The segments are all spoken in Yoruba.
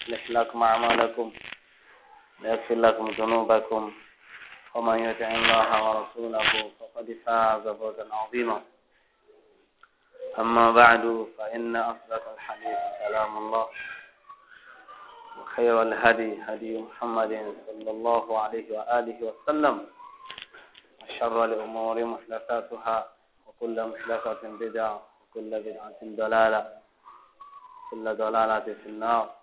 يصلح لكم أعمالكم ويغفر لكم ذنوبكم ومن يطع الله ورسوله فقد فاز فوزا عظيما أما بعد فإن أصدق الحديث كلام الله وخير الهدي هدي محمد صلى الله عليه وآله وسلم وشر الأمور محدثاتها وكل محدثة بدعة وكل بدعة ضلالة كل ضلالة في النار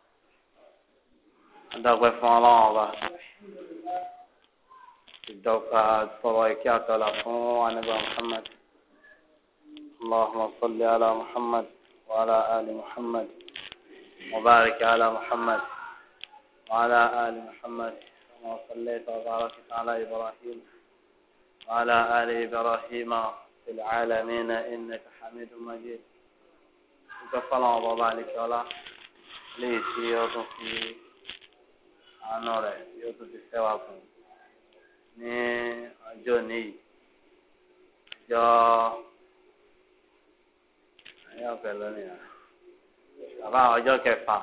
عندك فلان با دوكا صلايك يا تلفون انا محمد اللهم صل على محمد وعلى ال محمد وبارك على محمد وعلى ال محمد كما صليت وباركت على ابراهيم وعلى ال ابراهيم في العالمين انك حميد مجيد دوكا فلان با عليك الله ليش àánú rẹ̀ yóò tún ti fẹ́ wa fún un ní ọjọ́ níyì ọjọ́ ayé ọ̀fẹ́ lónìí rẹ̀ bàbá ọjọ́ kẹfà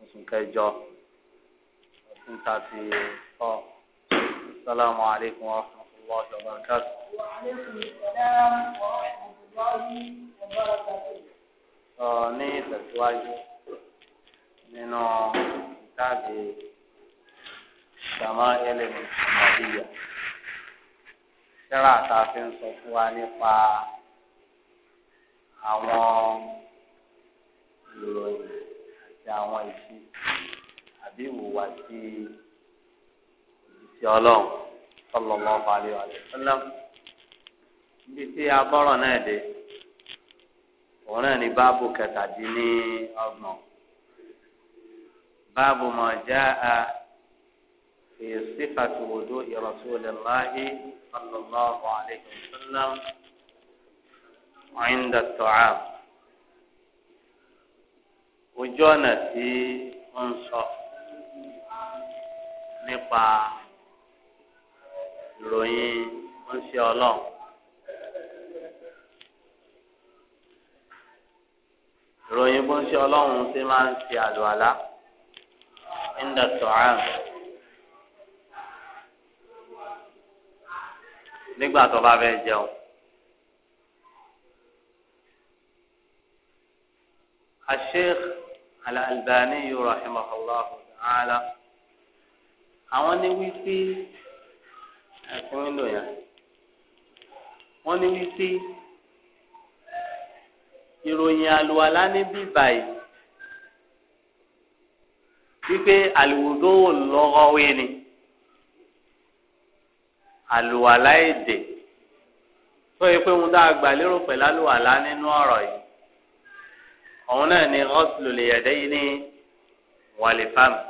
oṣù kẹjọ ọdún tàbí ọ sọlámù aleykum wa rahmatulahi wa barakatu. Ọ ní ìtẹ̀síwájú nínú. كتاب شمائل المحمدية شرع تافين صفواني فا àwọn ìròyìn àti àwọn ìṣe àbí ìwùwà sí ìṣe ọlọ́run sallallahu alaihi wa sallam níbi tí abọ́rọ̀ náà dé òun náà ní báàbù kẹtàdínní ọgbọ̀n báàbù mọ̀ já a fi sífàtì wòdó rasulillahi sallallahu alayhi wa sallam inda at-ta'am. ojú ọ̀nà tí ó ń sọ nípa ìròyìn ó ń ṣe ọlọ́run. ìròyìn bó ń ṣe ọlọ́run ṣe máa ń ṣe àlùwàlá عند الطعام nígbà tó bá fẹ́ jẹun الشيخ الألباني رحمه الله تعالى àwọn ní wípé ẹkún ń lò yẹn wọn ní wípé ìròyìn àlùwàlá níbí báyìí wípé àlùwòdó lọ́gọ́wé ni àlùwàlá èdè tó yẹ pé ohun tá a gbà lérò pẹ̀lú àlùwàlá nínú ọ̀rọ̀ yìí òun náà ni ọ́sùlù lè yẹ̀dẹ́ yìí ní wàlífàmù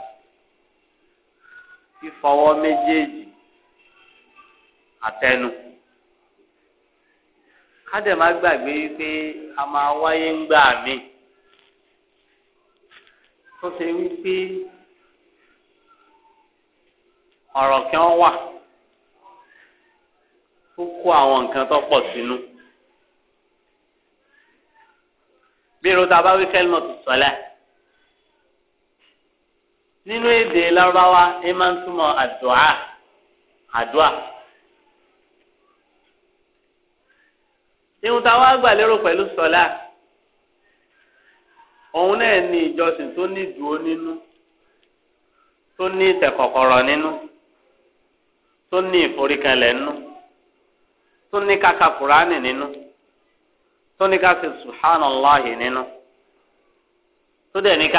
fífọwọ́ méjèèjì àtẹnu kádẹ̀ gbàgbé wípé a máa wáyé ń gbà mí tó ṣe wípé ọ̀rọ̀ kí wọ́n wà ó kó àwọn nǹkan tó pọ̀ sínú. bí irun tá a bá wí kẹ́lìmọ̀ tó sọ̀lẹ̀ nínú èdè lárúbáwá ẹ máa ń túmọ̀ àdúà àdúà. irun tá a wá gbà lérò pẹ̀lú sọ̀lẹ̀ òun náà ní ìjọsìn tó ní ìdúró nínú tó ní ìtẹ̀kọ̀kọ̀rọ̀ nínú. tó ní ìforíkanlẹ̀ nínú tó ní kaka kùránì nínú tó ní ká ṣe subhanallahi nínú tó dẹ̀ ní ká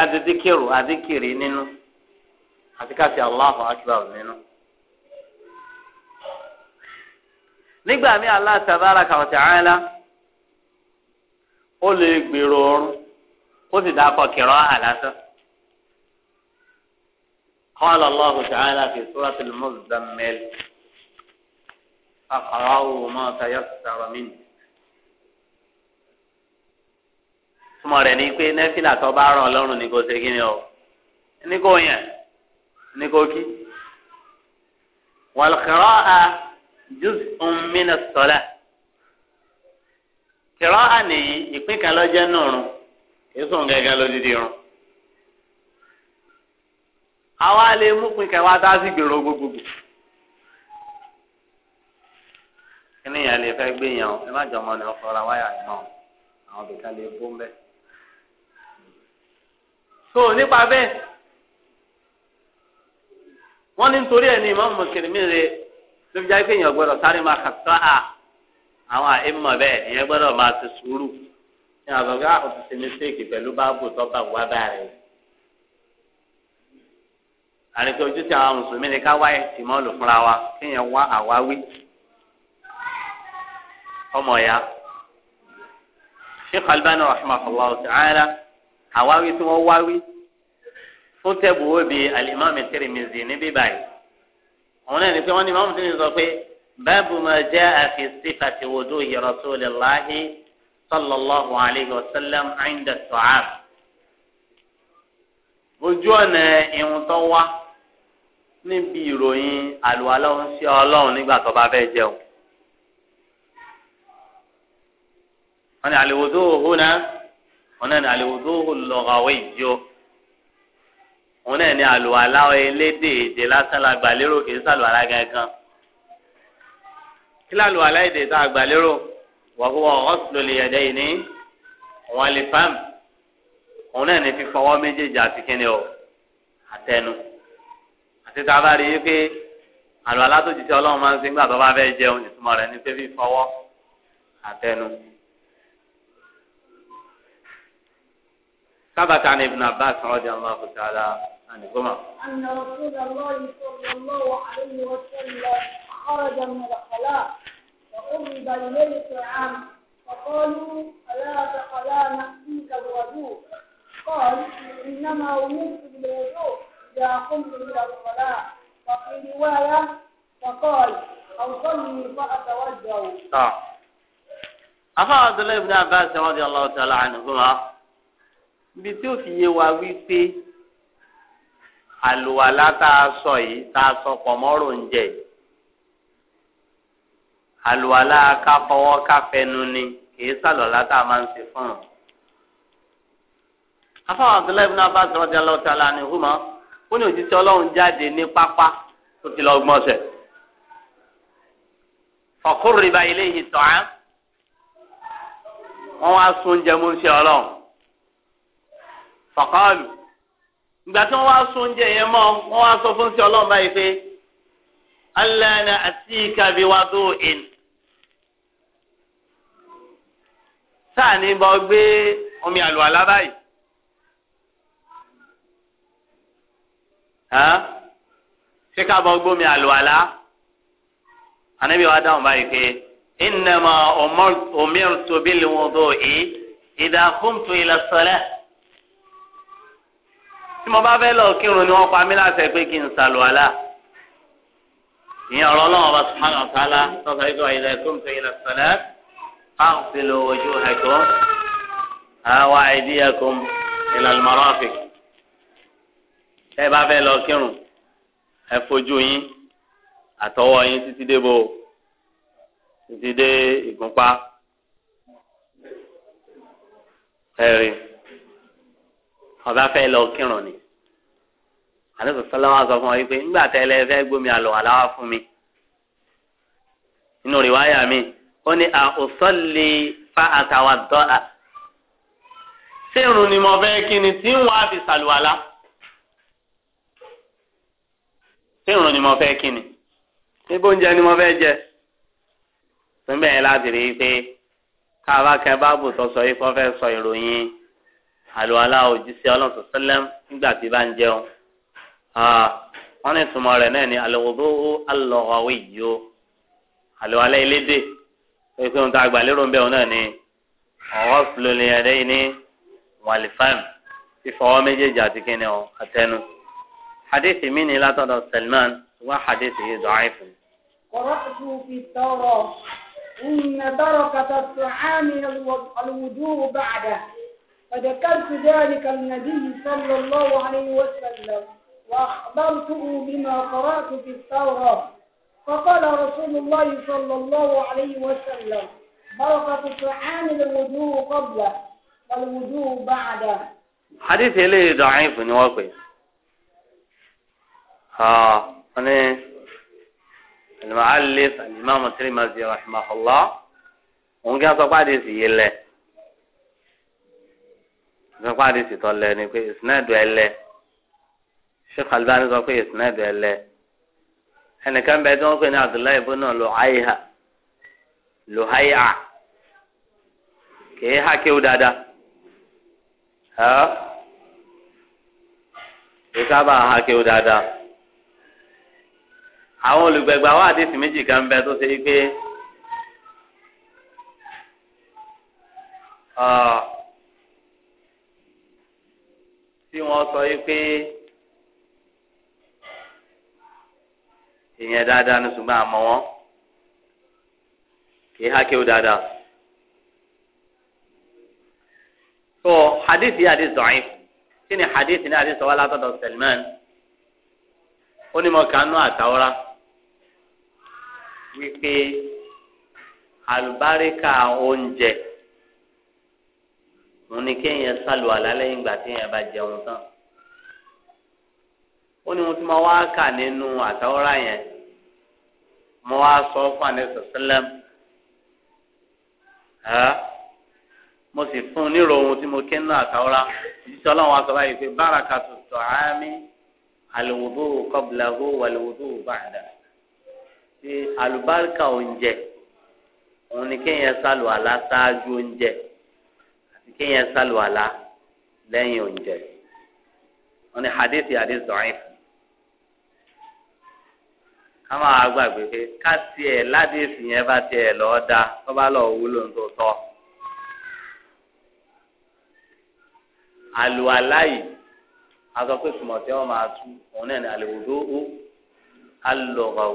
adikiri nínú àti ká Allahu akbar nínú. nígbà míì Allah tabaraka wa ta'ala ó lè gbèrò oorun ó sì dáa kọ kẹrọ àlásán. قال الله تعالى في سورة المزمل فقرأوا ما تيسر منه túmọ̀ rẹ̀ ni pé nẹ́fìlà tó bá ràn lọ́rùn ni kò ṣe kí ni o ní kò yàn ní kò kí. والقراءة جزء من الصلاة قراءة nìyí ìpín kan ló jẹ́ nùrùn èso ń gẹ́gẹ́ lódìdí irun àwa lè mú pin kẹwàá dá sí gbèrò gbogbogbò kíni yẹn lè fẹ́ gbé yẹn o ẹ má jọ ọmọ ní ọfọlá wáyà yẹn o àwọn bìkan lè bó mbẹ. so nípa bẹ́ẹ̀ wọ́n ní nítorí ẹ̀ ní ìmọ̀ mùsùlùmí rẹ̀ ló fi jáde pé èèyàn gbọ́dọ̀ sáré máa kà sọ́ à àwọn àìmọ̀ bẹ́ẹ̀ ìyẹn gbọ́dọ̀ máa ah, ti sùúrù ní àbọ̀gá òtún ti mistake pẹ̀lú báàbò tó bá wà báyìí àrètí ojú tí àwọn mùsùlùmí ni ká wá ìtìmọ́lù fúnra wa kéèyàn wá àwáwí ọmọ ya Sheikh Albani rahimahullah ta'ala àwáwí tí wọ́n wáwí fún tẹ́bùwó bíi alimami Tirmidhi níbí báyìí òun náà ni pé wọ́n ní mọ́mú tẹ́lẹ̀ sọ pé báàbù máa jẹ́ àfi sífàtì wudu'i rasulillahi sallallahu alayhi wa sallam inda ta'am ojú ọ̀nà ìrùntọ́ wa níbi ìròyìn àlùwalá ń ṣe ọlọ́run nígbà tó bá fẹ́ jẹun. wọ́n ní àlèwòdó òhún náà wọ́n náà ní àlèwòdó lọ́gàwé ìjọ wọ́n náà ní àlùwalá elédè èdè lásán la gbà lérò kì í sàlùwalá gangan. kí lálùwalá èdè tá a gbà lérò wọ́n kó wọ́n ọ̀sùn lè yẹ̀dẹ́ yìí ní wọ́n lè fáàmù wọ́n náà ní fífọwọ́ méjèèjì àti kíni o àtẹnu àti tá a bá rí i pé àlọ́ alátòjìṣe ọlọ́run máa ń sin gbàtọ́ bá fẹ́ jẹun ìtumọ̀ rẹ̀ ní pé fífọwọ́ àtẹnu. ثبت عن ابن عباس رضي الله تعالى عنهما أن رسول الله صلى الله عليه وسلم خرج من الخلاء فقرب إليه الطعام فقالوا ألا تقلا نأتيك الوضوء قال إنما أمرت بالوضوء إذا قمت إلى الصلاة وفي رواية فقال أوصلي فأتوجه. نعم. afa abdullahi ibn abbas radiyallahu ta'ala anhuma ibi tí ó fi yé wa wípé àlùwàlá tá a sọ yìí tá a sọ pọ̀ mọ́rò ń jẹ àlùwàlá ká fọwọ́ ká fẹnu ni kìí sàlùwàlá tá a máa ń ṣe fún un. afa abdullahi ibn abbas radiyallahu ta'ala anhuma. ó ní òjíṣẹ́ ọlọ́run jáde ní pápá tó ti lọ gbọ́nsẹ̀. ilé yìí á wọ́n wá sun mú ṣe ọlọ́run. ìgbà tí wọ́n wá sun mọ́ wọ́n wá sọ fún ṣe ọlọ́run ṣé ká bọ́ gbómi àlùwàlá anabi wa dáhùn báyìí pé innama umirtu bil wudu'i idha qumtu ila salah. tí mo bá fẹ́ lọ kírun ni wọ́n pa mí láṣẹ pé kí n ṣàlùwàlá ìyẹn ọ̀rọ̀ ọlọ́run ọba subhanahu wa ta'ala tọ́ka ìjọ idha qumtu ila salah faghsilu wujuhakum wa aydiyakum ila al-marafiq tẹ́ ẹ bá fẹ́ lọ kírun ẹ fojú yín àtọwọ́ yín títí dé bo títí dé ìgúnpá ẹ̀rí ọba fẹ́ lọ kírun ni àdókò sọlọ́wọ́ sọ fún ọ wípé ńgbà tẹ́lẹ̀ fẹ́ gbómi àlọ́ àláwá fún mi inú rìwáyà mi ó ní àkùsọ́lì fa àtàwà dọ́là ṣé ni mo fẹ́ kí ni tí ń wá fi ṣàlùwàlá. ṣé ìrùn ni mo fẹ́ kí ni níbo oúnjẹ ni mo fẹ́ jẹ níbẹ̀ yẹn láti rí i pé káàbá kan báàbù tó sọ yìí kó fẹ́ sọ ìròyìn àlùwalá òjíṣẹ́ ọlọ́sọ sẹ́lẹ̀m nígbà tí bá ń jẹun wọ́n ní ìtumọ̀ rẹ̀ náà ni àlùwòdó àlọ́wọ́ yìí àlùwalá elédè pé ohun tó àgbà lérò ń bẹ̀ wọn náà ni ọ̀wọ́ sùlọ́ọ̀lì ẹ̀dẹ́yìn ní wàlífàm fífọwọ́ méjèèjì àti kíni ọ̀ àtẹnu. حديث من لا ترى سلمان wá ضعيف. yìí في التوراة إن at-Tawrah inna بعده فذكرت ذلك النبي صلى الله عليه وسلم وأخبرته بما قرأت في التوراة فقال رسول الله صلى الله عليه وسلم بركة الطعام الوجوه قبله والوجوه بعده حديث إليه ضعيف نواقي wọ́n ah, ní alimaalif alimami tirimasi rahimahullah òun kí wọ́n sọ pé àdìsí yìí lẹ̀ sọ pé àdìsí tọ́ lẹ̀ ni pé ìsìnàdù ẹ̀ lẹ̀ sheikh albani sọ pé ìsìnàdù ẹ̀ lẹ̀ ẹnìkan bẹ tí wọ́n pè ní abdullahi ibùnà lọ́hàyà lọ́hàyà kìí ha kéwù dáadáa ẹ̀ ẹ̀ sábà ha kéwù dáadáa àwọn olùgbẹ̀gbà wà àdéhùn méjì kan bẹ tó ṣe pé tí wọ́n sọ pé ìyẹn dáadáa ní ṣùgbọ́n àmọ́ wọn kì í hákẹ́ ó dáadáa. tó hadith yìí hadith da'if kí ni hadith ní hadith sọ wá látọ̀dọ̀ Salman ó ní mo kà ń nú àtàwọ́rá wípé àlùbáríkà oúnjẹ òun ni kéèyàn sálù àlálẹ́ ìgbà téèyàn bá jẹun tán ó ní mo ti máa wá kà nínú àtàwọ́rá yẹn mo wá sọ fún àníṣe sílẹ̀m mo sì fún un nírò ohun tí mo ké nínú àtàwọ́rá ìdíjọ́ ọlọ́run wa sọ báyìí pé bárakà tó tọ̀ á mi àlùwòdó kọ́bìlà pé àlùbáríkà oúnjẹ òun ni kéèyàn sálù àlá ṣáájú oúnjẹ àti kéèyàn sálù àlá lẹ́yìn oúnjẹ wọn ni hadith hadith da'if ká máa gbàgbé pé ká tiẹ̀ ládìsí yẹn bá tiẹ̀ lọ́ọ́ da tó bá lọ́ọ́ wúlò ń tó tọ́. àlùwàlá yìí a sọ pé sùmọ̀tẹ́ wọn máa tú òun náà ní àlùwòdó ó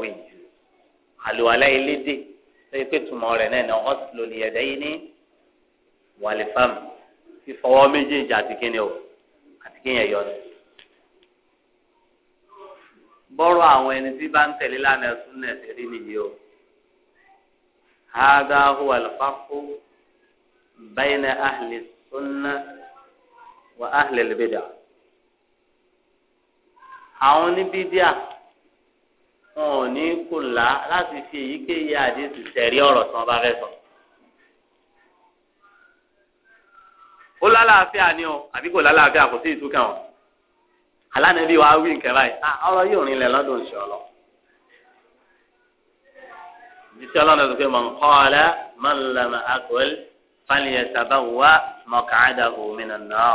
àlùwàlá elédè lóye pé tùmọ̀ rẹ̀ náà ni ọ̀hún ló lè yẹ̀dẹ́ yìí ní wàlífàmù fífọwọ́ méjèèjì àti kíni o àti kíyẹn yọ bọ́rọ̀ àwọn ẹni tí bá ń tẹ̀lé lánàá súnà ẹ̀rí nìyí o. هذا هو الفرق بين أهل السنة وأهل البدع. àwọn oníbídíà wọn ò ní kò lá láti fi èyíkéyìí àdéhùn sẹ̀rí ọ̀rọ̀ tí wọ́n bá fẹ́ sọ. ó lálàáfíà ni o àbí kò lálàáfíà kò sí ìtúkà o alánàbí wa wí nǹkan báyìí ah, ọ̀rọ̀ yóò rinlẹ̀ lọ́dún ìṣọlọ ìṣọlọ náà sọ pé mọ nkọọlẹ mọlẹmọ akọl fàlìyẹ sàbáwá mọkàdà òmìnira náà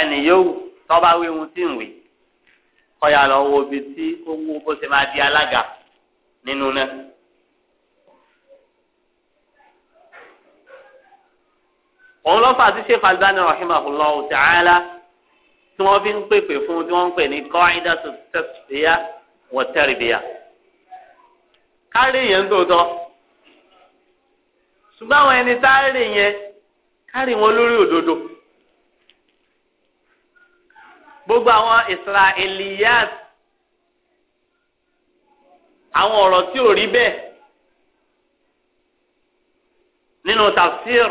ẹnì yóò tọ́ba wí tí ń wí kọ́ya lọ wo ibi tí ó wú bó ṣe máa di alága nínú náà. òun lọ́fà tí sheikh albani rahimahullah ta'ala tí wọ́n fi ń pèpè fún tí wọ́n ń pè ní qaidatu tasfiya wa kárí yẹn tòótọ́ ṣùgbọ́n àwọn ẹni tá a rí yẹn kárí wọn lórí òdodo. gbogbo àwọn israeliyat àwọn ọ̀rọ̀ tí ò rí bẹ́ẹ̀ nínú tafsir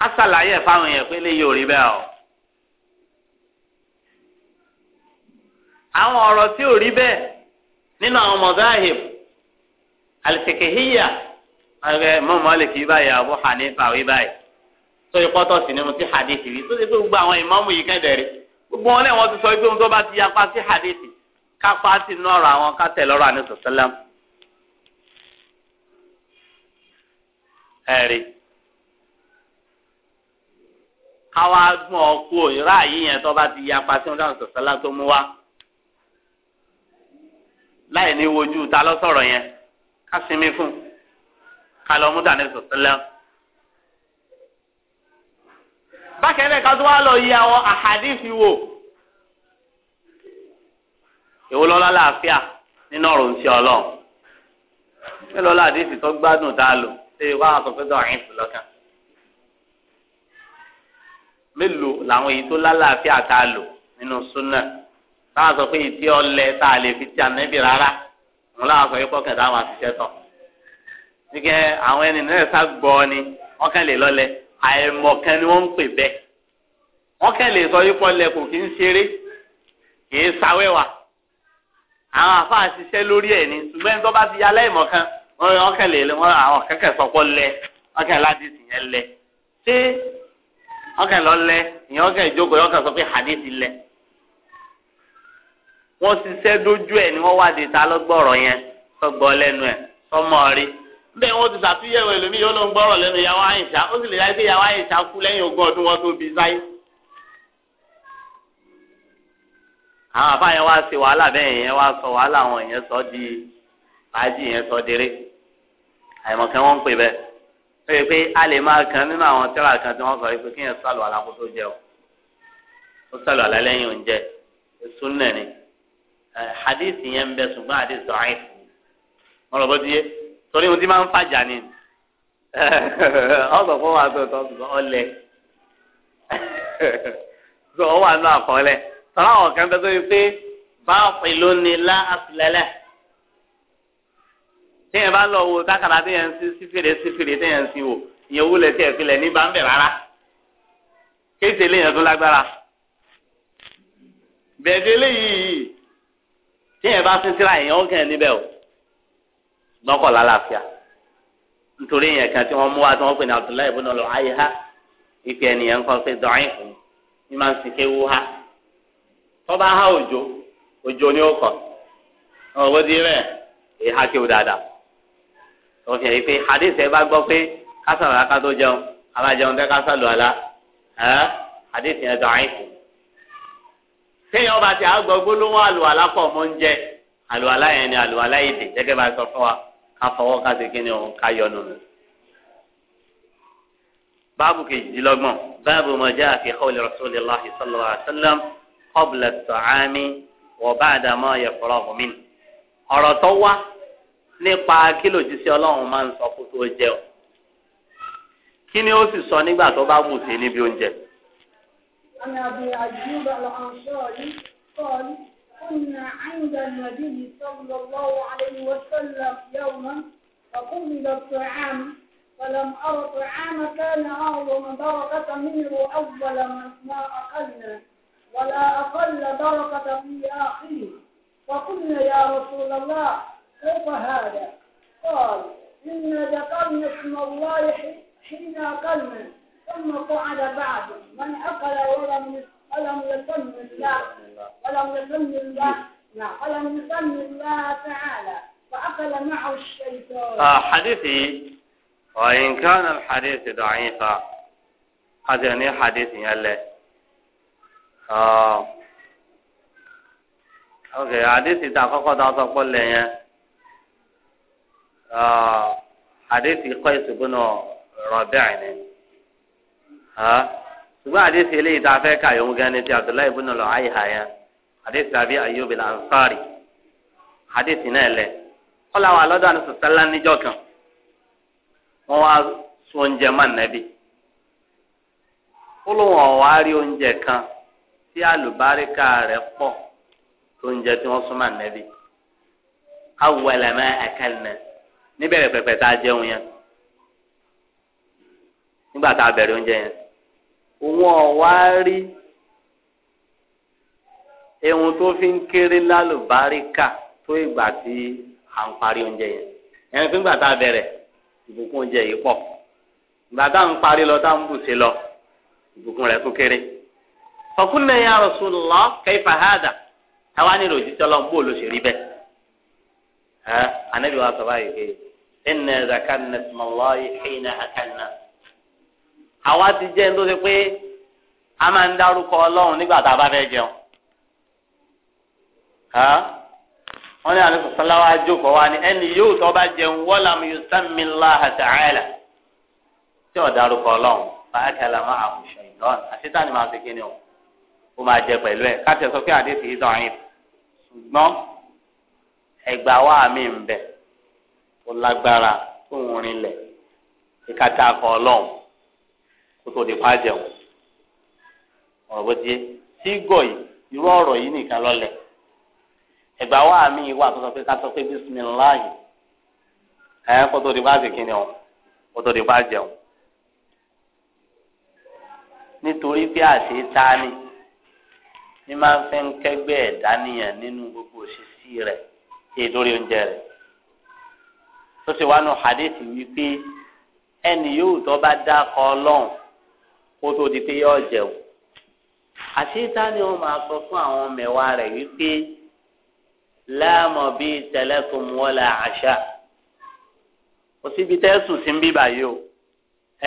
kásàlàyé fáwọn èèyàn pé léyìí ò rí bẹ́ẹ̀ o. àwọn ọ̀rọ̀ tí ò rí bẹ́ẹ̀ nínú àwọn mọ̀dáhìb alìsèkèhíyà ọ̀rẹ́ mọ́mọ́lì kì í báyìí Abu wí báyìí. tó yẹ pọ́tọ̀ sí nínú sí hadithi yìí tó ṣe pé gbogbo àwọn ìmáàmù yìí kẹ́dẹ̀ẹ́rẹ́ gbogbo wọn náà wọ́n ti sọ pé ohun tó bá ti yapa sí hadithi kápá sí nọ́ọ̀rọ̀ àwọn kátẹ̀ lọ́rọ̀ àní sọ̀sẹ́lẹ̀m. ẹ̀rí káwá gbọ́n ọkú òyìnbá yìí yẹn tó bá ti yapa sí ohun tó àní sọ̀sẹ́lẹ̀m tó mú wá láì ní wojú ta lọ́sọ̀rọ̀ yẹn ká sinmi fún ká lọ mú dàní sọ̀sẹ́lẹ̀m bákan náà ká tó wá lọ yí àwọn àhàdífì wò èwo lọ́la láàfíà nínú ọ̀rọ̀ ńṣe ọlọ́run ṣé lọ́la àdífì tó gbádùn tá a lò ṣé wá sọ pé dọ̀rin sí lọ́kàn mélòó làwọn èyí tó lálàáfíà tá a lò nínú súnà táwọn sọ pé ìtí ọlẹ tá a lè fi ti ànẹ́bì rárá òun láwọn sọ yìí pọ̀ kẹta àwọn àṣìṣe tọ̀ àwọn ẹni náà sá ni wọ́n kàn lè lọ́lẹ̀. àìmọ̀kan ni wọ́n ń pè bẹ́ẹ̀ wọ́n kàn lè sọ yípo lẹ́kùn kì í ṣeré kì í sáwẹ́wà àwọn àfáà ṣiṣẹ́ lórí ẹ̀ ni ṣùgbọ́n ẹni tó bá ti yálẹ̀ ìmọ̀kan wọ́n kàn lè wọ́n àwọn kẹ́kẹ́ lẹ láti sìn yẹn lẹ ṣé lọ lẹ ìyẹn sọ pé lẹ wọ́n ṣiṣẹ́ dójú ẹ̀ ni wọ́n wá ta lọ́gbọ̀rọ̀ yẹn sọgbọ́ lẹ́nu ẹ̀ bẹ́ẹ̀ wọ́n ti ṣàtúnyẹ̀wò ẹlòmíì yóò ló ń gbọ́rọ̀ lẹ́nu yàwó àyìnṣá ó sì lè yá pé yàwó àyìnṣá kú lẹ́yìn ogún ọdún wọn tó bí sáyé. àwọn àbá yẹn wá ṣe wàhálà bẹ́ẹ̀ yẹn wá sọ wàhálà àwọn yẹn sọ di fàájì yẹn sọ déré àyẹ̀mọ̀kẹ́ wọ́n ń pè bẹ́ẹ̀ ó yẹ pé a lè máa kàn nínú àwọn tẹ́lá kan tí wọ́n sọ pé kí yẹn sálù alákòóso jẹ o sálù alálẹ́yìn oúnjẹ torí ohun tí máa ń fàjà ni ọsọ fún wa tó tọ ọlẹ tó wà nù àkọọlẹ tọ́lá àwọn kan tó yẹ pé báàpì ló ní lá àtìlẹ́lẹ̀ tí yẹn bá lọ wo tákàlà tí yẹn ń sí sífèrè sífèrè tí yẹn ń sí wò ìyẹn wúlẹ̀ tí yẹn fi ní bámbẹ̀ rárá kéde lè yẹn tó lágbára bẹ̀ẹ́dẹ́lẹ́ yìí tí yẹn bá sí yẹn ó kàn níbẹ̀ o gbọ́kọ̀ lálàáfíà nítorí yẹn kan tí wọ́n mú wa tí wọ́n pè ní Abdullahi ibùdó lọ ayé ha ìpè ènìyàn kan pé dọ̀ọ́yìn fún mi máa ń sìn kéwu ha tọ́ba ha òjò òjò ni ó kọ̀ ọ̀wọ́ di rẹ̀ ìhà kéwu dáadáa wọ́n fi hàn yìí pé hadith ẹ bá gbọ́ pé kásàlù aká tó jẹun abájẹun tẹ́ kásàlù àlá ẹ́ hadith yẹn dọ̀ọ́yìn fún. téèyàn bá ti àgbọ̀ gbólóhùn àlùwàlá pọ̀ mọ́ ń jẹ́ àlùwàlá yẹn ni àlùwàlá yìí dè gẹ́gẹ́ bá a sọ fún wa ká fọwọ́ ká ṣe kí ni òun ká yọnu nù. báàbù kejìdínlọ́gbọ̀n báàbù ma jaa fi qawli rasulillahi sallallahu alaihi wasallam qabla at-ta'ami wa ba'da ma yafrahu min. ọ̀rọ̀ tó wá nípa kí lòjíṣẹ́ ọlọ́run máa ń sọ kó tó jẹ o kí ni ó sì sọ nígbà tó bá wù sí níbi oúnjẹ. ọ̀nà àbí àjùmọ̀ كنا عند النبي صلى الله عليه وسلم يوما فقبل الطعام فلم أرى طعام كان أعظم بركة منه أول ما أكلنا ولا أقل بركة في آخره فقلنا يا رسول الله كيف هذا؟ قال إنا ذكرنا اسم الله حين أكلنا ثم قعد بعد من أكل ولم ولم يسمي الله ولم يسمي الله نعم ولم يسمي الله تعالى فأقل معه الشيطان آه حديثي وإن كان الحديث ضعيفا هذا يعني حديث يلا آه اوكي حديث تاقوقو تاقوقو قول لي آه حديث قيس بن ربيع ها ṣùgbọ́n àdéhùn eléyìí tá a fẹ́ kà yòówù gan ni ti Abdullahi ibùnà lọ àyíká yẹn àdéhùn tàbí ansari àdéhùn náà lẹ wọn làwọn alọ́dọ̀ àti sọ̀tẹ́lá níjọ́ kan wọn wá sun oúnjẹ má nẹ́bí ó lóun ọ̀wá rí oúnjẹ kan tí àlùbáríkà rẹ̀ pọ̀ tó ń tí wọ́n sún má nẹ́bí awọlẹ̀mẹ́ ẹ̀kẹ́lẹ̀ níbẹ̀rẹ̀ pẹ̀pẹ̀ tá a jẹun yẹn nígbà tá òun ọ̀wá rí ehun tó fi ń kéré lálùbáríkà tó ìgbà tí à ń parí oúnjẹ yẹn ẹni fún ìgbà tá a bẹ̀rẹ̀ ìbùkún oúnjẹ yìí lọ tá à ń lọ ìbùkún rẹ̀ tó kéré. fọkúnnà ya Rasulullah kayfa hada táwa nílò òjíṣẹ́ ọlọ́run bó ló ṣe rí ẹ sọ báyìí pé zakanna àwa ti jẹ́ ní ṣe pé a máa ń dárúkọ ọlọ́run nígbà tá a bá fẹ́ jẹun wọ́n ní àlùkò ni ẹni yóò tó bá jẹun wọ́lá mi yóò sá mi lá àtàlà tí ò dárúkọ ọlọ́run fàákàlà máa àkùṣe ìdán àṣetá máa o ó máa jẹ pẹ̀lú ẹ̀ káṣíọ̀ sọ pé anyi ìdán yìí ṣùgbọ́n ẹgbà wa mi ń bẹ̀ ó lágbára tó ń rinlẹ̀ ìkàtà kó di pa jẹun ọ̀rọ̀ bó ti yé tí gọ̀ yìí irú ọ̀rọ̀ yìí nìkan lọ́lẹ̀ ẹ̀gbà wa mi wà tó sọ pé ká sọ pé bísímìláì di kó tó di pa jẹun di pa jẹun nítorí pé àṣẹ ni ní máa fẹ́ ń kẹ́gbẹ́ ẹ̀dá nìyẹn nínú gbogbo òṣìṣì rẹ̀ èyí lórí oúnjẹ rẹ̀ tó ṣe wá nu hadith wípé ẹni yóò tó bá kó tó di pé yọ jẹun àṣetá ni wọn máa sọ fún àwọn mẹwàá rẹ wípé láàmọ bíi tẹlẹkùn wọlé àṣà kò síbi tẹsùn sí ń bí báyìí o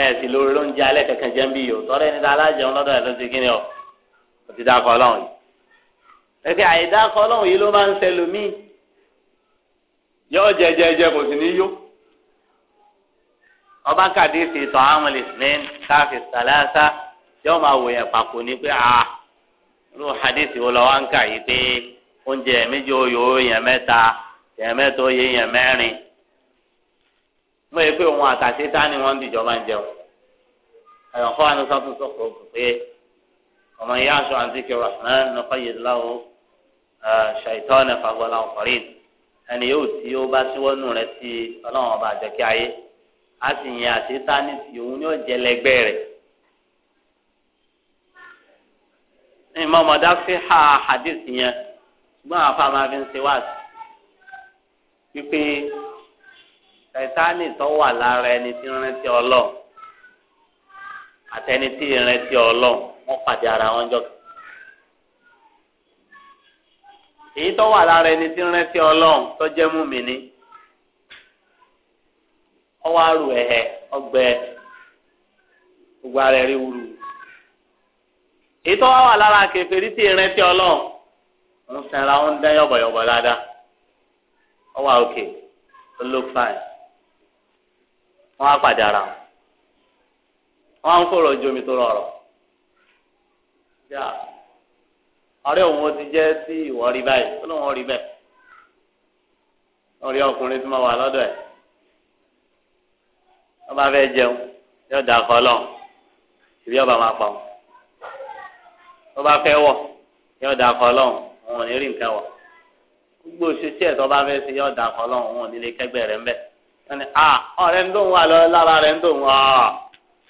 ẹ sì lórí ló ń jẹ alẹ́ kankan jẹ ń bí yìí o tọrẹ ní dáadáa jẹun lọ́dọ̀ ẹ ló ti kíni o kò ti dákọ Ọlọ́run yìí ẹkẹ àìdákọ Ọlọ́run yìí ló máa ń ṣẹlòmíì yọ jẹjẹjẹ kò sì ní yó ọba kàdé fi tọ́ àwọn ìsìn káfí sàlẹ́sà yóò máa wò yẹn pàkó ni pé ah ló hadithi wo lọ wá ń kà yìí pé oúnjẹ méjì oyè yẹn mẹ́ta yẹn mẹ́ta oyè yẹn mẹ́rin mo yẹ pé òun àtàṣe tá ni wọ́n ń dìjọba ń jẹun ẹ̀yàn kọ́ àánú sọ́tún sọ́kò òkú pé ọmọ ìyá aṣọ àti kí rahman nọkọ yìí láwo ṣàìtọ́ nẹfà wọlé ọkọ̀rin ẹni yóò tí ó bá síwọ́nù rẹ sí ọlọ́run ọba àjọkí ayé. a sì tí òun yóò jẹ lẹ́gbẹ́ rẹ̀. ìmọ̀ fi ha hadith yẹn ṣùgbọ́n àwọn afáàmà fi ń ṣe wá sí wípé ṣàìtánì tó wà lára ẹni tí ń rántí ọlọ́run àtẹni tí ń rántí ọlọ́run wọ́n pàdé ara wọn ọwọ́ arụ ẹ̀hẹ̀ ọgbẹ ọ ara rí wúru. wà lára kẹfẹ́rí tí ìrántí ọlọ́run ń sanra ó ń dán dáadáa òkè wọn wọ́n á tó rọrọ̀ ọ̀rẹ́ òun ti sí ìwọ rí báyìí ó lóun rí ọkùnrin tí mo wà ọba fẹ́ jẹun yóò dà kọ lọ ìbí ọba máa pa ọba fẹ́ wọ yóò dà kọ lọ òun ò ní rí nǹkan wọ gbogbo òṣìṣẹ́ ẹ̀ tọ́ba fẹ́ ṣe yóò dà kọ lọ òun ò ní lè kẹgbẹ́ rẹ̀ ńbẹ ẹni a ah, ọ̀rẹ́ ń dòun wà lọ lára rẹ̀ ń dòun ọ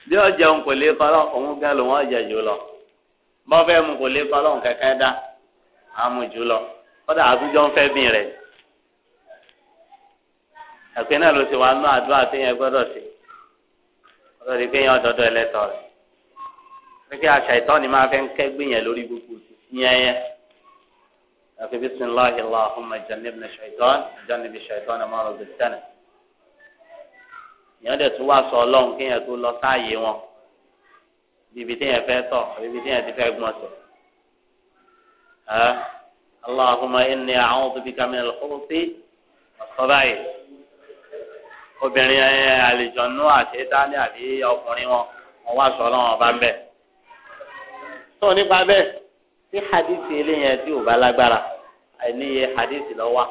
bí ó jẹun kò lè kọ lọ òun gan lòun ọ̀jẹ̀ jù lọ bọ́ fẹ́ mu kò lè kọ lọ kẹ̀kẹ́ dá àmú jù lọ kọ́dà àtúnjọ́ ń fẹ́ bí rẹ̀ ẹ̀pẹ́ náà ló ti wà nú àdúrà téèyàn gbọ́dọ̀ ṣe lórí pé yẹn ọdọọdọ ẹlẹtọ rẹ wípé àṣà ìtọ́ ni máa fẹ́ ń kẹ́gbé yẹn lórí gbogbo òṣìṣẹ́ yẹn yẹn àfi bisimilahi allahumma jannibna shaitan jannibi shaitan ma razaqtana yẹn dẹ̀ tún wá sọ ọlọ́run kí yẹn tó lọ sáàyè wọn bíbi tí yẹn fẹ́ tọ̀ bíbi tí yẹn ti fẹ́ gbọ́n sẹ̀ ẹ́ allahumma inni a'udhu bika min al-khubuthi was-khaba'ith obìnrin àlejòónú àṣetáni àbí ọkùnrin wọn wọn wá sọ ọlọ́run ọba bẹ́ẹ̀. tó nípa bẹ́ẹ̀ tí hadith eléyẹn tí ò bá lágbára àìníye hadith lọ́wọ́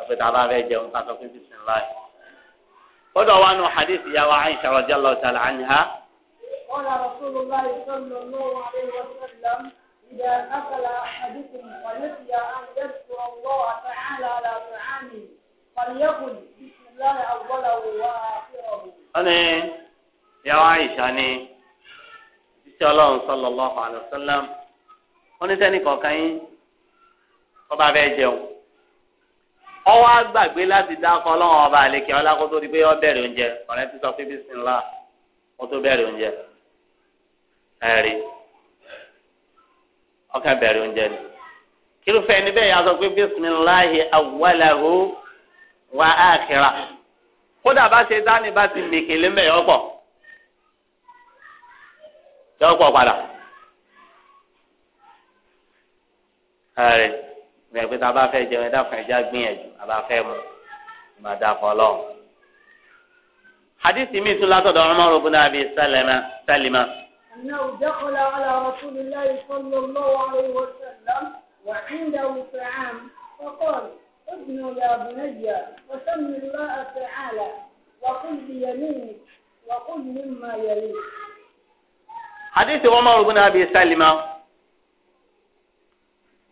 ẹ̀fẹ́ tá a bá fẹ́ jẹun ká sọ pé bismillah. kódà wà nù hadith ìyá wa Aisha radiyallahu ta'ala anha. qala rasulullah sallallahu alaihi wasallam إذا أكل أحدكم ونسي أن يذكر الله تعالى على طعامه فليقل wọ́n ní ìyàwó àyíṣà ni ìṣẹ́ ọlọ́run sallallahu alaihi wasallam wọ́n ní sẹ́ni kọ̀ọ̀kan yín ọba bẹ́ẹ̀ jẹun ọwọ́ àgbàgbé láti dákọ̀ ọlọ́run ọba àlekè ọlákó tó di pé ó bẹ̀rẹ̀ oúnjẹ ọ̀rẹ́ ti sọ pé bísíńlá ó tó bẹ̀rẹ̀ oúnjẹ ẹ̀rí ọkàn bẹ̀rẹ̀ oúnjẹ ni kí ẹni bẹ́ẹ̀ yà sọ pé bísíńláhi awwalahu wà á kẹra kódà bá ṣe dání bá ti mèkèlé mbẹ yọ pọ yọ pọ padà ẹrẹ bẹ́ẹ̀ pé tá a bá fẹ́ jẹun ẹ̀dá fún ẹjá gbìyànjú a bá fẹ́ mu ìmọ̀ dà fún حديث ميت لا تدع عمر بن أبي سلمة سلمة أنه دخل على رسول الله صلى الله عليه وسلم وعنده طعام فقال ابن يا بني وسم الله تعالى وقل بيمينك وقل مما يليك حديث عمر بن ابي سلمة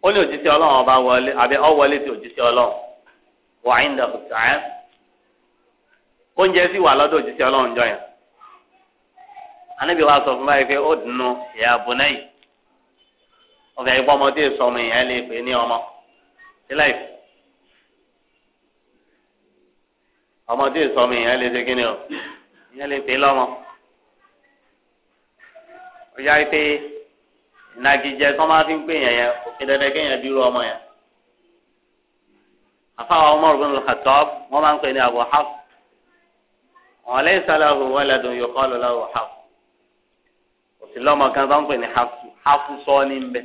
ó ní òjíṣẹ́ ọba wọlé àbí ọ wọlé sí òjíṣẹ́ wà á ń dà oúnjẹ sì wà lọ́dọ̀ ojise ọlọ́run jọ yẹn anábì wa sọ fún báyìí pé ó dùnú ìyá abúlé ọbẹ̀ ìpọ́nmọdé sọmọ ìyẹn lè pè é ní ọmọ sí láìpẹ́. ọmọdé sọmi ìyẹn lè ṣe kíni o ìyẹn lè pè lọ́mọ ó yá pé ìnagijẹ tó máa fi ń pè yẹn yẹn òkè dandan kéèyàn dúró ọmọ yẹn afáwọn Umar bin al-Khattab wọn máa ń pè ní Abu Hafs wọn lè sálàhù waladun yuqalu lahu Hafs òsì lọ́mọ kan tó ń pè ní Hafs Hafs sọ ní nbẹ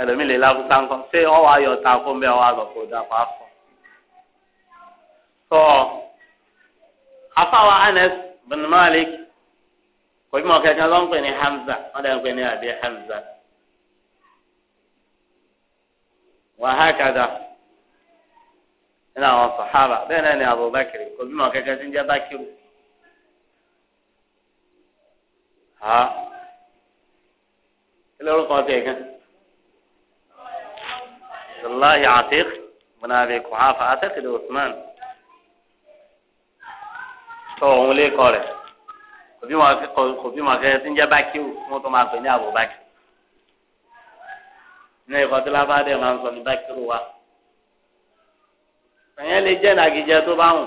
ẹlòmí lè lákúta ńkọ ṣé ọwọ ayọ ta fún bẹ ọwọ àlọ kò dà fún afọ. afáwa anas bin malik kò bí mo kẹ̀kẹ́ ló ń pè ní hamza wọ́n dẹ̀ ń pè ní àbí hamza wàhákàdà nínú àwọn sàhábà bẹ́ẹ̀ náà ni abubakar kò bí mo kẹ̀kẹ́ ti ń jẹ́ bákírù ha kí lórúkọ tiẹ̀ kan abdullahi atiq bin abi kuhafa atiq di usman. sọ òun lẹ́kọ̀ọ́ rẹ̀ kò bí màá kẹ́ ẹ ń jẹ́ bákíù wọ́n tó máa ní àbò ní ẹ̀kọ́ wa ẹ̀yẹn lè jẹ́ nàgìjẹ tó bá wù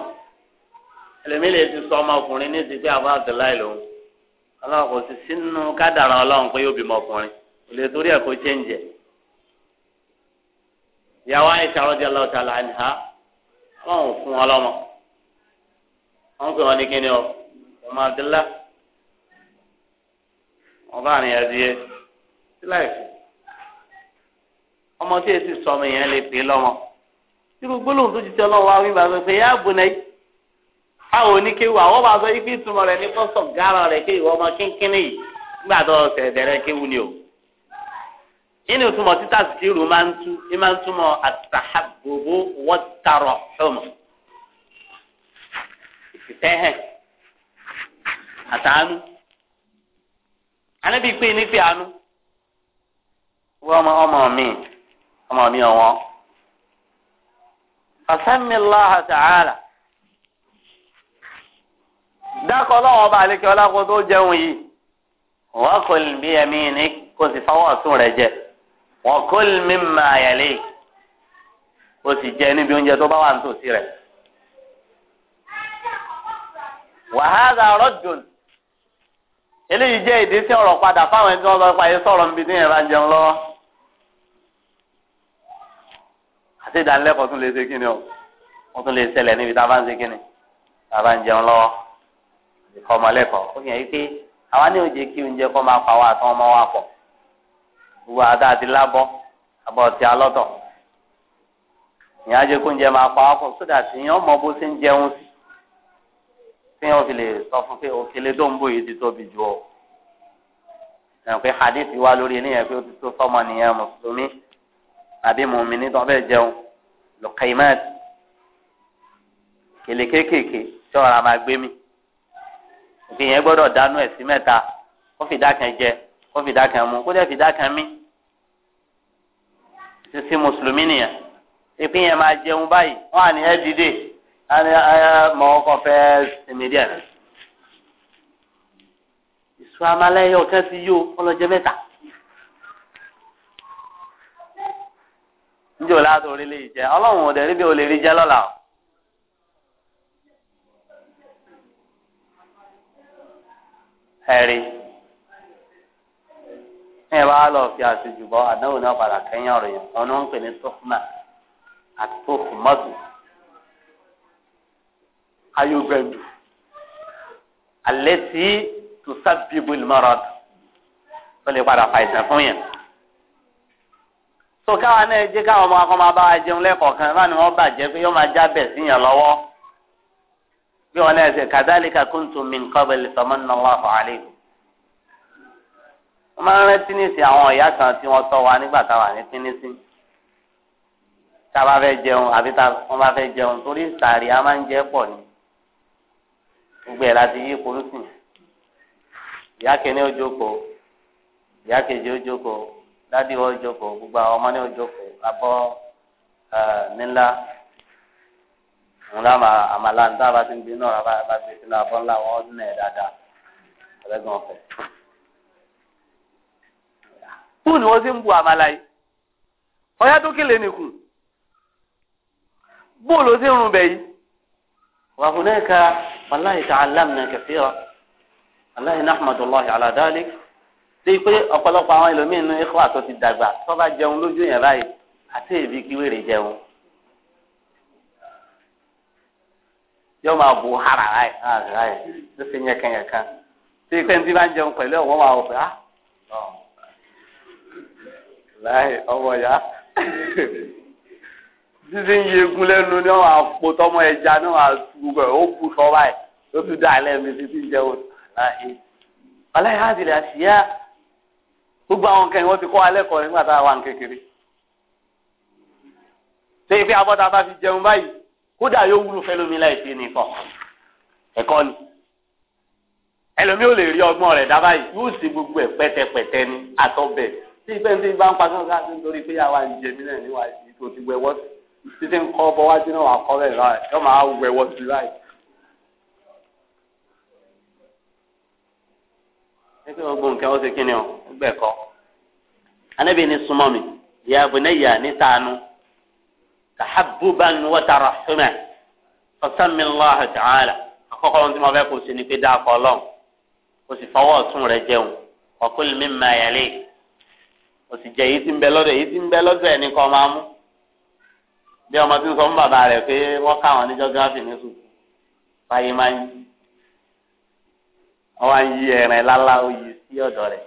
lè ti sọ ọmọkùnrin ní ti pé àbá lòun ọlọ́run kò sì sínú ọlọ́run pé yóò bímọ ọkùnrin kò lè torí ẹ̀ kó ṣe ń wọn pè wọn ní kíni ọ ọmọ abdullah wọn bá àníyàn adìyẹ sí láìpẹ́ ọmọ tí èsì sọmọ yẹn lè pè lọmọ irú gbólóhùn tó ti tẹ Ọlọ́run wá wí bá sọ pé yá bù náà àwọn oníkéwù àwọn bá sọ ibi ìtumọ̀ rẹ̀ ní kọsọ gàrà rẹ̀ kí ìwọ ọmọ kínkínní yìí nígbà tó ọsẹ bẹ̀rẹ̀ kéwù ni o inú ìtumọ̀ títà sí rù máa ń tú máa ń túmọ̀ àtàhàbòbò wọ́tàrọ̀ ọmọ. ìtẹ́hẹ̀ àtàánú anábì pé ní pé wọ́n ọmọ ọmọ mi ọmọ mi ọ̀wọ́n asamilaha ta'ala dákọ̀ ọlọ́wọ́n ọba àlekè ọlákùn tó jẹun yìí wọ́n kò lè bí ẹ̀mí ní kò sì fọwọ́ ọ̀tún rẹ̀ jẹ wọ́n kò lè mímọ àyẹ̀lẹ́ kò sì jẹ níbi oúnjẹ tó bá wàhálà rọ́dùn eléyìí jẹ́ ìdí sí ọ̀rọ̀ padà fáwọn ẹni tí wọ́n sọ pé ayé sọ̀rọ̀ níbi ní ìran jẹun lọ́wọ́ àti ìdánilẹ́kọ̀ọ́ tún lè ṣe kí ni o wọ́n tún lè ṣẹlẹ̀ níbi tá a bá ń ṣe kí ni tá a bá ń jẹun lọ́wọ́ ìkọ́ ọmọlẹ́kọ̀ọ́ ó fi pé àwa ní òjè kí oúnjẹ kọ́ máa pa wá àtàwọn ọmọ wa pọ̀ gbogbo àdá àti lábọ́ àbọ̀ ti alọ́tọ̀ ìyẹn kóúnjẹ máa pa wá pọ̀ sódà tí tí wọn fi lè sọ fún pé òkèlè tó ń bò yìí ti tóbi jù ọ ẹ pé hadith wà lórí eléyàn pé ó ti tó sọmọ nìyẹn mùsùlùmí àbí mùmíní tó fẹ́ jẹun lùkàìmẹt kèlè kéékèèké tí ọ̀rọ̀ àmà gbé mi òkè yẹn gbọ́dọ̀ dánú ẹ̀ sí mẹ́ta kó fìdá kan jẹ kó fìdá kan mu kó dẹ̀ fìdá kan mí sisi mùsùlùmí nìyẹn ìpín máa jẹun báyìí wọn à ní ẹ dìde. ani aya ma ọkọ fẹ sinmi díẹ̀ ìṣù amalẹyẹ ọkẹ ti yó ọlọ mẹ́ta njẹ o láti orí lè jẹ Ọlọ́run ọdẹ níbi o lè rí jẹ lọ́la o ẹ lọ fi àṣejù bọ àdánwò náà padà kẹ́yìn ọ̀rọ̀ yẹn ọ̀nà ń pè ní àti ayọ̀gbẹ̀dù alẹ́ tí tùsàbíbu ìmọ̀ràn tó lè padà fa ìtàn fún yẹn. tó káwa náà jẹ́ káwọn ọmọ akọ́ máa bá wa jẹun lẹ́kọ̀ọ̀kan báwọn ni wọ́n bàjẹ́ pé yóò máa jábẹ̀ sí yàn lọ́wọ́ bí wọn náà ṣe kàdálíkà kuntum min qabli famanna Allahu alaykum. wọ́n máa ń rántí nísìn àwọn ìyá kan tí wọ́n tọ́ wa nígbà táwa ní tínísì tá a jẹun àbí tá a jẹun torí sàárì a máa ń jẹ pọ̀ ni gbogbo ẹ̀ láti yí polúsìn ìyá kẹ́ni ó jókòó ìyá kejì ó jókòó dádì ó jókòó gbogbo àwọn ọmọ ní ó jókòó abọ́ nílá òun láwọn àmàlà ń dábàá ti ń bí náà bá gbé sínú abọ́ ńlá wọn ọdún náà dáadáa ọ̀rẹ́gbọ̀n ọ̀fẹ́. kú ni wọ́n ti ń bu àmàlà yìí ọ̀yá tó kéle nìkùn bóòlù ó ti ń rún bẹ́ẹ̀ yìí. وهناك والله تعلمنا كثيرا الله نحمد الله على ذلك tí pé ọ̀pọ̀lọpọ̀ àwọn ẹlòmíín nínú ikọ̀ àtọ́ ti dàgbà tó bá jẹun lójú yẹn báyìí àti èbí kí wèrè jẹun yóò máa bu hara láì hara yẹn tó fi yẹkẹyẹkan tí pé ní bí bá ń jẹun pẹ̀lú ọ̀wọ́ máa wọ̀ pé á ah, láì ọmọ yá Sisi ń yegun lẹ́nu ní wọn àpò tọmọ ẹja ní wọn àgbùgbọ̀ ó bu sọ báyìí ló tún dá lẹ́mi títí ń jẹun láàyè. ọlẹ́yìn àdìrẹ́ àṣìyá gbogbo àwọn kẹrin wọ́n ti kọ́ alẹ́ kọ́ nígbà tá a wà ní kékeré. ṣé ife abọ́ta bá fi jẹun báyìí kódà yóò wúlò fẹ́lómi láìpẹ́ nìkan ẹ̀kọ́ ni ẹlòmí ò lè rí ọgbọ́n rẹ̀ dábàá yìí yóò ṣe gbogbo ẹ̀ pẹ́tẹpẹ́tẹ ní àtọ́bẹ̀ tí ìpẹ́ntì bá ń pa sọ́nà nítorí pé àwa ń jẹ mí náà níwájú tó ti títí ń kọ́ bọ́ wájú náà wà kọ́ bẹ́ẹ̀ báyìí yọ máa wù ẹwọ́ sí báyìí. nígbà gbogbo nǹkan ó ṣe kí ni ọ gbẹ kọ anábì súnmọ́ mi ìyá bunayya níta nu tahabbuban wa allah ta'ala àkọ́kọ́ ohun tí mo fẹ́ kó ṣe ni pé sì fọwọ́ ọ̀tún rẹ jẹun sì jẹ èyí ń bẹ lọ́dọ̀ èyí ń bẹ lọ́dọ̀ ẹ̀ ní kọ́ bí ọmọ tí ń sọ fún bàbá rẹ̀ pé wọ́n káwọn ní jọ́gíráfì ní sùn fàyè máa ń yí wọ́n á yí ẹ̀rìn lálá oyè sí ọ̀dọ̀ rẹ̀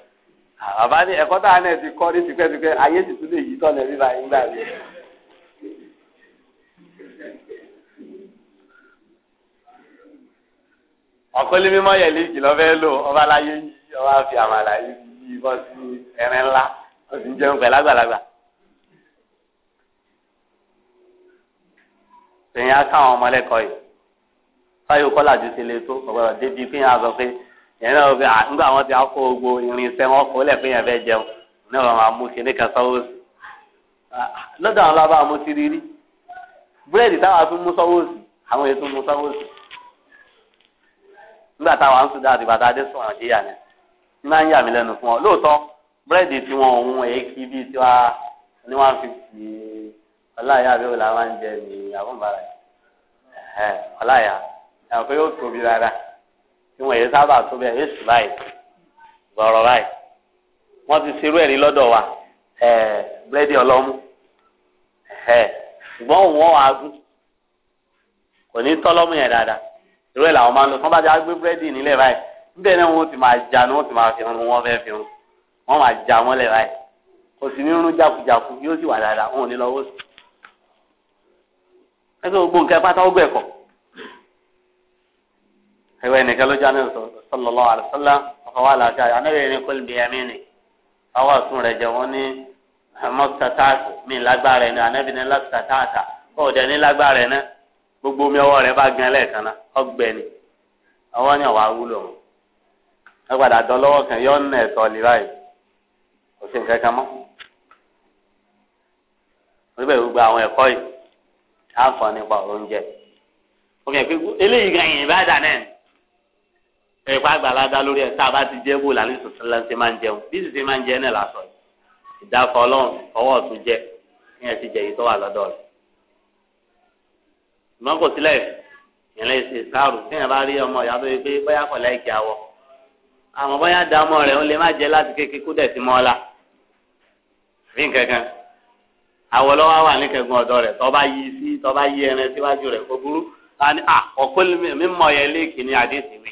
bàbá ní ẹ̀kọ́ tá a náà ti kọ́ ní tipẹ́tipẹ́ ayé sì tún lè yí tọ́lẹ̀ bíbá yín gbà mí. ọ̀kọ́lé mímọ́ yẹ̀lé ìjìlọ fẹ́ lò ọba láyé yí ọba fi àmàlà yí bọ́ sí ẹ̀rìn ńlá ó sì ń jẹun pẹ̀lágbàlagbà. lẹ́yìn aká àwọn ọmọlẹ́kọ̀ọ́ yìí báyọ̀ kọ́ làjú ti le tó ọ̀gbọ́dọ̀ débi pé yẹn àgọ́ pé yẹn náà wọ́n fi nígbà wọn ti akó gbogbo irinṣẹ́ wọn kó lẹ̀ pé yẹn fẹ́ jẹun náà wọn máa mú kíní kan sọ́wọ́ sí lọ́dọ̀ àwọn lábá mú ti rírí búrẹ́dì táwa tún mú sọ́wọ́ sí àwọn ètò mú sọ́wọ́ sí nígbà táwa ń sùdá àti bàtà adéṣùn àjíyà ni máa ń yà lẹ́nu fún ọ lóòótọ́ búrẹ́dì tiwọn òun èékì bíi tiwa ni wọ́n fi tì í ọláyà àbẹ̀wò làwọn ń jẹ ní àbúmbàrà ẹ ọláyà ẹ pé ó tóbi rárá tí wọn yẹ sábà tó bẹ báyìí gbọrọ báyìí wọn ti ṣerú lọ́dọ̀ wa ẹ búrẹ́dì ọlọ́mú ẹ ṣùgbọ́n wọn wà á ní yẹn dáadáa irú làwọn máa ń lọ bá báyìí níbẹ̀ náà ti máa ni wọ́n fi fi máa báyìí kò sí ní wà dáadáa wọn i. ẹgbẹ́ gbogbo nǹkan pátá ó gbẹ̀kọ́ ẹgbẹ́ ẹnìkan ló jáde sọ sallallahu alaihi wasallam ọ̀fọwọ́ àlàáfíà anábìyẹn ní kólú bíi ẹ̀mí ni ọwọ́ ọ̀tún rẹ̀ jẹ́ wọ́n ní mọ́tàtàtà mi lágbára ẹni anábìyẹn látàtàtà ọ̀dẹ̀ ní lágbára ẹni gbogbo omi ọwọ́ rẹ̀ bá gan lẹ́ẹ̀kan náà ọgbẹ́ni ọwọ́ ní ọ̀wá wúlò wọn agbada dán lọ́wọ́ kan yọ ọ́nà ẹ̀tọ́ lè báyìí kò sí nǹkan kan mọ́. wọ́n bẹ̀rù gba àwọn ẹ̀kọ́ yìí á fọ nípa ọ̀rọ̀ oúnjẹ ok pé eléyìí gan yìnyín bá dà náà ẹ̀kọ́ àgbàlagbà lórí ẹ̀ tá a bá ti jẹ́ bó làlẹ́ sọ̀tún lẹ́nu ti máa ń jẹun bí sì ti máa ń jẹ náà lásọ yìí ìdáfọ́ ọlọ́run ọwọ́ ọ̀tún jẹ ní ẹ̀ ti jẹ yìí tó wà lọ́dọ̀ rẹ̀ ṣùgbọ́n kò sílẹ̀ ìyẹn lè ṣe sáàrù tí yẹn bá rí ọmọ ìyá tó yẹ pé bóyá kọ̀ láìkí awọ àmọ́ bóyá dàmọ́ rẹ̀ ó lè má jẹ láti kékeré kó dẹ̀ ti mọ́ ọ́lá àwọlọ́wọ́ wà ní kẹ̀gùn ọ̀dọ́ rẹ̀ tọ́ba yí sí tọ́ba yí ẹran síwájú rẹ̀ kó burú ká ní à ọ̀pẹ́ mímọ yẹn léèkì ní àdéhùn mi.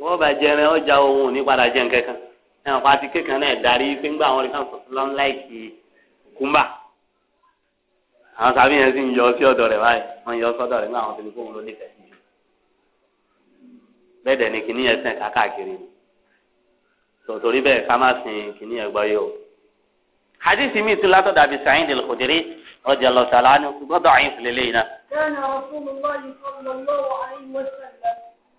wọ́n bá jẹ ẹran ọjà ohun ní padà jẹ nǹkan kan ẹ̀wọ̀n pàtí kékan náà darí pé ńgbà àwọn ìkànnì sọ̀tún lọ́n láìkì kúmbà. àwọn sàbí yẹn sì ń yọ sí ọ̀dọ̀ rẹ̀ báyìí wọ́n yọ sọ́dọ̀ rẹ̀ ńgbà àwọn tẹlifóònù ló nífẹ̀ẹ́ sí. bẹ́ẹ̀ dẹ̀ ni kìnìyẹn sẹ̀ káàkiri ni. tòtòrí bẹ́ẹ̀ ká má sin kìnìyẹn gbọ́ yìí o. حديث ميت لا تدع بسعيد الخدري رضي الله تعالى عنه وضعيف للينا كان رسول الله صلى الله عليه وسلم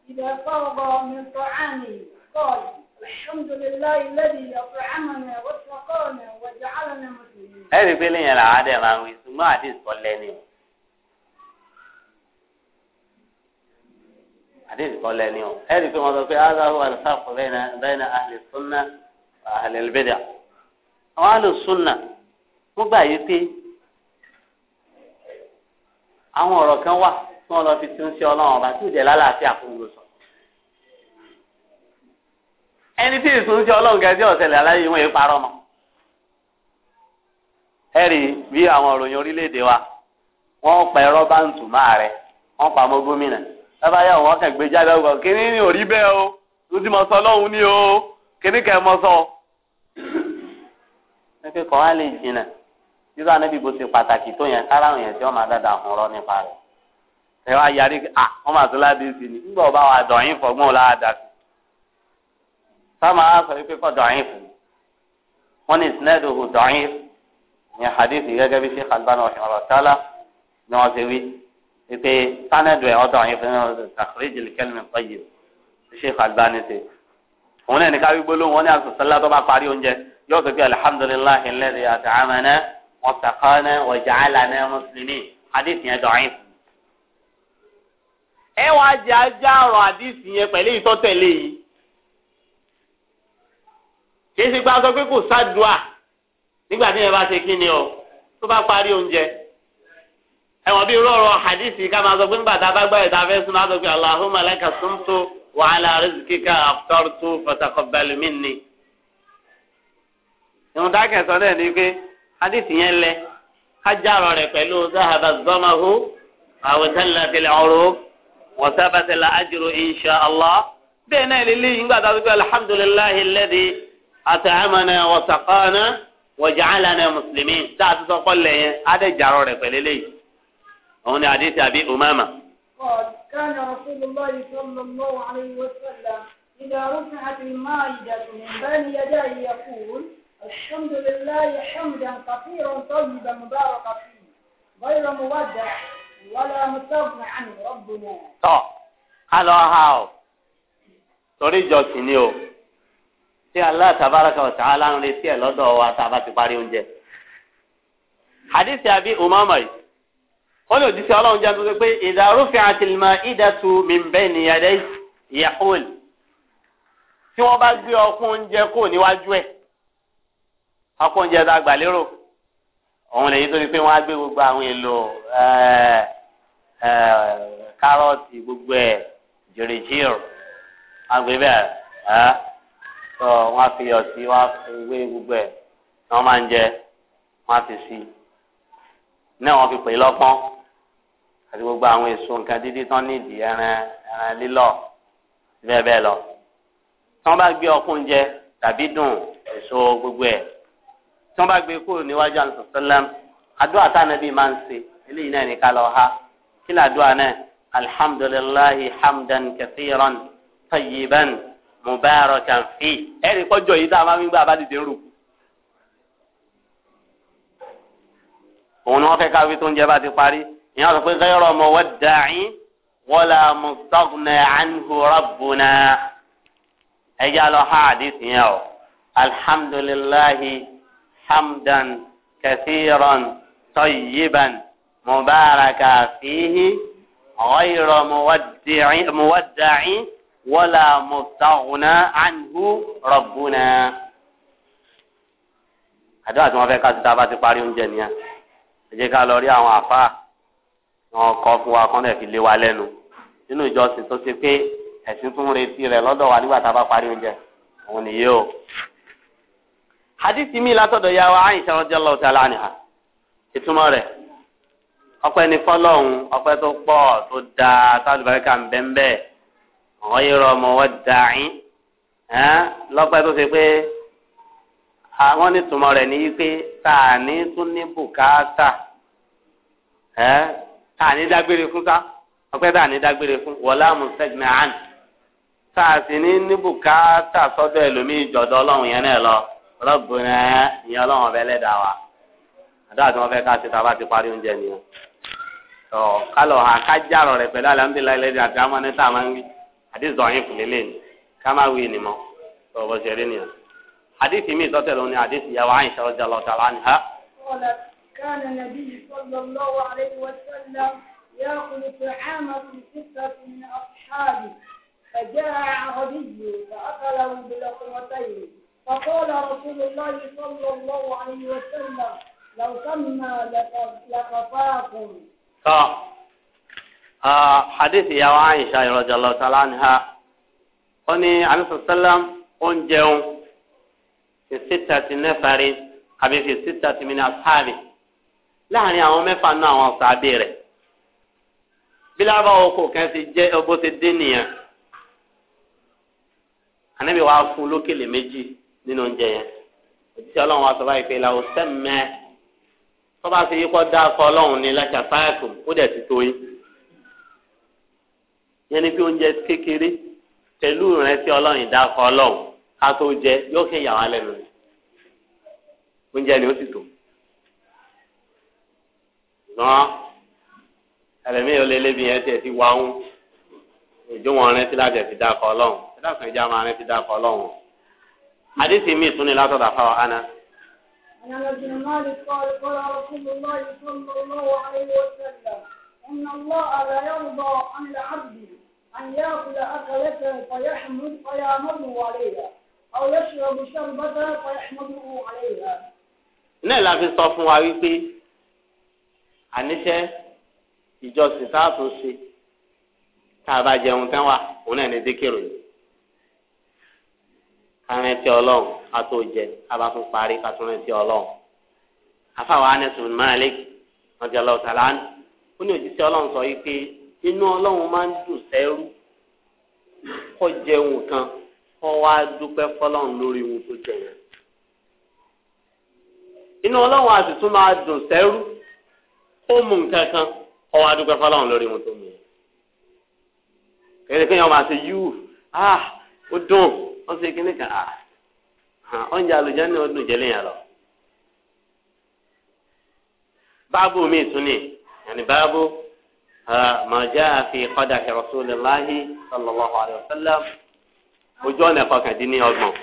إذا فرغ من طعامه قال الحمد لله الذي أطعمنا وسقانا وجعلنا مسلمين هذه بلين العادة ما هو يسمى حديث قليني حديث قليني هذه في تقول هذا هو الفرق بين بين أهل السنة وأهل البدع àwọn alùsùnà wọ́n gbà yí pé àwọn kan wà tí wọ́n lọ fi ti ṣe ọba tí ò jẹ́ lálàáfíà fún sọ. ẹni tí ìsún ṣe ọlọrun gẹ́gẹ́ ọ̀sẹ̀lẹ̀ aláyé wọn èé parọ́ mọ́. ẹ̀rì bí àwọn òròyìn orílẹ̀ wa wọ́n pa ẹ̀rọ báǹtù máa rẹ̀ wọ́n pa mọ́ gómìnà bàbá yà kàn gbé jáde o lójú ọlọ́run ni o kínní kẹ́ mọ́ ẹgbẹ́ kan á lè jìnà nígbà níbi bó ṣe pàtàkì tó yẹn kára àwọn yẹn tí wọ́n máa dáadáa hàn rọ́ nípa rẹ̀ ẹ wá yarí à wọ́n máa tó láti sí ni nígbà wọ́n bá wà dọ̀yìn fọ́gbọ́n wọn láà dà sí sáàmà á sọ pé kọ́ dọ̀yìn fún wọn ní sinẹ́dùhù dọ̀yìn ìyẹn hadithi gẹ́gẹ́ bí sheikh albani wa ṣàlọ́ ṣálá ni wọ́n ṣe wí pé sanadu ẹ̀ ọ̀dọ̀ yìí fún ṣàkíríjì yóò sọ pé alihamudulilayi lẹ́dí àtàmánà wọ́sàkánà wọ́jàálànà mùsùlùmí hadith yẹn dọ̀ọ́yìn. ẹ wàá jẹ ajá ọ̀rọ̀ hadith yẹn pẹ̀lú ìtọ́tẹ̀lé yìí kì í ṣe pé a sọ pé kò sádùá nígbà tí yẹn bá ṣe kí ni o tó bá parí oúnjẹ ẹ̀wọ̀n bíi rọrọ hadithi ká máa sọ pé nígbà tá a bá gbọ́ ìta fẹ́ sún náà sọ pé Allahumma laka sumtu wa ala rizqika aftartu fataqabbal minni ìwọ̀n dákẹ́ sọ náà ni pé hadith yẹn lẹ kájàrọ̀ rẹ̀ pẹ̀lú zahaba zọ́mahu àwòtẹ́lẹ̀ tẹ̀lé ọ̀rọ̀ wọ́sábàtẹ̀lẹ̀ ajru insha allah bẹ́ẹ̀ náà lílé yìí ń gbàdá wípé alhamdulilayi lẹ́dí àtàmánà wọ́sàkánà wọ́jàálánà mùsùlùmí tá a ti sọ kọ́ lẹ́yìn adéjàrọ̀ rẹ̀ pẹ̀lú eléyìí òun ni hadith àbí umama. كان رسول الله صلى الله عليه وسلم إذا رفعت المائدة الحمد لله حمدا كثيرا طيبا مباركا فيه غير مودع ولا مستغنى عنه ربنا. tọ́ a lọ ha o ni o tí Allah tabaraka wa ta'ala ń retí ẹ̀ lọ́dọ̀ wa tá a bá ti parí oúnjẹ. hadith abi umama yìí ó lè òjíṣẹ́ ọlọ́run jẹ́ tuntun pé idha rufi'atil ma'idatu min bayni yadayhi yaqul tí wọ́n bá gbé ọkùn oúnjẹ kò níwájú ẹ̀. akóúnjẹ tá a gbà lérò òun lèyí tó ní pé wọn á gbé gbogbo àwọn èlò eh, eh, kárọ̀tì gbogbo ẹ̀ jèrèjìr àgbè bẹ́ẹ̀ tó eh, wọn á fi ọtí wọn á fi wé gbogbo ẹ̀ ni wọn máa ń jẹ wọn fi sí i náà wọn fi pè é lọ́pọ́n àti gbogbo àwọn èso nǹkan dídí tán nídìí ẹran ẹran lílọ̀ bẹ́ẹ̀ bẹ́ẹ̀ lọ tí wọ́n bá gbé ọkùnjẹ tàbí dùn èso gbogbo ẹ̀ tí wọ́n bá gbé kúrò níwájú àǹsọ̀ sẹ́lẹ̀m àdúrà tánàbí máa ń ṣe eléyìí náà ní ká lọ ha kí ni àdúrà náà alhamdulilayi hamdan kathiran tayyiban mubarakan fi ẹ̀rí kọjọ yìí tá a máa ń gbà bá dìde ń rò. òun ni wọ́n fẹ́ káwé tó ń jẹ bá ti parí ìyẹn sọ pé gẹ́rọ mọ̀ wọ́n dàáyín wala mustaghna anhu rabbuna ẹja lọ ha àdìsí yẹn o alhamdulilayi. حمدا كثيرا طيبا مباركا فيه غير مودع مودع ولا مستغنى عنه ربنا àdúrà tí wọn fẹ́ ká ti dábàá ti parí oúnjẹ nìyẹn ẹ jẹ́ ká lọ rí àwọn àfáà wọn kọ fún wa kọ́nà fi lé wa lẹ́nu nínú ìjọsìn tó ṣe pé ẹ̀sìn tún retí rẹ̀ lọ́dọ̀ wa nígbà tá a bá parí oúnjẹ òun nìyí o. hadisi mi ya wa Aisha radiyallahu ta'ala anha ìtumọ̀ rẹ̀ ọpẹ́ ní fọlọ́hún ọpẹ tó pọ̀ tó dáa sálùbáríkà ń bẹ́ẹ̀ bẹ́ẹ̀ ọwọ yẹ rọ ọmọ wọn dàáyín tó ṣe pé àwọn ní a tún ní bùkátà tá dágbére fún rọ́bùnà ìyẹn ọlọ́run ọbẹ̀ lẹ́dàá wa àdúrà tí wọ́n fẹ́ ká ti ta bá ti parí oúnjẹ nìyẹn tọ́ kálọ̀ àkájàrọ̀ rẹ̀ pẹ̀lú alhamdulilayi lẹ́dí àti amánẹ́tà máa ń wí àdìsọ̀ yín kù lélẹ̀ ni ká má wí ni mọ́ tọ́ bọ́ ṣe rí nìyẹn. àdìsí mi ìtọ́tẹ̀ lónìí àdìsí ìyàwó àyìnṣẹ́ ọjà lọ́tà lánìí ha. كان النبي صلى الله عليه وسلم يأكل طعام في ستة فجاء عربي فأكله بلقمتين فقال رسول الله صلى الله عليه وسلم لو سمى لكفاكم حديث يا عائشة رضي الله تعالى عنها أني عليه الصلاة والسلام أنجوا في ستة نفر أبي في ستة من أصحابي. láàrin àwọn mẹ́fà náà àwọn sàbẹ̀ rẹ̀ bí lábàá oko kan ti jẹ́ bó ti dé nínú oúnjẹ yẹn òtítọ́ ọlọ́run wa sọ báyìí pé làwọn sẹ́mẹ́ tọ́ba ti yíkọ́ dá afọ ọlọ́run ní lẹ́sà sáyẹ̀kù ó dẹ̀ ti tó yín yẹn ni pé oúnjẹ kékeré pẹ̀lú ìrẹsì ọlọ́run ìdá afọ ọlọ́run ká tó jẹ yóò kẹ́ ìyàwó alẹ́ nù oúnjẹ ni ó sì tó ṣùgbọ́n ẹlẹ́mìí ò lé lébi yẹn tiẹ̀ ti wá ń ìjọ wọn rántí láti ẹ̀ fi dá afọ ọlọ́run ẹ̀ dákun ẹ̀ já máa rántí dá afọ ọlọ́run حديث مي سنة لا تضعفها أنا عن انس بن مالك قال قال رسول الله صلى الله عليه وسلم ان الله لا يرضى عن العبد ان ياكل اكلته فيحمد فيامره عليها او يشرب شربته فيحمده عليها náà la fi sọ fún wa wípé àníṣe ìjọsìn tá a ṣe tá a bá jẹun tán wa òun náà ní dékèrò yìí arìntì ọlọ́run kátó jẹ abátún parí kátó rìntì ọlọ́run afáwa anẹsùn malik ọjọlọ tàlán ó ní òjíṣẹ́ ọlọ́run sọ wípé inú ọlọ́run máa ń dùn sẹ́rú kó jẹun kan kó wá dúpẹ́ fọ́lọ́run lórí ohun tó jẹ yẹn inú ọlọ́run a sì tún máa dùn sẹ́rú kó mú nǹkan kan kó wá dúpẹ́ fọ́lọ́run lórí ohun tó mú yẹn kẹ́lẹ́kẹ́ yẹn wọ́n máa ṣe yíwù ah ó dùn. ó ṣe kíní kan à oúnjẹ àlùjáde ó dùn jẹ́lẹ̀ yẹn lọ. báàbù mi tún ni yàní báàbù màjá àfi kọ́dà Rasulullahi sallallahu alaihi wasallam ojú ọ̀nà kọkàndínlọ́gbọ̀n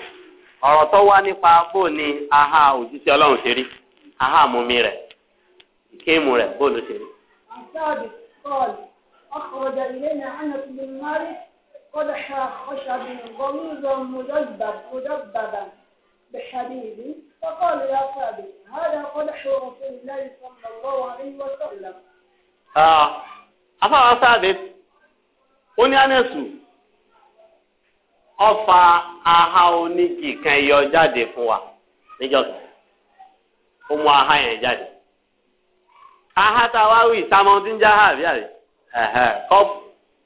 ọ̀rọ̀ tó wá nípa bó ni aha òjíṣẹ́ ọlọ́run ṣe rí aha mumi rẹ̀ kéèmù rẹ̀ bó ló ṣe rí. قدح خشب غميضا مدبب مدببا بحديد فقال يا صادق هذا قدح رسول الله صلى الله عليه وسلم آه أفا صادق أني أنا سو ọfà aha oníjì kan yọ jáde fún wa níjọsìn ó mú aha yẹn jáde aha tá a wá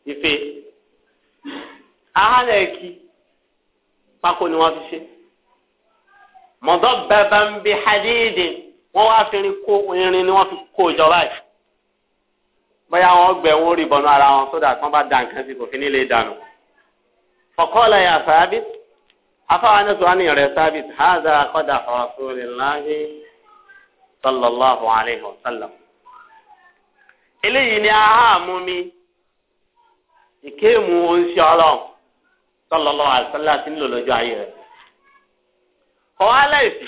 wí na eki, pákó ni wọ́n fi ṣe mọ̀dọ́ bàbá ń bi hadíìdì wọ́n wá fi irin kó irin ni wọ́n fi kó ìjọba yìí bóyá wọn gbẹ wọn rí bọnú ara wọn sódà tí wọn bá da nǹkan sí kò fi nílé dànù. yà sábìt alayhi wa sallam. eléyìí ni aha mú mi. ìkéèmù oṣù ọlọ́run sọlọ́lọ́ àṣálà tí ń lò lọ́jọ́ ayé rẹ̀. ọ̀wá láìsí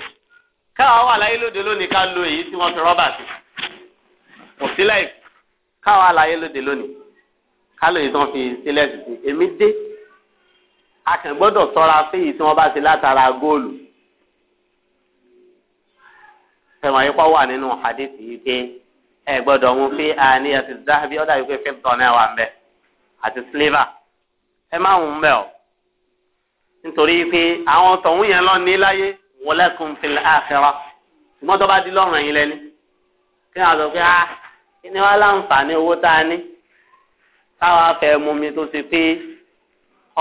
káwa wà láyé lóde lónìí ká lo èyí tí wọ́n fi rọ́bà sí. kò sí láìsí káwa láyé lóde lónìí ká lo èyí tí wọ́n fi sílẹ̀ sí sí. èmi dé a kàn gbọ́dọ̀ sọ́ra fèyí tí wọ́n bá ṣe látara góòlù. fẹ̀mọ̀ ayípa wà nínú hadith yìí pé ẹ gbọ́dọ̀ mú fi àníyàn ti dáhàbí ọ̀dà yìí pé fíìmù tán náà wà ń bẹ́ẹ̀ àti sílífà ẹ má hùn bẹ́ẹ̀ o nítorí pé àwọn tọ̀hún yẹn lọ ní láyé walakum fil akhirah ṣùgbọ́n tó bá di lọ́rùn ẹ̀yin lẹ́ni kí wọ́n sọ pé ah kí ni wọ́n láǹfààní owó tá a ní táwọn afẹ́ mú mi tó ṣe pé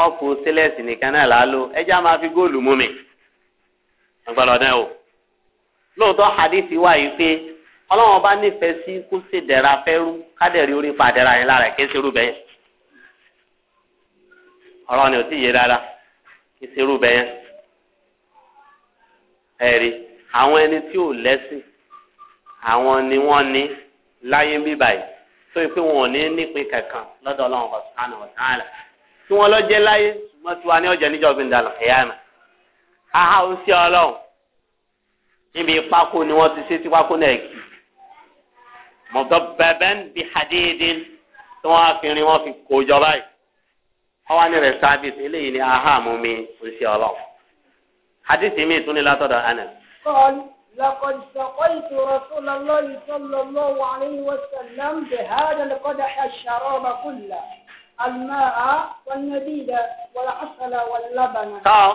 ọ̀pù sílẹ̀sì nìkan náà là á lò ẹjẹ́ a máa fi góòlù mú mi ọgbọ́dọ̀ náà o lóòótọ́ hadithi wà yìí pé ọlọ́run ọba nífẹ̀ẹ́ sí kó ṣèdẹ̀ra fẹ́rú kádẹ̀rí orí padẹ̀ra yẹn lára kí ẹ bẹ́ẹ̀ ọ̀rọ̀ ni ò tí ì yé dáadáa ìṣerú bẹ yẹn ẹ̀rí àwọn ẹni tí ò lẹ́sìn àwọn ni wọ́n ní láyé ń bí báyìí tó yẹ pé wọn ò ní nípìn kankan lọ́dọ̀ ọlọ́run ọ̀sán àná ọ̀sán àlà tí wọ́n lọ jẹ́ láyé ṣùgbọ́n tiwa ní ọjà níjọ́ bí ń dalọ̀ ẹ̀yà àná aha ó sí ọlọ́run níbi pákó ni wọ́n ti ṣe tí pákó náà kì mọ̀tọ́ bẹ̀bẹ̀ ń bi hadidin tí wọ́n á fi rin wọ́n fi kó jọ báyìí ọwọ́ ní rẹ̀ sábìs eléyìí ni ahamu mi oṣù ọlọ́run hadithi mi tún ní látọ̀dọ̀ anas. قال لقد سقيت رسول الله صلى الله عليه وسلم بهذا القدح الشراب كله الماء والنبيذ والعسل واللبن. tọ́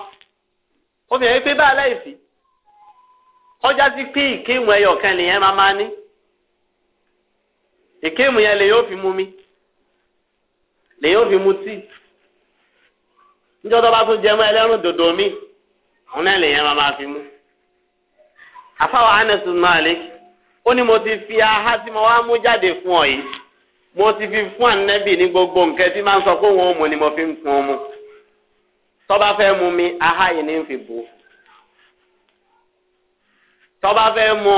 obìnrin pé bá a láìsí ọjà ti pín ìkéwù ẹyọ kan nìyẹn máa máa ní ìkéwù yẹn lè yóò fi mú mi lè yóò fi mú tíì níjọ́ tó bá tún jẹ mọ́ ẹlẹ́rùn dòdò mi òun náà lè yẹn máa máa fi mú. àfáwọn Anas Malik ó ní mo ti fi aha tí mo wá mú jáde fún ọ yìí mo ti fi fún ànẹ́bì ní gbogbo nǹkan tí máa ń sọ pé òun ò mú ni mo fi ń fún un mu tó fẹ́ mu mi aha yìí ní fi bù tó bá fẹ́ mu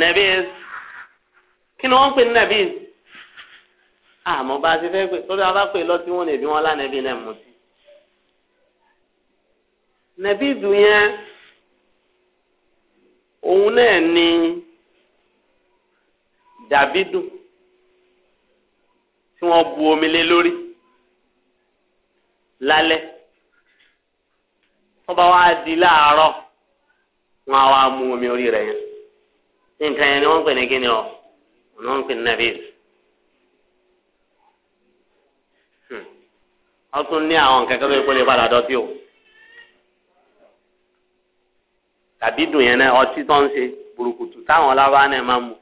nẹ́bíyẹs kí ni wọ́n ń pè ní nẹ́bíyẹs àmọ́ ah, bá a ti fẹ́ pè tó bá pè lọ́tí wọn lè bí wọ́n lá nẹ́bí náà sí nàbí dùn yẹn òun náà ni dàbí dùn tí wọ́n bu omi lé lórí lálẹ́ wọ́n bá wá di láàárọ̀ wọ́n á wá mu omi orí rẹ̀ yẹn nǹkan yẹn ni wọ́n ń pè ní kíni ọ ni wọ́n ń pè ní nàbí dùn. Hmm. ní àwọn nǹkan kan tó yẹ kó lè padà dọ́tí o. tàbí dùn yẹn náà ọtí tó ń ṣe burúkutu táwọn lábá náà máa mu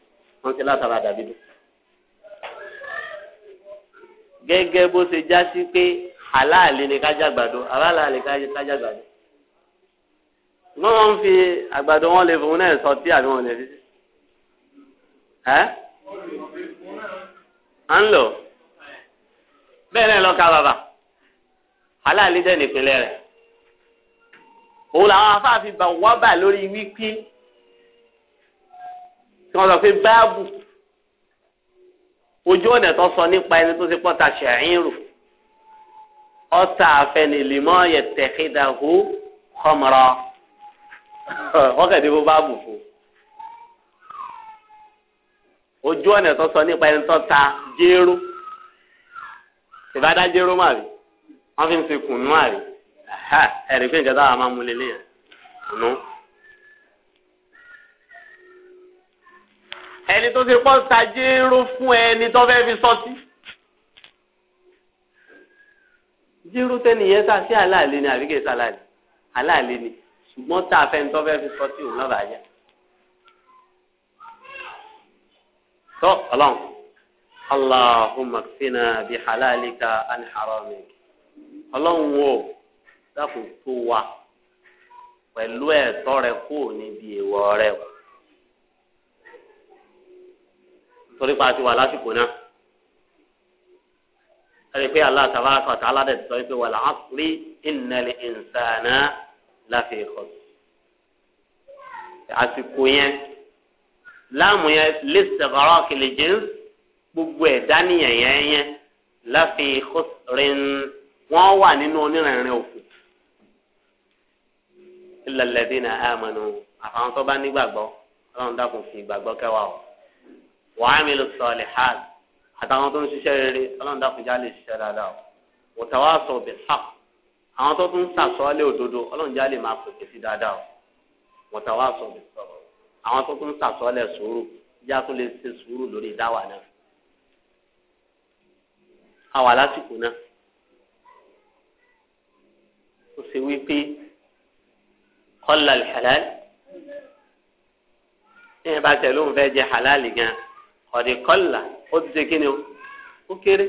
wọn ṣe látara dàbí dùn. gẹ́gẹ́ bó ṣe já sí pé aláàlè ni kájà àgbàdo aláàlè kájà àgbàdo wọ́n máa ń fi àgbàdo wọn lè fún náà sọtí àbí wọn lè fi sí. ẹ́ à ń lò bẹ́ẹ̀ náà lọ́ka bàbà aláàlè dẹ̀ nípínlẹ̀ rẹ̀ òun làwọn afáàfin bá wọ́n bà lórí wípé tí wọ́n sọ pé báàbù ojú ọ̀nà tó sọ nípa ẹni tó ti pọ́ta ṣẹ̀yìn rò ọ̀tà àfẹnìlímọ́ yẹtẹ̀kídàhó kọ́mọ̀rọ̀ wọ́n kẹ̀ dé bó báàbù fún ojú ọ̀nà tó sọ nípa ẹni tó ta jéró ìbádá jéró màrí wọ́n fi ń fi kùnú màrí ẹ̀rí pé nǹkan táwa máa mú lélẹ̀ yẹn nù. ẹni tó ti pọ́ sajéró fún ẹni tó fẹ́ fi sọtí. jírú tẹ́ni yẹn sá sí aláàlẹ́ ni àbí kìí sáláàlẹ́ aláàlẹ́ ni ṣùgbọ́n tá a fẹ́ ní tó fẹ́ fi sọtí òun lọ́ba jẹ́. tọ́ ọlọ́run allahumma kfina bi halalika an haramika ọlọ́run wo dákun tó wa pẹ̀lú ẹ̀tọ́ rẹ kúrò níbi èèwọ̀ rẹ o nítorí pa àti wà lásìkò náà ẹni pé Allah tabaraka wa ta'ala dẹ̀ sọ pé wal asri innal insana lafi khusr àsìkò yẹn láàmù yẹn listighraq al-jins gbogbo ẹ̀dá nìyẹn yẹn yẹn lafi khusrin wọ́n wà nínú onírìnrìn òfò illa alladhina amanu àfàwọn tó bá nígbàgbọ́ ọlọ́run dákun fi ìgbàgbọ́ kẹwàá o wa amilu salihat àtàwọn tó ń ṣiṣẹ́ rere ọlọ́run dákun já lè ṣiṣẹ́ dáadáa o wa tawasaw bil haqq àwọn tó tún sàsọ́ọ́lẹ̀ òdodo ọlọ́run já lè máa pèsè sí dáadáa o wa tawasaw bis sabr àwọn tó tún sàsọ́ọ́lẹ̀ sùúrù já tún lè ṣe sùúrù lórí ìdáwà náà àwa lásìkò náà ó ṣe wípé kọ́lá halal ní ẹ bá tẹ̀ ló ń fẹ́ jẹ halal gan ọ̀dì kọ́lá ó ti ṣe kíni o ó kéré.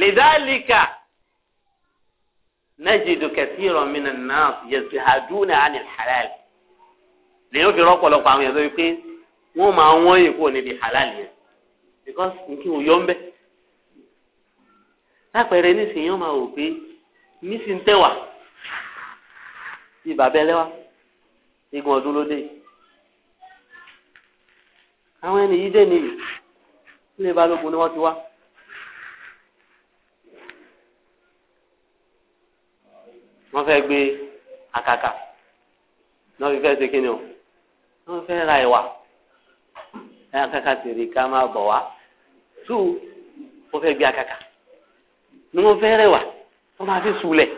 lidhalika najidu kathiran minan nas yazhaduna anil halal ni yóò fi rọ́pọ̀lọpọ̀ àwọn yẹn lórí pé wọ́n máa wọ́n yìí kúrò níbi halal yẹn because nǹkan ò yọ ń bẹ́. lápẹẹrẹ nísìnyí wọ́n máa wò pé nísìnyí tẹ́wàá bíi bàbá ẹlẹ́wà igun ọdún ló dé àwọn ẹni yìí dé nìyí ilé balógun ni wọ́n ti wá. wọ́n fẹ́ gbé àkàkà náà fi ṣe kí ni o wọ́n fẹ́ ra ẹ̀wà àkàkà sì rí ká máa bọ̀ wá tú wọ́n fẹ́ gbé àkàkà ni wọ́n fẹ́ rẹwà wọ́n máa fi sùlẹ̀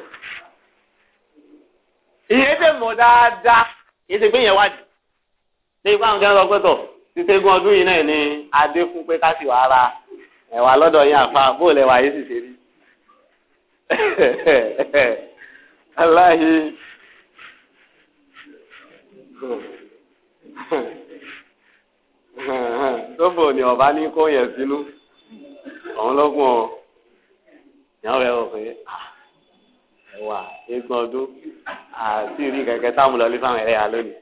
ìyẹn tẹ̀ mọ̀ dáadáa yìí ti gbé yẹn wádìí lẹ́yìn fáwọn kẹ́hìn lọ́gbẹ́tọ̀ títẹ́gun ọdún yìí náà ni adé fún pé ká sì wá ara ẹ̀wà lọ́dọ̀ yín àfa bó lẹ́wà yìí sì ṣe rí aláhi tóbò ni ọba ní kó yẹn sínú òun lọ́gbọ̀n ìyàwó rẹ̀ wọ̀ pé ah ẹ̀wà eégún ọdún àti ìrí kẹ̀kẹ́ táwọn lọlé fáwọn ẹ̀rẹ́yà lónìí.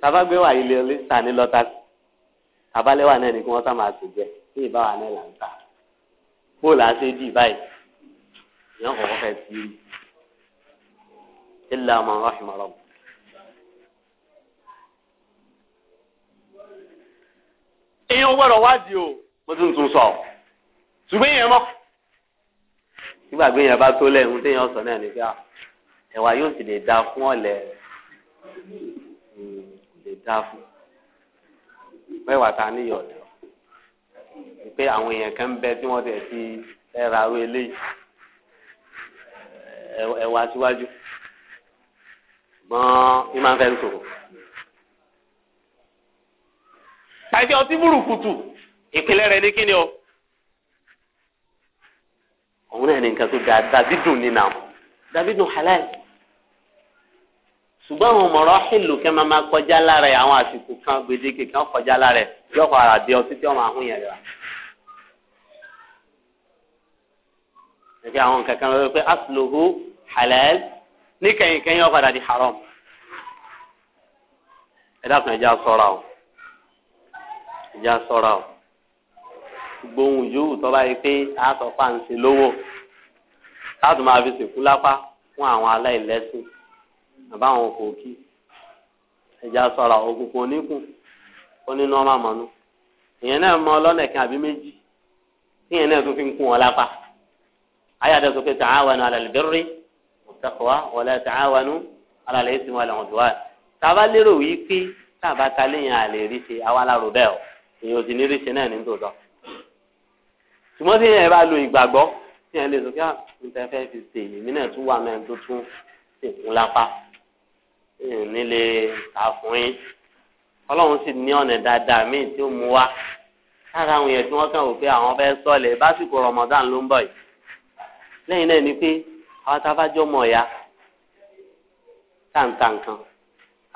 tàbá gbé wà ilé ọlé tà ní lọ́tà tabalẹ́wà náà ni kí wọ́n sá máa sì jẹ ní ìbáwà náà là ń tà bóòlù àti èdè báyìí ìyá kọ̀ọ̀kan fẹ́ ti rí ilé ọmọ rahimahullah. èèyàn gbọ́dọ̀ wádìí o mo tún tún sọ ṣùgbọ́n èèyàn mọ́ nígbàgbé yẹn bá tó lẹ́hìn téèyàn sọ náà nígbà ah, ẹ̀wà yóò sì lè da fún ọ̀lẹ́ hmm, lè da fún mẹ́wàá ta níyọ̀ ọ̀dọ́ pé àwọn èèyàn kan ń bẹ tí wọ́n tẹ̀ sí ẹ̀rọ awé eléyìí ẹ̀wà síwájú gbọ́n ní máa ń fẹ́ sòrò. Àìsí ọtí burúkutu ìpínlẹ̀ rẹ̀ ní kíni o òun náà ní nǹkan tó da dàbí dùn nínà dàbí dùn halal ṣùgbọ́n àwọn ọmọọ̀rọ̀ hìlù kẹ́ máa máa kọjá lára ẹ̀ àwọn àsìkò kan gbèdéke kan kọjá lára ẹ̀ yóò kọ́ ara di ọtí tí wọ́n máa hún yẹn rà. ẹ̀fẹ́ àwọn nǹkan kan lọ́wọ́ pé asluhu halal ní kẹ̀yìnkẹ̀yìn ó di haram. ẹ dákun ẹja ṣọ́ra o ẹja ṣọ́ra o gbohun yòówù tó bá yẹ pé a sọ fáǹsì lówó láti máa fi sìnkú lápá fún àwọn aláìlẹ́sìn àbáwọn kò kí ẹja sọ̀rọ̀ òkùnkùn oníkùn ó nínú ọmọ àmọ́nú ìyẹn náà mọ ọlọ́nà kan àbí méjì tíyẹn náà tún fi ń kún wọn lápá ayáda sọ pé tàáwánu alàlùbẹ́rẹ́ òtàkùwá wọlé tàáwánu alàlẹ́ ìsìn wọlé ọ̀dùwà tàbá lérò wí pé tàbá kalẹ̀ yẹn àlè rí ṣe bẹ́ẹ̀ ò ṣùgbọ́n tí yẹn bá lo ìgbàgbọ́ tí yẹn lè sọ kí ah, nǹkan fẹ́ fi ṣe èmi náà tún wà mẹ́rin tó tún ṣèkún lápá èèyàn nílé ta fún yín ọlọ́run sì ní ọ̀nà dáadáa míì tí ó mú wá lára àwọn èèyàn tí wọ́n kàn wò pé àwọn fẹ́ sọ̀lẹ̀ básìkò Ramadan ló ń bọ̀ yìí lẹ́yìn náà ni pé àwọn tábàjọ́ mọ̀ ya táǹtà nǹkan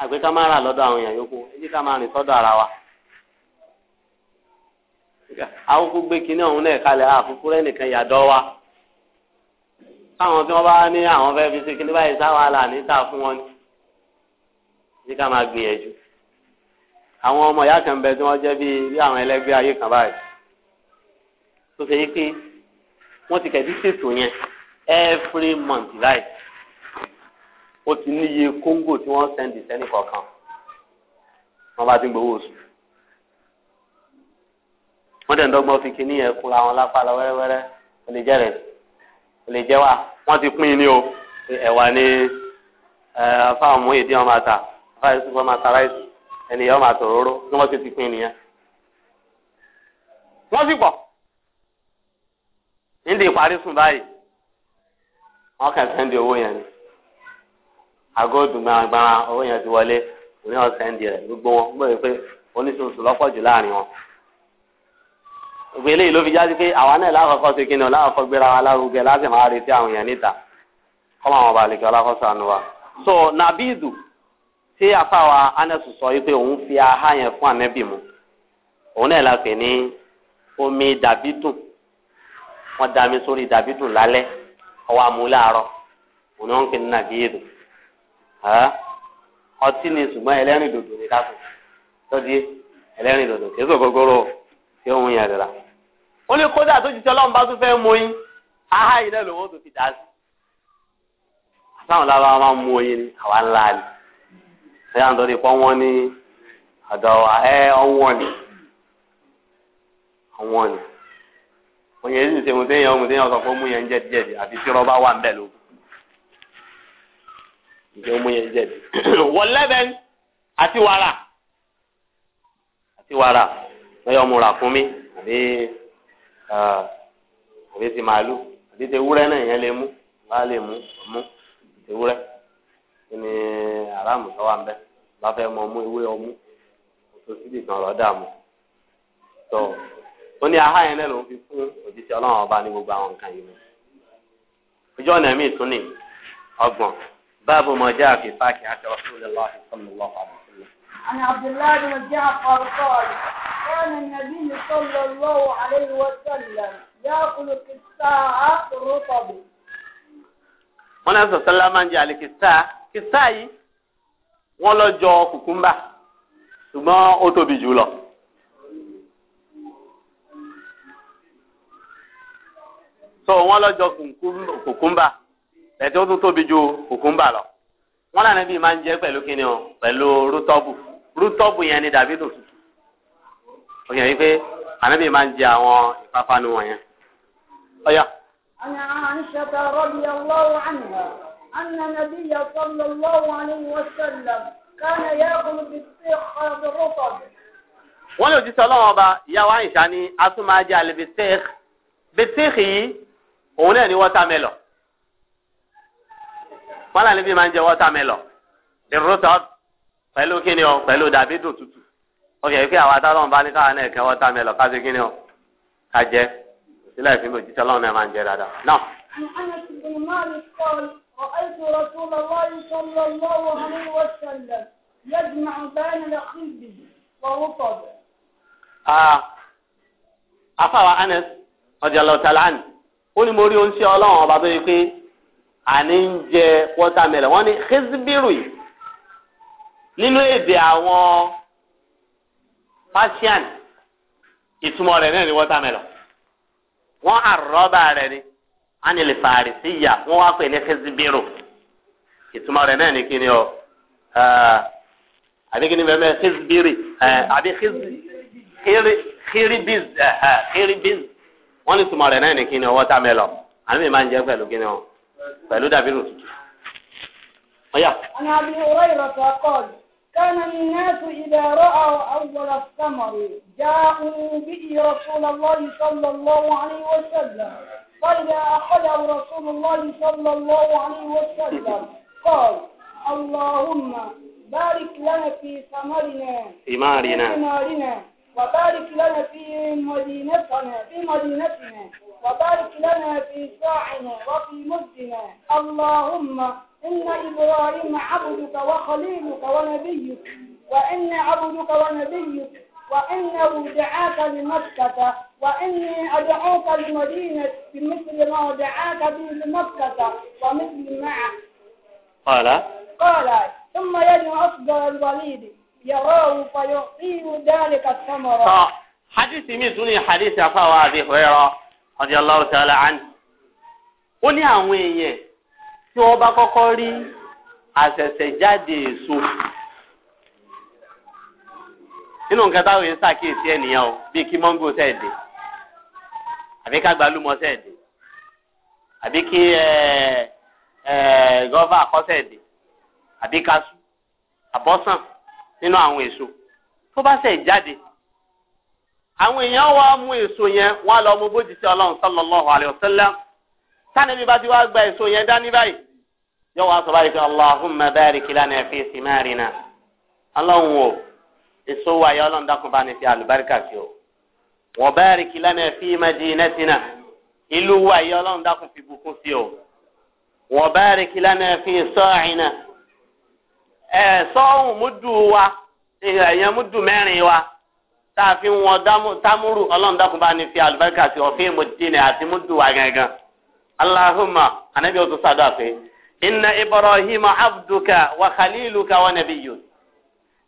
àgbéká máa rà lọ́dọ̀ àwọn èèyàn yòókù ẹ ká máa rìn sọ́dọ̀ ara wa àwọn kò gbé kinní ọ̀hún náà kalẹ̀ àkókò rẹ̀ nìkan yàdọ́ wa káwọn tí wọ́n bá ní àwọn fẹ́ fi ṣe kinní báyìí sáwọn àlàní tà fún wọn ni ní ká máa gbìyànjú àwọn ọmọ ìyá kan bẹ tí wọ́n jẹ́ bí bí àwọn ẹlẹ́gbẹ́ ayé kan báyìí tó ṣe yí pé wọ́n ti kẹ̀dí ṣètò yẹn every month láì ó ti níye kóńgò tí wọ́n sẹ́ndì sẹ́nì kọ̀ọ̀kan wọ́n bá ti gbowó oṣù. wọ́n dẹ̀ ń dọ́gbọ́n fi kíní yẹn kura wọn lápá wẹ́rẹ́wẹ́rẹ́ lè jẹ́ rẹ̀ lè jẹ́ wọ́n ti pín in ní o ẹ̀wà ni fáwọn èdè wọn máa ta fáwọn èsì wọn máa ta ẹnìyàn máa róró ní wọ́n ti ti pín in nìyẹn. wọ́n sì pọ̀ níbi ìparí sùn báyìí wọ́n ń di owó yẹn ni owó yẹn ti wọlé òní gbogbo wọn gbọ́dọ̀ pé lọ́pọ̀ jù ògbé eléyìí ló fi jáde pé àwa náà lákòókò ṣe kí ni láàkókò gbéra wa lárugẹ láti máa retí àwọn èèyàn níta kọ́mọ àwọn balẹ̀kẹ́ ọlákọ́sọ àánú wa. so nabidu tí afáwa anẹ́sù sọ wípé òun fi aha yẹn fún ànẹ́bì mu òun náà la pè ní omi dàbídùn wọ́n da mi sórí dàbídùn lálẹ́ ọwọ́ amú láàárọ̀ òun náà ń pè ní nabidu ọtí ni ṣùgbọ́n ẹlẹ́rìn dòdò ni dákun lọ́dí ẹlẹ́rìn dòdò kí ẹ sọ gbogbo rò kí òun yẹn rẹ̀ rà ó ní kódà tó jíjẹ ọlọ́run bá tún fẹ́ mú yín aha yìí náà lòun ó tó fi dá sí àtàwọn lára máa ń mú oyin ni àwa ńlá ni ẹ̀yà ń tọ́jú pọ́ wọ́n ní ọ̀dọ̀ ẹ̀ ọ̀wọ́n ni ọ̀wọ́n ni oyin yìí ń ṣe ohun téèyàn ohun téèyàn sọ pé ó mú yẹn jẹ̀dí jẹ̀dí àti tí rọ́bà wà ń ló ǹjẹ́ ó mú yẹn jẹ̀dí wọ́n lẹ́bẹ̀ẹ́ àti wàrà àti wàrà lọ́yọ̀ mo rà fún mi àbí. Ah, àbí ti màálù àbí ti ewúrẹ́ náà yẹn lè mú bá lè mú mú ti ewúrẹ́ kí ni aráàmù tó wà ń bẹ bá fẹ́ mọ mú ewé ọmú tó síbi kan lọ dààmú tó ó ní aha yẹn náà ló ń fi fún òjíṣẹ́ ọlọ́run ọba ní gbogbo àwọn nǹkan yìí ojú ọ̀nà míì tún ní ọgbọ̀n báàbù mọ̀já àfi fáàkì àti ọ̀ṣun lè lọ́ọ́ sọ́nù lọ́ọ́ àbùkù. àná Abdullahi mọ̀já àkọ́rọ́ sọ́ọ̀rọ̀. كان النبي صلى الله عليه وسلم يأكل قساء الرطب wọ́n náà sọ̀tọ́ la máa ń jẹ àlè kìsá kìsá yìí wọ́n lọ jọ kùkúmbà ṣùgbọ́n ó tóbi jù lọ. so wọ́n lọ jọ kùkúmbà ẹ̀tí ó tún tóbi jù kùkúmbà lọ. wọ́n náà níbi máa ń jẹ pẹ̀lú kíni o pẹ̀lú rútọ́bù rútọ́bù yẹn ni dàbí tó tutù ó yẹ wípé ànábì máa ń jẹ àwọn ìpápánu wọ̀nyẹn. ọ̀yà. أنا عائشة رضي الله عنها أن النبي صلى الله عليه وسلم كان يأكل بالسيخ بالرطب wọ́n lè jíṣẹ́ ọlọ́run ọba ìyá wa àyìnṣá ni a tún máa jẹ àlè bìtẹ́ẹ̀kì bìtẹ́ẹ̀kì yìí òun náà ní wọ́tàmẹ́lọ̀ wọ́n lànà bí máa ń jẹ wọ́tàmẹ́lọ̀ ìrútọ́ pẹ̀lú kíni o pẹ̀lú dàbídùn tútù Ok, ọkẹ pé a adáwọn bá ní káwọn náà kẹwọ tá mi lọ ká ṣe kí ni o ká jẹ sílẹ̀ ìfín mi òjíṣẹ́ Ọlọ́run náà máa ń jẹ dáadáa náà. رأيت رسول الله صلى الله عليه وسلم يجمع بين لخيبه ورطب. آه أفا أنس رضي الله تعالى عنه ó ní mo rí oúnjẹ ọlọ́run ọba tó yẹ pé àní ń jẹ wọ́tàmẹ́lẹ̀ wọ́n ní xizbiru yìí nínú èdè àwọn pasian ìtumọ̀ rẹ̀ náà ni watermelon wọ́n àrọ́bà rẹ̀ ni anìlẹ̀ fàrísíyà wọ́n wá pè ní fẹ́sibírò ìtumọ̀ rẹ̀ náà ni kí ni ọ àbí kí ni bẹ́ẹ̀ bẹ́ẹ̀ fẹ́sibírì àbí xiribiz xiribiz wọ́n ní ìtumọ̀ rẹ̀ náà ni kí ni ọ watermelon àmì máa ń jẹ́ pẹ̀lú kí ni ọ pẹ̀lú dàbí rò tutù. ọ̀yà. ọ̀nà àbí ìwúrọ̀ ìrọ̀tọ̀ kọ́ọ̀lù. كان الناس إذا رأوا أول الثمر جاءوا به رسول الله صلى الله عليه وسلم فإذا أخذه رسول الله صلى الله عليه وسلم قال اللهم بارك لنا في ثمرنا ثمارنا ثمارنا وبارك لنا في مدينتنا في مدينتنا وبارك لنا في ساعنا وفي مدنا اللهم إن إبراهيم عبدك وخليلك ونبيك وإني عبدك ونبيك وإنه دعاك لمكة وإني أدعوك لمدينة بمثل ما دعاك به لمكة ومثل معه قال قال ثم يدعو أفضل الوليد يراه فيعطيه ذلك الثمرة حديث من سنة حديث أفا أبي هريرة رضي الله تعالى عنه ó ní tí wọ́n bá kọ́kọ́ rí àṣẹ̀ṣẹ̀jáde èso nínú nǹkan táwọn yẹn ṣàkíyèsí ènìyàn o bíi kí mọ́ngò sẹ́ẹ̀dẹ̀ àbí ká gbalúmọ̀ sẹ́ẹ̀dẹ̀ àbí kí gọ́fà àkọ́sẹ̀ẹ̀dẹ̀ àbí kaṣú àbọ́sàn nínú àwọn èso tó bá ṣẹ̀ jáde àwọn èèyàn wa mú èso yẹn wọ́n á lọ mú bójútì ọlọ́run sallallahu alaihi wasallam tánàbí bá ti wá gba èso yẹn dání báyìí yóò wá sọ báyìí pé Allahumma barik lana fi simarina ọlọ́run o èso wa yẹ ọlọ́run dákun bá ní fi àlùbáríkà sí o wa barik lana fi madinatina ìlú wa yẹ ọlọ́run dákun fi bùkún sí o wa barik lana fi sa'ina ẹ̀ sọ́ọ̀hún múdù wa ẹ̀yẹn múdù mẹ́rin wa tá wọn támúrù ọlọ́run dákun bá ní fi àlùbáríkà sí o fi mudina àti múdù wa gangan. Allahumma anabi o tún sàdúrà pé inna Ibrahim abduka wa khaliluka wa nabiyun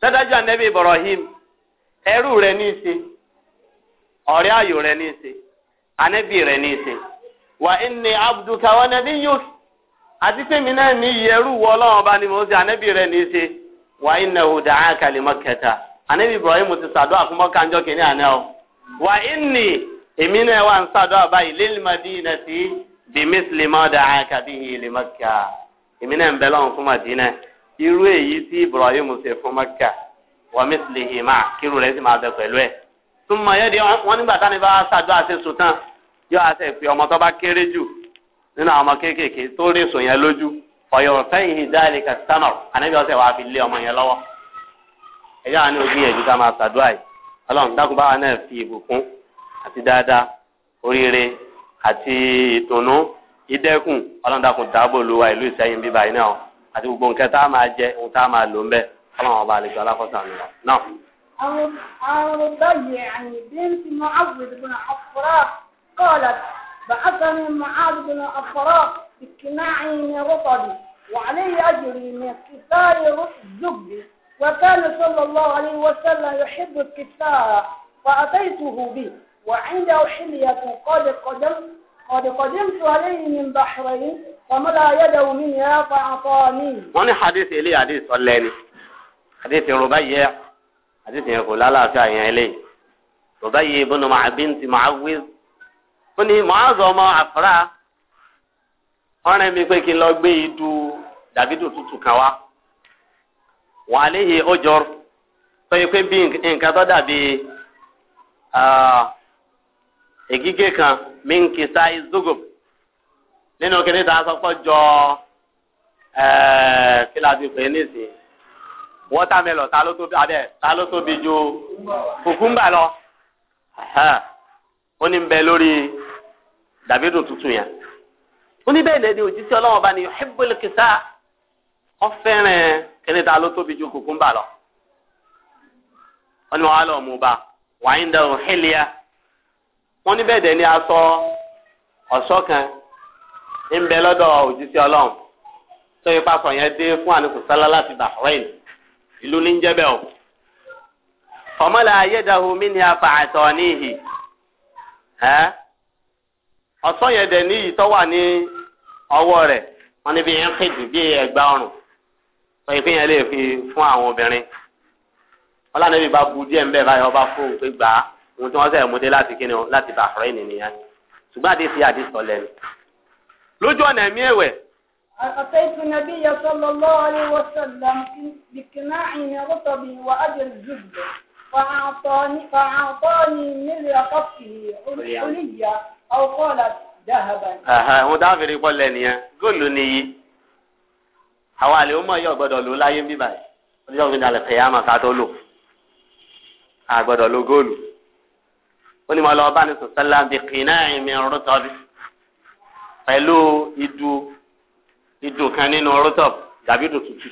dádájú anabi Ibrahim ẹrú rẹ ní í ṣe ọ̀rẹ́ ayò rẹ ní í ṣe anabi rẹ ní í ṣe wa inni abduka wa nabiyun àti pé mi náà ní iye ẹrú wọ Ọlọ́run ọba ni mo ṣe anabi rẹ ní í ṣe wa innahu da'aka li Makkata anabi Ibrahim ti sàdúrà fún Mọ́kà ńjọ́ kìíní àná o wa inni èmi náà wà ń sàdúrà báyìí lil Madinati. bimisili ma da aka bihi li maka èmi náà ń bẹ lọ́hùn fún madina tí ibrahim ṣe fún maka wà ma kírun rẹ̀ sì máa bẹ pẹ̀lú ẹ̀ súnmọ́ yẹ́ di wọ́n nígbà tani bá ṣàdó àwọn kéékèèké tó rí lójú wàá fi lé ká fi àti dáadáa oríire àti ìtùnú ìdẹ́kùn ọlọ́dàkùn dáàbò lu wa ìlú ìsẹ́yìn bíbá yìí náà àti gbogbo nǹkan tá a máa jẹ ohun tá a máa lò ń bẹ ọlọ́run ọba àlejò alákọ̀ọ́sà mi lọ náà. àwọn àwọn ọ̀dọ́ ń ti mọ àbùdùn àfọ̀rọ̀ kọ́ọ̀lá bàtàni mọ àbùdùn àfọ̀rọ̀ ìkìnnà àyìn rọ́pọ̀dù وعليه أجر من كثار الزبد وكان صلى الله عليه وسلم يحب الكثار فأتيته به وعنده حلية قد قدم قد قدمت عليه من بحرين فملا يده منها فأعطاني. wọ́n ní hadith ilé hadith sọ́lẹ́ ni hadith yorùbá yẹ hadith yẹn kò lálàáfíà yẹn lé yorùbá yẹ ibùn màbín ti màáwíz. ó ní màázọ ọmọ àfúrà ọ̀rẹ́ mi pé kí n lọ gbé idu dàbídù tútù kan wá wọ́n á léyìí ó jọ sọ yìí pé bí nǹkan tó dàbí. Ah, egige kan min kisa izogob nínú kí ni ta sọkọ jọ eh, kí la ti pè é ta ló tóbi ta ló tóbi ju kùkúmbà lọ ó ní bẹ lórí dàbídùn tuntun yẹn ó ní bẹ́ẹ̀ lẹ́ni kisa wọ́n kene kíni ta ló tóbi ju kùkúmbà lọ wọ́n ní wọ́n lọ wọ́n ní bẹ́ẹ̀ dẹ̀ ni aṣọ ọ̀ṣọ́ kan ń bẹ lọ́dọ̀ òjíṣẹ́ ọlọ́run tó yẹn dé fún àníkù sálá láti bahrain ìlú ní njebe o. fọmọlẹ ayédáhu mi ni afa àtọ níhì ẹ ọ̀ṣọ́ yẹn dẹ̀ níyì tó wà ní ọwọ́ rẹ̀ wọ́n ní bí yẹn kéde bí ẹgbà ọrùn tó ipe yẹn lè fi fún àwọn obìnrin na ibi bá bu díẹ̀ ń bẹ̀ báyọ̀ ọba ohun tí wọ́n sẹ̀ mú dé láti kíni o láti Bahrain nìyẹn ṣùgbọ́n àdé fi àdé sọ lẹ́nu. lójú ọ̀nà ẹ̀mí ẹ̀wẹ̀. أتيت النبي صلى الله عليه وسلم بقناع من رطب وأجر زبد فأعطاني فأعطاني ملء قصه عليا أو قالت dahaban. wọn dáhùn fèrè pọ lẹni yẹn góòlù nìyí àwọn àlè ọmọ yóò gbọ́dọ̀ lò láyé ń ọjọ́ ògbìn dàlẹ ká tó lò àgbọ́dọ̀ lò góòlù ó ní mo lọ bá ní sọ̀sálà bí kìnnà ìmì rútọ́bì pẹ̀lú idu idu kan nínú rútọ́b dàbí dùn tutù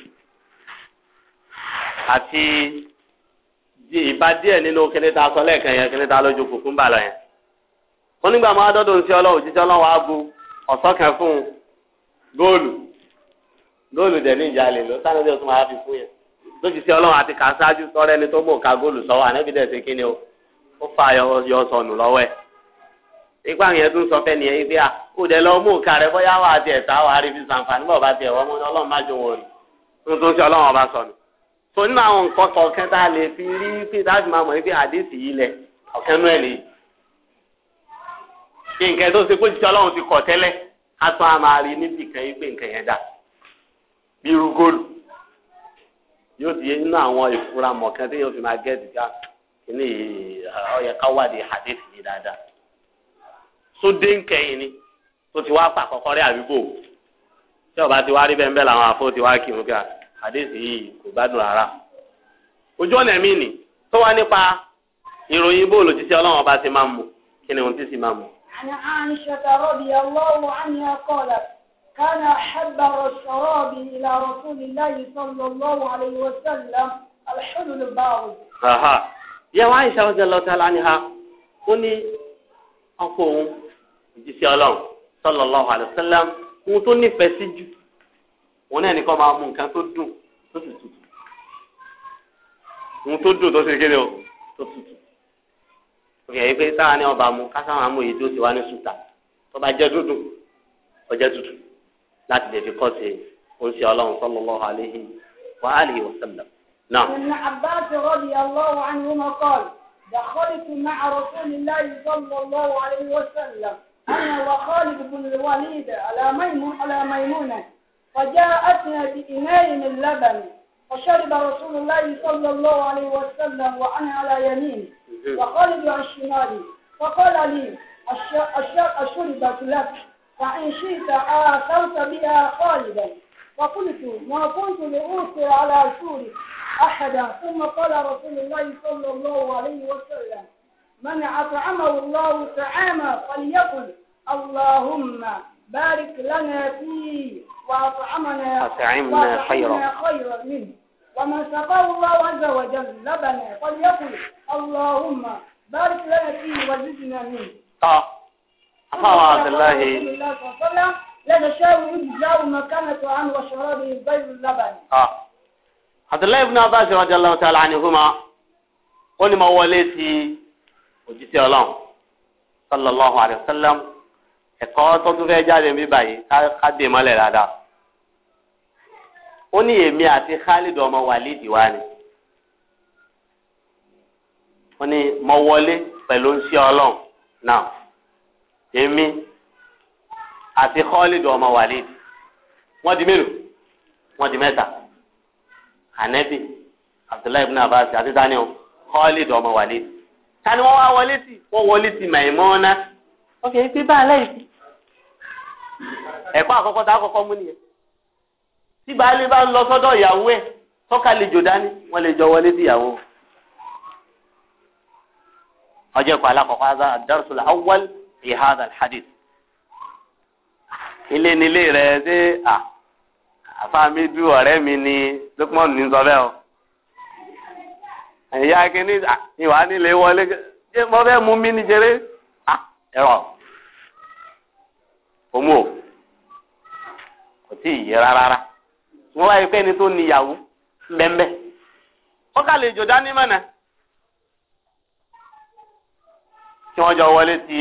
àti ìbá díẹ̀ nínú kíní ta sọ lẹ́ẹ̀kan yẹn kíní ta lójú kùkún bà lọ yẹn ó nígbà máa dọ́dọ̀ ń sí ọlọ́run jíjẹ́ ọlọ́run á bu ọ̀sán kan fún un góòlù góòlù dẹ̀ ní ìjà lè lọ sáré ọdún máa fi fún yẹn lójú sí ọlọ́run àti kà á ó fa yọ sọnù lọ́wọ́ ipa yẹn tún sọ fẹ́ni yẹn pé à ó lọ mú òkà rẹ bóyá wà á tiẹ̀ wà á rí fi sàǹfààní bọ̀ bá tiẹ̀ wọ́n mọ́ ọlọ́run má jòwó rí tuntun ọba sọnù tó nínú àwọn nǹkan kọ̀ọ̀kan tá a lè fi rí dájú máa mọ̀ pé àdéhùn yìí ọ̀kan lè nǹkan tó ṣe kó jíjẹ ọlọ́run ilé ọyẹ káwádìí hadith yìí dáadáa sódé nkẹyìn ni tó ti wá pa àkọ́kọ́ rí àdúgbò tí ọba ti wá rí bẹ́ẹ̀ bẹ́ẹ̀ làwọn afọ ti wá kírun kí a hadith yìí kò gbádùn rárá ojú ọ̀nà mi nì tó wá nípa ìròyìn bóòlù títí ọlọ́run ọba ti máa mú kí ni òun ti sì máa mú. عن عائشة رضي الله عنها قالت كان أحب الشراب إلى رسول الله صلى yẹ wá Aisha radiyallahu ta'ala anha ó ní ọkọ òun ìjísí Ọlọ́run sallallahu alaihi wasallam ohun tó nífẹ̀ẹ́ sí jù òun náà nìkan máa mú nǹkan tó dùn tó sì tutù ohun tó dùn tó sì kéde o tó tutù òkè yẹ pé sáà ní ọba mu kásáwọn amú èyí tó ti wá ní sùtà tó bá jẹ dúdú ọjẹ tutù láti lè fi kọ́ sí oúnjẹ Ọlọ́run sallallahu alaihi wa alihi wasallam. نعم ابن عباس رضي الله عنهما قال دخلت مع رسول الله صلى الله عليه وسلم أنا وخالد بن الوليد على ميمون على ميمونة فجاءتنا بإناء من لبن فشرب رسول الله صلى الله عليه وسلم وأنا على يمين وخالد على شمالي فقال لي أشربت لك فإن شئت آثرت بها خالدا وقلت ما كنت لأوصي على رسولي أحدا ثم قال رسول الله صلى الله عليه وسلم من أطعمه الله طعاما فليقل اللهم بارك لنا فيه وأطعمنا أطعمنا خيرا خيرا منه ومن سقاه الله عز وجل لبنا فليقل اللهم بارك لنا فيه وزدنا منه. آه. عبد الله Abdullahi ibn Abbas radiyallahu ta'ala anihuma ó ní mo wọlé sí òjíṣẹ́ Ọlọ́run sallallahu alayhi wa sallam ẹ̀kọ́ tó tún fẹ́ jáde ní báyìí ká dè mọ́lẹ̀ dáadáa. Ó ní èmi àti Khalid ọmọ Walid wa ni. Ó ní mo wọlé pẹ̀lú ń ṣe Ọlọ́run náà. Èmi àti Khalid ọmọ Walid wọ́n di mélòó wọ́n di mẹ́ta anabi abdullahi ibn abbas àti tani o Khalid ọmọ Walid tani wọ́n wá wọlé sí wọ́n wọlé sí Maimuna ok pé bá a láì sí ẹ̀kọ́ àkọ́kọ́ tá a kọ́kọ́ mú nìyẹn tí baálé bá ń lọ sọ́dọ̀ ìyàwó ẹ̀ tọ́ka lè jò dání wọ́n lè jọ wọlé sí ìyàwó ọjọ́ ìkọ́ alákọ̀ọ́kọ́ adárùsùlù awwal ìhádà hadith ilé nílé rẹ ṣé àfàmì du ọ̀rẹ́ mi ni Lukman ní sọ bẹ́ẹ̀ o ìyá kínní ìwà nílé wọlé ṣé mo fẹ́ mú mi níjẹrẹ ẹ̀rọ òmu o kò tí ì yẹ rárá wọn wáyé pé ẹni tó níyàwó bẹ́ẹ̀ ó kà lè jò dání mọ́nà tí wọ́n jọ wọlé ti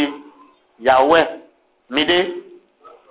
yàwó ẹ̀ mí dé.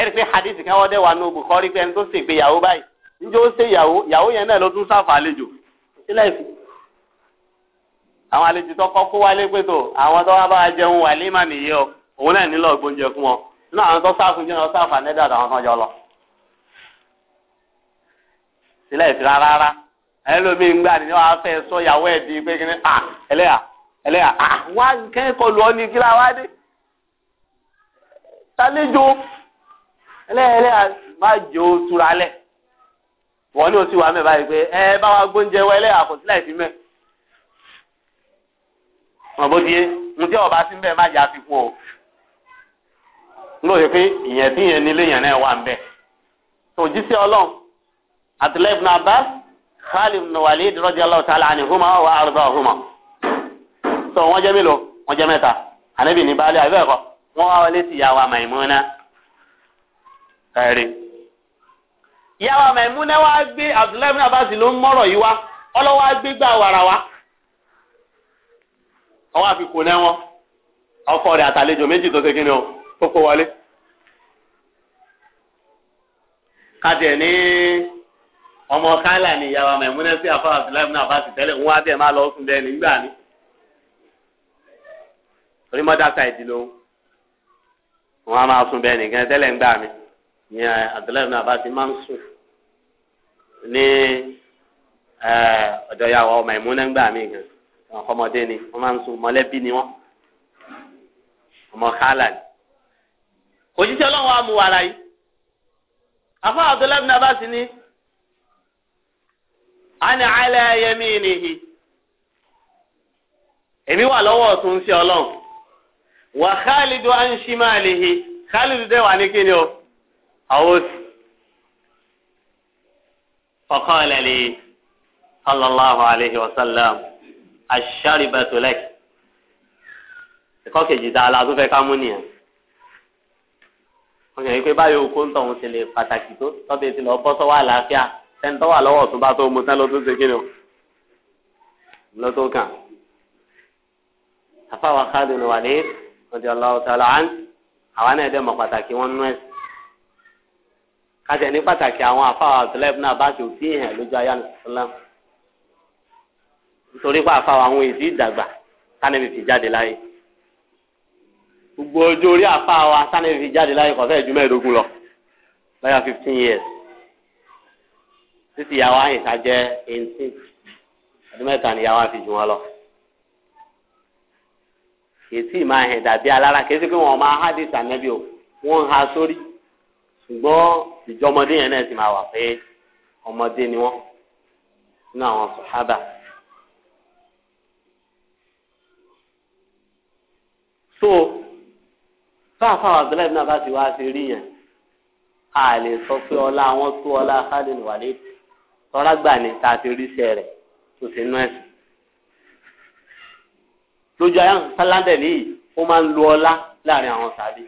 ẹ̀rí pé hadith kan wọ́n dẹ̀ wà nù Bukhari pé ẹni tó ṣe ìgbéyàwó báyìí njẹ́ ó ṣe ìyàwó ìyàwó yẹn náà ló tún sáfà àlejò sílẹ̀ fi. àwọn àlejò tó kọ́ kó wálé pé tó àwọn tó wá bá jẹun wà lé màmí yìí ọ òun náà nílò ọgbóúnjẹ fún wọn náà àwọn tó sáfún jẹ́ náà sáfà nẹ́dà àtàwọn kan jọ lọ. sílẹ̀ fi rárá rárá ẹlòmíín gbà ní wàá fẹ́ sọ ìyàwó ẹ̀ di pé kíní à ah, ẹlẹ́yà ẹlẹ́yà à ah, wá kẹ́kọ̀ọ́ lọ́ ní kíláwádé. tálejò ẹlẹ́ẹ̀lẹ́ má jẹ́ o túra lẹ̀ wọ́n ní o sì wà mẹ́ báyìí pé ẹ bá wa gbóúnjẹ wọ ẹlẹ́yà kò sí láìsí mẹ́. wọn bó di yé mo jẹ́ ọba sí mbẹ́ má yà fi fún o. n lóye pé ìyẹn tí ìyẹn nílé yẹn náà wà mbẹ́. òjíṣẹ́ ọlọ́run àtìlẹ́yìn ibn Abbas Khalid ibn Walid radiyallahu ta'ala anhuma wa ardahuma. sọ wọn jẹ́ mélòó wọn jẹ́ mẹ́ta ànábì ní baálé àbẹ́ẹ̀kọ́ wọn wá wọlé sí ìyá wa Maimuna. ẹ̀rí. ìyáwó Maimuna wá gbé Abdullahi bin Abbas ló ń mọ̀rọ̀ yìí wá ọlọ́wọ́ gbégbá wàrà wá. ọwọ́ àfikún náà wọn ọkọ rẹ̀ àtàlejò méjì tó ṣe kí ni o tó kó wọlé. ní ọmọ káìlà ni ìyáwó Maimuna sí àfọ Abdullahi bin Abbas tẹ́lẹ̀ ń wá bẹ́ẹ̀ lọ sùn ní abdullahi bin abasi máa ń sùn ní ọ̀dọ̀ ìyàwó ọmọ ìmúná gbà mí gan àwọn ọmọdé ni wọ́n máa ń sùn mọ́lẹ́bí ni wọ́n ọmọ kálá ni òjíṣẹ́ ọlọ́run á mú wàrà yìí afọ abdullahi bin abasi ni ani ala yaminihi èmi wà lọ́wọ́ ọ̀tún sí ọlọ́run wà khalidu an khalidu dé ní kíni o. أوس فقال لي صلى الله عليه وسلم الشاربة لك ẹ̀kọ́ kejì dáa la tó fẹ́ ká mú nìyẹn wọn yàn yí pé báyìí okó ń tọ̀hún ṣe lè pàtàkì tó tọ́bi ti lọ bọ́ sọ́wọ́ àlàáfíà tẹ́ńtọ́ wà lọ́wọ́ tó bá tó mu tán tó ṣe kíni o ló tó kàn. àfàwà kádùn wà ní ọdí ọlọ́wọ́ tọ́lá án àwa náà mọ̀ pàtàkì wọn nú ẹ̀sìn kàtẹ ní pàtàkì àwọn àfáà àtúlẹ́bù náà bá ti òfin hàn lójú ayé àlùfáà nítorí pé àfáà àwọn èsì ìdàgbà sánẹ́bì fi jáde láyé gbogbo ojú orí àfáà wa sánẹ́bì fi jáde láyé kọ̀fẹ́ ju mẹ́ẹ̀ẹ́dógún lọ lọ́yà fifteen years títí ìyàwó àyìnká jẹ́ eighteen ọdún mẹ́ta ni ìyàwó àfi jù wọn lọ kìí tí ì máa hẹ̀ dàbí alára kìí sí pé wọ́n máa hádìsì ànẹ́bí o wọ́n ń ha sórí ṣùgbọ́n ìjọmọdé yẹn náà ti máa wà pé ọmọdé ni wọ́n nínú àwọn sọ̀hábà. so fáfáà abdullahi náà bá ti wá sí rí yẹn a lè sọ pé ọlá àwọn tó ọlá khalid walid tọ́lá gbà ní tá a ti rí iṣẹ́ rẹ̀ tó ti nú ẹ̀sìn lójú ayé sálándẹ̀ nìyí ó máa ń lo ọlá láàrin àwọn sàbí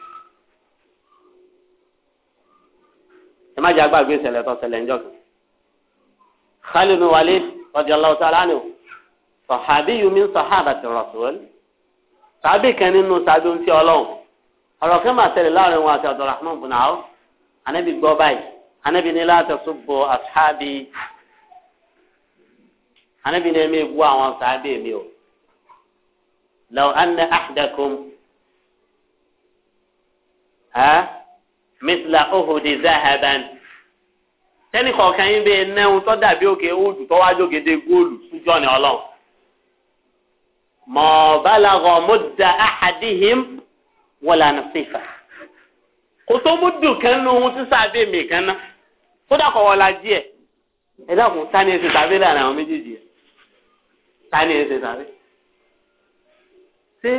ẹ má jẹ́ agbáàgbé ìṣẹ̀lẹ̀ tó ṣẹlẹ̀ ń jọ̀kẹ́. Khalid bin Walid radiyallahu ta'ala anhu sahabiyyun min sahabati rasul sàbí kan nínú sàbí ń fi ọlọ́run ọ̀rọ̀ kan máa ṣẹlẹ̀ láàrin wọn àti Abdurrahman bin Awf anabi gbọ́ báyìí anabi ní la tasubbu ashabi anabi ní ẹ̀mí gbọ́ àwọn sàbí mi o law anna ahdakum. ها mísìlá òhòdì zahaban tẹ́nì kọ̀ọ̀kan yín bẹ́ẹ̀ náwó tó dàbí òkè òòdù tó wájú gédé góòlù sójú ọ̀nà ọlọ́run mọ̀ bálagọ̀ mudda ahadihim wala nasifa kò tó múdù kan nu ohun sísá bẹ́ẹ̀ mì kan ná kódà kọ̀ wọ́la díẹ̀ ẹ dákun tani ẹ tàbí láàrin àwọn méjèèjì ẹ tani ẹ tàbí ṣé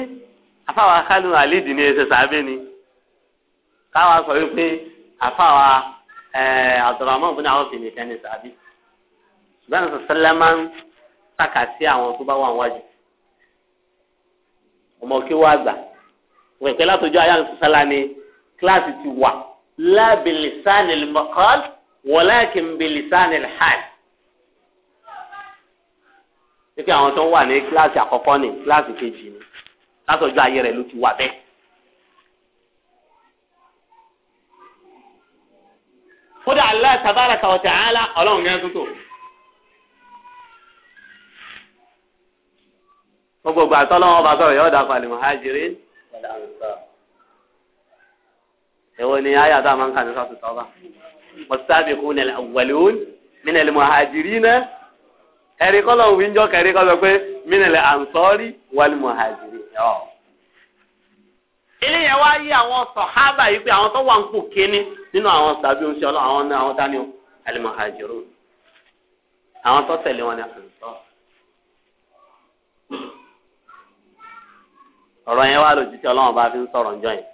afáwa kánú àlídìí ni ẹ tàbí ni káwa sọ wípé àfàwà àtọ̀rọ̀mọ́ òbí náà fi nìkan ní sàbí ṣùgbọ́n sọ sẹ́lẹ̀ máa ń tàkà sí àwọn tó bá wà wájú ọmọ kí wọ́n àgbà wọ́n pẹ́ látọjọ́ ayé àti sọ́sálà ni kíláàsì ti wà lábìlísàn ìlmọ̀kọ́l wọ́láàkìn bìlísàn ìlhàn pípẹ́ àwọn tó ń wà ní kíláàsì àkọ́kọ́ ni kíláàsì kejì ni látọjọ́ ayé rẹ̀ ló ti wà bẹ́ẹ̀. kódà Allah tabaraka wa ta'ala ọlọ́run gẹ́gẹ́ tó tó. gbogbo ìgbà tọ́lọ́wọ́ bá sọ̀rọ̀ yóò dàpọ̀ àlè muhajirin wal ansar. èwo ni ayé àtàwọn máa ń kà ní sọ́ọ̀tù tọ́ba. was-sabiquna al-awwalun min al-muhajirina ẹ̀rí kọ́lọ̀ òwúnjọ́ kẹ̀rí kọ́lọ̀ pé min al-ansari wal muhajirin. eléyẹn wá yí àwọn sọ̀hábà yìí pé àwọn tó wà ń kó kéne nínú àwọn sàbí oúnjẹ ọlọ́ àwọn náà àwọn dání alimuhajiru àwọn tó tẹ̀lé wọn ni àǹsọ́. ọ̀rọ̀ yẹn wá lòdì tí ọlọ́run bá fi ń sọ̀rọ̀ ńjọ́ yẹn.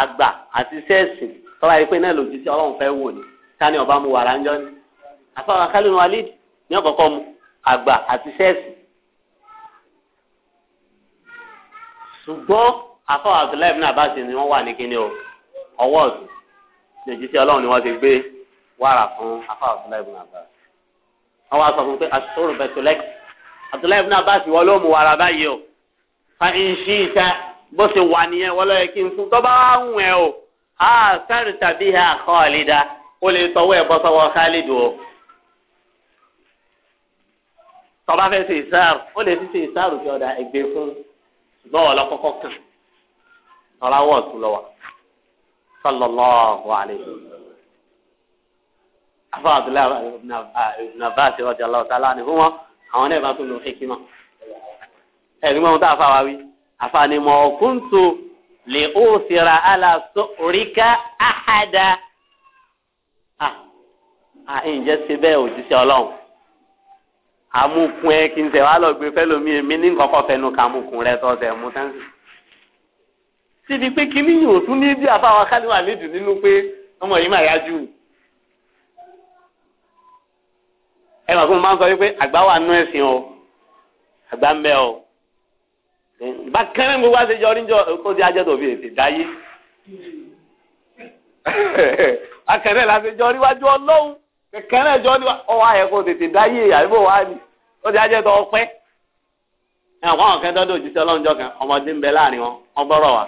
àgbà àti sẹ́ẹ̀sì tọ́lá yìí pé náà ni ọba mu wàrà ńjọ́ ni. àfọwọ́n akálẹ̀ ṣùgbọ́n afọwọ́ abdullahi ibn abbas ni wọ́n wà ní kíni o ọwọ́ ọ̀tún ní òjíṣẹ́ ọlọ́run ni wọ́n ti gbé wàrà fún afọwọ́ abdullahi ibn abbas wọ́n wá sọ fún pé asọ́rù bẹ̀tùlẹ́k abdullahi ibn abbas wọ́n ló mú wàrà báyìí o fa ìṣí ìta bó ṣe wà nìyẹn wọ́n lọ́yẹ kí n fún tọ́ba ń wẹ̀ o a fẹ́rù tàbí ha khalida ó lè tọwọ́ ẹ̀ bọ́ sọ́wọ́ khalid o tọ́ba fẹ́ ṣe ìsáàrù ó lè fi ṣe ìsáàrù kí ọ̀dà ẹgbẹ́ fún ṣùgbọ́n wọ́n lọ kọ́kọ́ kàn ọ̀rọ̀ awọ́ ọ̀tún lọ wa sallallahu alayhi afa abdullahi ibn abbas radiyallahu ta'ala anhu wọn àwọn náà bá tún lò hekima ẹni wọn tó afa wa wí afa ni mọ kuntu lè ó sira ala sọríkà àhàdà à ah, à ń jẹ́ síbẹ̀ òjíṣẹ́ ọlọ́run amukun ẹ kí n tẹ wá lọ gbé fẹlẹ mi èmi ní nǹkan kọfẹ nu kàmukun rẹ tọ tẹ mú sáǹsì. síbi pé kínní yìí ò tún ní bí àfáwọn kálíwà lédùn nínú pé ọmọ yìí máa yájú. ẹ mọ̀ fún mi máa ń sọ wípé àgbà wà nú ẹ̀sìn o àgbà ń bẹ o. bákan náà gbogbo àṣejọ oríjọ kó di ajẹ́ tòbí èsì dáyé. bákan náà làṣejọ oríwájú ọlọ́run. kẹkẹ náà jọ ni ọwọ ayẹ kó tètè dáyé àbí wàá ni ó ti ajẹ tó ọpẹ́ ẹnì kan kẹ ọmọdé ń bẹ láàrin wọn wọn wa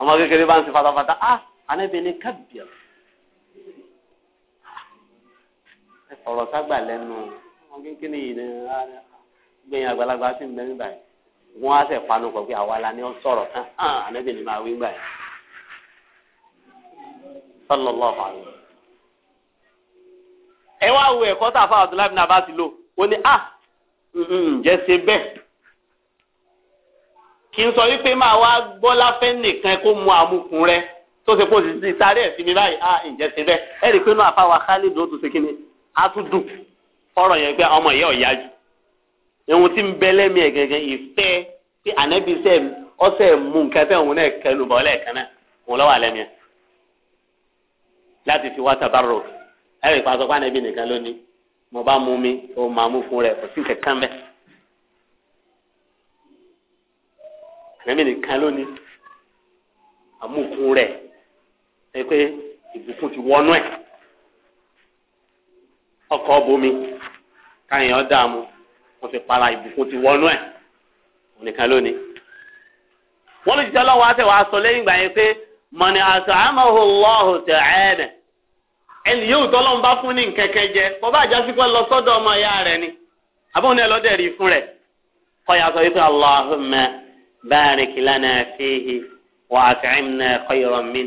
ọmọ kékeré bá ń fata fatafata ah anabi ni kábíyà ah, ọ̀rọ̀ kékeré yìí ni ah, àgbàlagbà sí ń bẹ nígbà wọn á sẹ la ni ó tán ah, ni máa wí gbà sọlọ lọ ẹ wá wo ẹ̀kọ́ tá a fa Abdullahi bin Abbas lò ó ní a ah, ǹjẹ́ ṣe bẹ́ẹ̀ kì í sọ wípé máa wá gbọ́lá fẹ́ nìkan kó mu àmukùn rẹ tó ṣe kó o sì ti sáré ẹ̀ sí mi báyìí a ah, ǹjẹ́ ṣe bẹ́ẹ̀ ẹ rí i pé náà àfáwà Khalid ó tún ṣe kí ni a tún dùn ọ̀rọ̀ yẹn pé ọmọ ìyá ọ̀yá jù ohun tí ń bẹ lẹ́mìí gẹ́gẹ́ ìfẹ́ pé ànábì sẹ́ ọsẹ mú nǹkan òun náà kẹlu bọ́ lẹ́ẹ̀kan ẹ̀rì ìpàsọ̀ pa níbi nìkan lónìí mo bá mú mi ó máa mú fún rẹ̀ kò sí kankan bẹ́ẹ̀. ànábì nìkan lónìí àmúkún rẹ̀ ẹ pé ìbùkún ti wọnú ẹ̀ ọkọ̀ bomi káyọ̀ dààmú wọ́n fi para ìbùkún ti wọnú nìkan lónìí. wọ́n lè jẹ́ tẹ àtẹ̀wọ́ aṣọ ìgbà yẹn pé mọ̀nì àtọ̀ àmọ́ ọ̀hún lọ́hùn ẹnì yóò tọ́lọ́run bá fún ní nkẹ́kẹ́ jẹ bọ́bá àjásí pé lọ sọ́dọ̀ ọmọ ìyá rẹ̀ ni àbóhùn ní ẹlọ́dẹ̀ rí fún rẹ. kọ́yà sọ wípé Allahumma barik lana fihi wa at'imna khayran min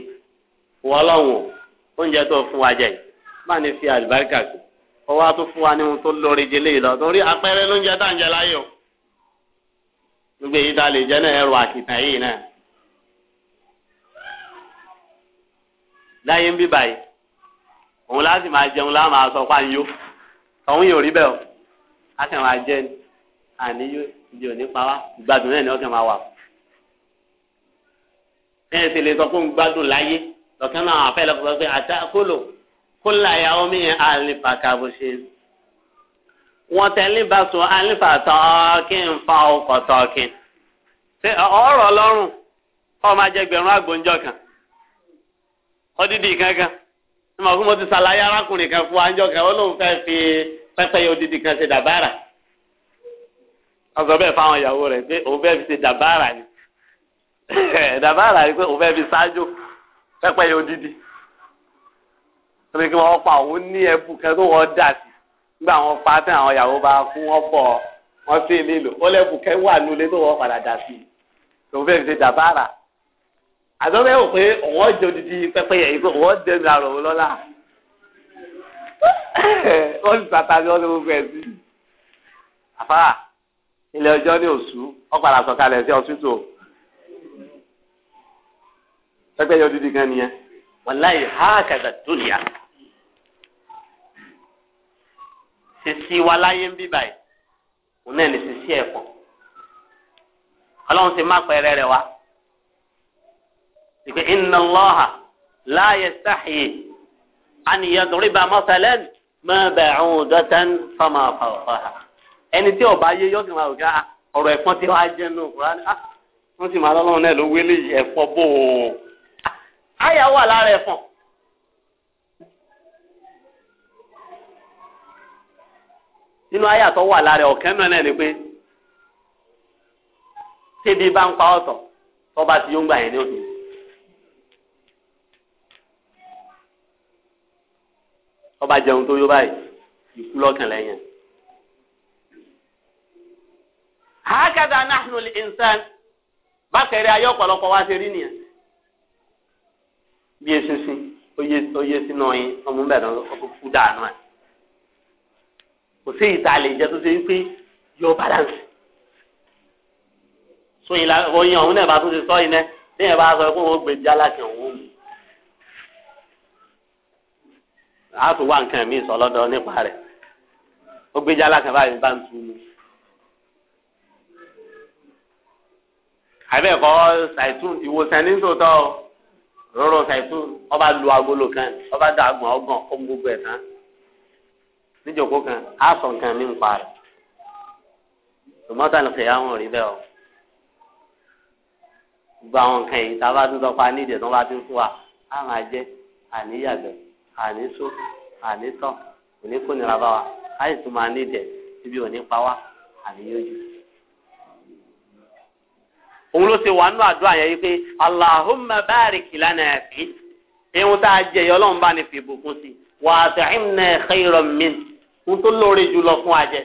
wọ́lọ́wọ́ oúnjẹ tó fún wa jẹ bá ní fi àlùbáríkà sí ọwọ́ tó fún wa ní ohun tó lórí jẹ léyìí lọ torí apẹ́rẹ́ lóúnjẹ ń jẹ láyò gbogbo èyí tá a lè jẹ náà ẹrù àkìtàn yìí náà láyé ń bí báyìí. òun láti máa jẹun láà máa sọ pa yó ọ̀hún yóò rí bẹ́ẹ̀ o a kàn máa jẹ àní yó ìdí òní pa wá ìgbádùn náà ni ọkàn máa wà. ẹ̀yìn ti lè sọ pé ń gbádùn láyé lọ́kàn náà àfẹ́ lọ́kàn sọ pé àtà kólò kólà ya omi yẹn àlìfà kàbó ṣe. wọ́n tẹ́lẹ̀ bá so àlìfà tọ́ọ̀kì ń fa ọkọ̀ tọ́ọ̀kì. ọ̀rọ̀ lọ́rùn kọ́ máa jẹ gbẹ̀rún àgbọ̀njọ́ kan ọdídì kankan mọ̀ fún mo ti ṣàlàyé arákùnrin kan fún anjọ́ kan ó lóun fẹ́ fi pẹ́pẹ́yẹ odidi kan ṣe dàbára ọ̀sọ̀ bẹ́ẹ̀ fáwọn ìyàwó rẹ̀ pé òun fẹ́ fi ṣe dàbára ni dàbára ni pé òun fẹ́ fi ṣáájú pẹ́pẹ́yẹ odidi tóbi kí wọ́n pa òun ní ẹbù kan tó wọ́n dà sí nígbà wọn pa tán àwọn ìyàwó bá kú wọ́n bọ̀ wọ́n sì nílò ó lẹ́bù kẹ́ wà tó wọ́n padà dà sí òun fẹ́ fi ṣe dàbára àtọ́fẹ́ wò pé òun ọjọ́ didi pẹ́pẹ́ yẹ̀ ikú òun ọdẹ ní àrò lọ́la wọ́n ti sàtà ní ọdún gbogbo ẹ̀ sí. ilé ọjọ́ ní òṣù ọ̀padà sọ̀kalẹ̀ sí ọ̀ṣùtò pẹ́pẹ́ yọ didi kan nìyẹn wàláyé ha kàdà tó nìyà. sisi wa láyé ń bí báyìí òun náà ní sisi ẹ̀kọ́ ọlọ́run ti má pẹ́ẹ́rẹ́ rẹ̀ wá ìpè inna Allaha la yastahi an yadriba masalan ma ba'udatan fama fawqaha ẹni tí ọba yé yọ kìí máa wò ká ah, ọ̀rọ̀ ẹ̀fọn tí wàá jẹ́ nù kúrán ah, wọ́n sì máa lọ́lọ́run náà ló wélé ẹ̀fọn bò ó ah, àyà wà lára ẹ̀fọn. nínú àyà tó wà lára ọ̀kẹ́ náà ni pé tẹ́bi bá ń pa ọ̀tọ̀ tọ́ba ti yóò yẹn ní òfin. ọba jẹun tó yó báyìí ikú lọ́kàn lẹ́yìn. hakada nahnu li insan bákẹ́rẹ́ ayé ọ̀pọ̀lọpọ̀ wá ṣe rí nìyẹn. bí eṣinṣin oyè sínú ọyìn ọmọ bẹ̀rẹ̀ ọkọ̀ kú dànù ẹ̀. kò sí ìta lè jẹ tó ṣe wípé yọ balance. sóyìn ọ̀hún náà bá tún ṣe sọ́yìn náà bí ẹ̀ bá sọ pé wọ́n gbèjà láti ọ̀hún a tún wá nǹkan mi sọ lọ́dọ̀ nípa rẹ̀ ó gbé jálá kan bá ń tu mu. àbẹ̀kọ́ ṣàìtún ìwòsàn ní rọrọ lu agolo kan ọba da agbọn ọgbọn ó gbogbo ẹ̀ tán níjòkó kan á sọ nǹkan mi rẹ̀ tòmọ́tà rí bẹ́ẹ̀ o gbogbo àwọn nǹkan yìí a bá tún sọ pa nídìí àníṣó ànítọ̀ òní kò nira bá wa àyè tó máa nídẹ̀ ibi òní pa wá àníyójú. òun ló ṣe wà nínú àdúrà yẹn yìí pé Allahumma barik lana fi ihun tá a jẹ yọ Ọlọ́run bá ní fi ìbùkún sí wa at'imna khayran min ohun tó lóore jùlọ fún ajẹ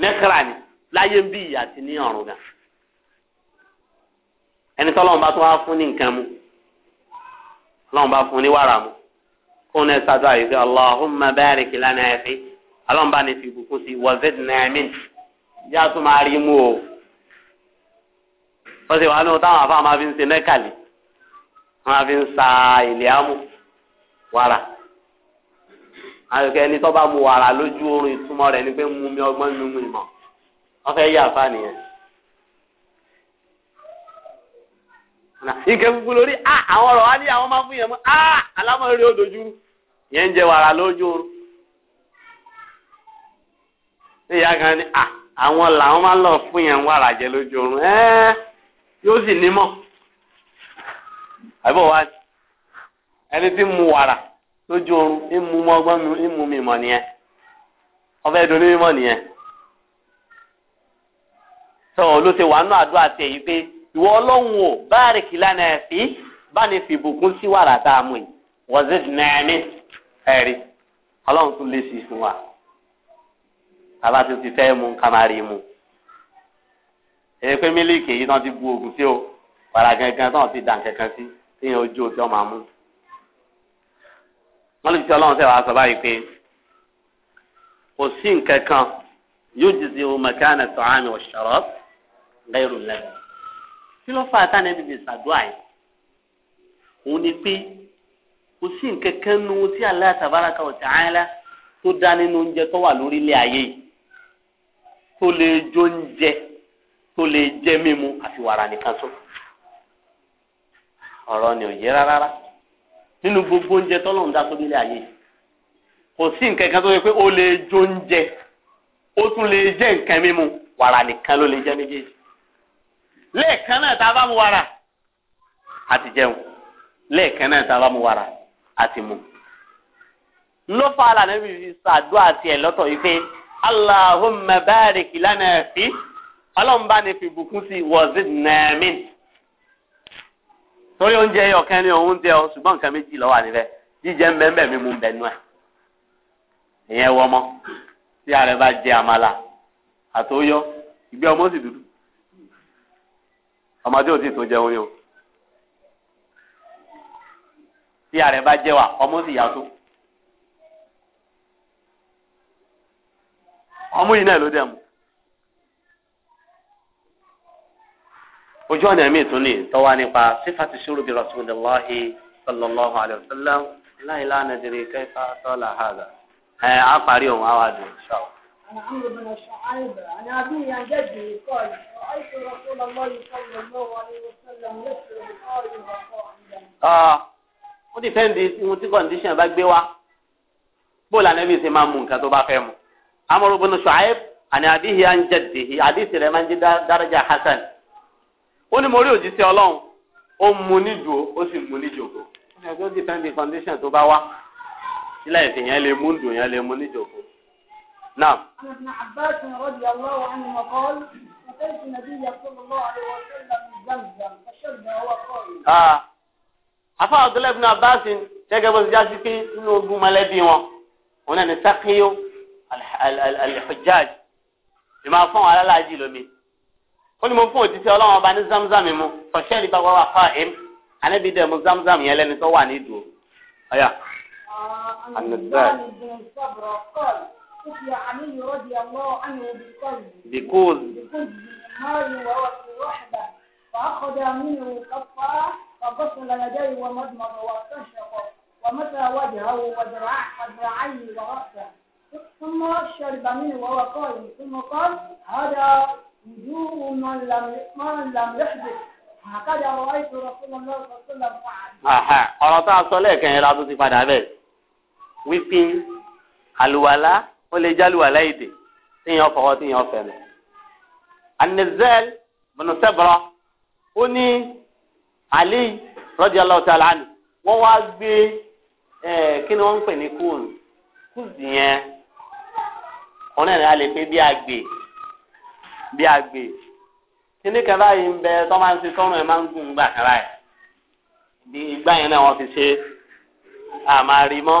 nẹ́kírà ni láyé ń bí ìyá àti ní ọ̀run gan ẹni tọ́lọ́run tó wá fún ní nǹkan mu ọlọ́run bá fún un ní wàrà mu kó ní ẹ̀sà dùn àyíké Allahumma barik lana fi ọlọ́run bá ní fi ìbùkún sí wa zidna min já tún máa rí mú o wọ́n sì wá ní ohun táwọn afá máa fi ń ṣe mẹ́kàlì wọ́n máa fi ń sa ìlé àmú wàrà àyíké ẹni tó bá mu wàrà lójú oorun ìtumọ̀ rẹ̀ ni pé mu mi ọgbọ́n mi mu ìmọ̀ wọ́n fẹ́ yà fá nìyẹn. nǹkan gbogbo lórí a ah, àwọn wa ní àwọn máa fún yẹn mú a ah, alámọ̀rẹ́ odòjú yẹn ń jẹ wàrà lójú oorun. ìyá kan ní a ah, àwọn làwọn máa ń lọ fún yẹn wàrà oorun ẹ́ẹ́ yóò wa ẹni tí mu wàrà oorun ìwọ ọlọ́run o báàrìkì lánàá ẹ̀fí bá ní fi ìbùkún sí wàrà tá a mú yìí wazid nẹ́ẹ̀mí ẹ̀rí ọlọ́run tún lè sí fún wa bàbá tó ti fẹ́ mú kamari mu èyí pé mílíkì náà ti bu oògùn sí o wàrà gangan náà ti dàn kankan sí téèyàn ojú òfin ọmọ amú wọ́n lè fi ọlọ́run sẹ́wàá sọ báyìí pé kò sí nǹkan kan yóò jìzì o mẹkánà tó àmì òṣèrọ́ lẹ́rù lẹ́rù. kí ló fà tá ni pé kò sí nǹkan kan nu tí Allah tabaraka wa ta'ala tó dá nínú oúnjẹ tó wà lórí ilé ayé yìí tó lè jó oúnjẹ tó lè jẹ mímu àfi wàrà nìkan tó ọ̀rọ̀ ni ò yé rárá nínú gbogbo oúnjẹ tọ́lọ́run dá sórí ilé ayé yìí kò sí nǹkan kan tó yẹ pé ó lè jó oúnjẹ ó tún lè jẹ lẹ́ẹ̀kan náà tá a bá mu wàrà a ti jẹun lẹ́ẹ̀kan náà tá a bá mu wàrà a ti mu. ló fa alànà bí fi sàdúrà tiẹ̀ lọ́tọ̀ yìí pé Allahumma barik lana fi ọlọ́run bá ní fi bùkún sí wazidna min. torí oúnjẹ yìí ọ̀kan ni òun jẹ ọ ṣùgbọ́n nǹkan méjì lọ́wọ́ àníbẹ̀ jíjẹ ń bẹ́ẹ̀ bẹ́ẹ̀ mímú ń bẹ́ẹ̀ nú ẹ̀ ìyẹn wọ́mọ́ tí ààrẹ bá jẹ àmàlà àtòyọ́ ìgbé ọmọ sì dúdú ọmọdé ò sì tó jẹun yìí tí ààrẹ bá jẹ wà ọmọ sì yàtọ̀ ọmọ yìí náà ló dẹ̀ mu ojú ọ̀nà mi tún tọ́wá nípa sífàtì ṣurubi rasulillahi sallallahu alayhi kẹfà ẹ̀ á parí òun عن عمرو بن شعيب عن أبيه عن جده قال رأيت الله صلى الله عليه وسلم يسر قائما وقائدا. آه ó ti fẹ́ǹdì ohun tí kọ́ndíṣàn bá gbé wá bó la nẹ́bí ṣe máa mú nǹkan tó bá fẹ́ mu. Amr ibn Shu'aib àní àdìhì à ń jẹ̀dìhì àdìsí rẹ̀ máa ń jẹ́ daraja hasan. ó ní mo rí òjíṣẹ́ ọlọ́run ó mu ní dùn ó sì mu ní ó ti fẹ́ǹdì kọ́ndíṣàn tó bá wá sílẹ̀ ìfìyàn lè mú dùn yẹn lè mú ní jòkó. نعم عن ابن عباس رضي الله عنه قال أتيت النبي صلى الله عليه وسلم زمزم فشرب وهو قائم آه afa abdullahi ibn abbas gẹ́gẹ́ bó ti já sí pé nínú ogun mọ̀lẹ́bí wọn òun náà ní sakiyo alhujjaj ni máa fún àwọn alálàájì lómi ó ní mo fún òtítí ọlọ́run ọba ní zamzam mu fọṣẹ́ ìlú bá wà fà ẹ́m zamzam yẹn lẹ́ni tó wà ní ìdúró. ọ̀yà. ànàbẹ́ẹ̀. Ah, خفي علي رضي الله عنه بالقلب بكوز بكوز مال وهو في الرحبة فأخذ منه كفة فغسل يديه ومضمض واستنشق ومسى وجهه وذراعيه ورأسه ثم شرب منه وهو قائم ثم قال هذا وجوه من لم من لم يحدث هكذا رأيت رسول الله صلى الله عليه وسلم فعل. ọ̀rọ̀ tá a sọ lẹ́ẹ̀kan yẹn la tó ti padà bẹ̀ wípé àlùwàlá ó lè jálù aláìdè tíyan fọwọ́ tíyan fẹ̀mẹ̀. anizel bùnùsẹ́bọ̀rọ̀ ó ní ali radiyallahu ta'ala anhu wọ́n wá gbé kí ni wọ́n ń pè ní kúùnù kúùsì yẹn ọ̀nà ìrìn àlè pé bí àgbè bí àgbè kí ni kẹfà yìí ń bẹ tó máa ń ṣe tọrùn ẹ máa ń gùn gbà kẹfà yìí ìgbà yẹn náà wọ́n fi ṣe àmàrí mọ́.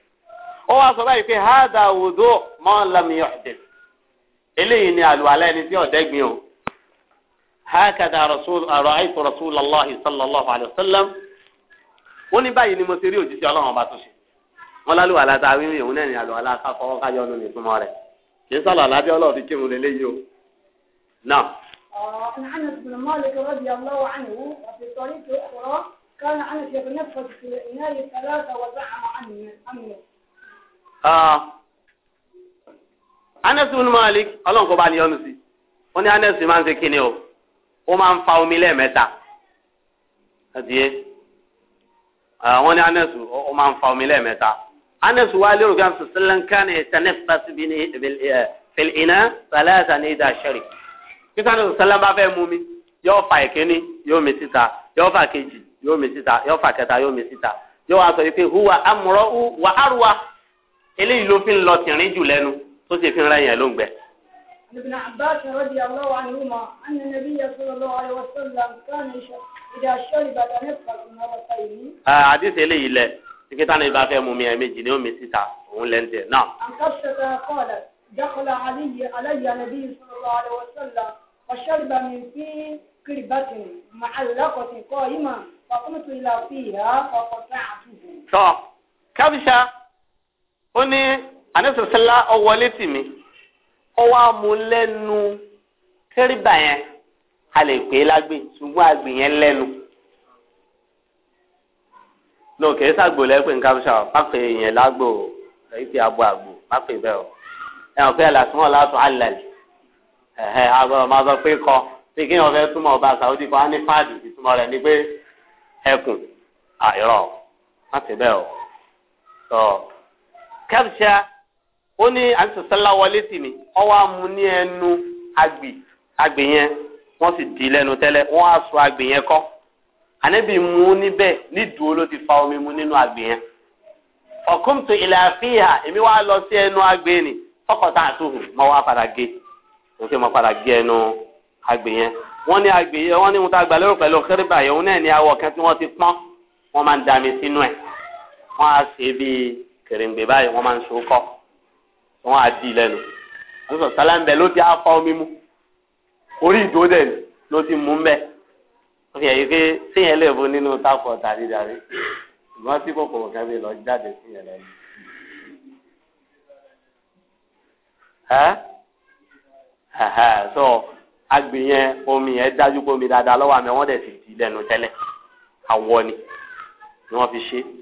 ó wá sọ báyìí pé hádà wùdó mọ́n lam yuhdith eléyìí ni àlùwàlá ẹni tí ọ̀dẹ́gbin o hákàdà ra'aytu rasulallahi sallallahu alayhi wa sallam wọ́n ní báyìí ni mo ti rí òjíṣẹ́ ọlọ́run ọba tó ṣe wọ́n lálùwàlá tá a wí òun náà ní àlùwàlá káfọ́ káyọ́ nínú ìtumọ̀ rẹ̀ kì í sọ̀rọ̀ àlábẹ́ ọlọ́run fi kírun lélẹ́yìí o náà. عن انس مالك رضي الله عنه وفي طريق اخرى كان انس يتنفس في النار ثلاثه وزعم عنه Ah. Anas bin Malik ọlọ́run bá ní sí ní máa ń kíni o ó máa ń fa omi lẹ́ẹ̀mẹ́ta àdìyẹ ah, wọ́n ní Anas ó máa ń fa omi lẹ́ẹ̀mẹ́ta Anas wa lérò gan sọ̀sẹ́lẹ̀ nǹkan ní tanẹ́fàsì eh, bá fẹ́ mú fa ìkíní yóò mi síta fa kejì yóò mi síta yóò fa kẹta yóò mi síta yóò eléyìí ló fi ń lọ tìrín jù lẹ́nu tó sì fi ń ráyàn ló ń gbẹ. ابن عباس رضي الله عنهما أن النبي صلى الله عليه وسلم كان إذا شرب تنفس مرتين. حديث eléyìí lẹ ni ibà fẹ́ mu mi ẹ méjì ni ó mi síta òun lẹ ń tẹ náà. àkàṣetà kọlẹ dàkọlà àlìyé àlàyé nàbí sọlọ àlẹ wọsọlá ọṣẹlẹbà mi fi kìrìbàtì màálàkọtì kọ ìmọ fàkúntù ìlà fìhà ọkọ sáà tuntun. tọ́ kábíṣá. ó ní àníṣòṣẹ́lá ọwọ́ létí mi ọwọ́ amúlẹ́nu kérébà yẹn a lè pè é lágbè ṣùgbọ́n àgbè yẹn lẹ́nu lóò kèé sàgbò lẹ́pẹ̀ nkàmṣà yẹn lágbò èyí ti àgbò o máa sọ pé pé kí ọba kan á ní fáàdì ni pé kẹ́bíṣà ó ní àtisọ̀sẹ́lá wọlé sí mi ọwọ́ amú ní ẹnu agbè agbè yẹn wọ́n sì dì í lẹ́nu tẹ́lẹ̀ wọ́n á sọ agbè yẹn kọ́ ànábì mú níbẹ̀ nídùú ló ti fa omi mu nínú agbè yẹn ọ̀kúntù ilẹ̀ àfihàn èmi wá lọ sí ẹnu agbè ni fọkọta àtúhù mọ wá padà gé mo fi mọ padà gé ẹnu agbè yẹn wọ́n ní agbè yẹn wọ́n ní mo ta gbà lérò pẹ̀lú kérébà yẹn òun náà ní awọ kan tí wọ́n ti pọ́n wọ́n máa ń dami sínú ẹ̀ wọ́n á ṣe bíi kèrèǹgbè báyìí wọ́n máa ń so kọ́ wọ́n á di lẹ́nu àtúntò sálẹ́ńbẹ ló ti á fọ́ omi mu orí ìdó dẹ̀ ló ti mú mbẹ́ ó fi ẹ̀yìn pé síyẹn lè bo nínú táàpù tàbí dàrí ìgbọ́n tí kòkòrò kan bí lọ jáde síyẹn lẹ́nu. so agbè yẹn omi yẹn dájú pé omi dáadáa lọ́wọ́ àmì wọ́n dẹ̀ sì di lẹ́nu tẹ́lẹ̀ awọ ni wọ́n fi ṣe é.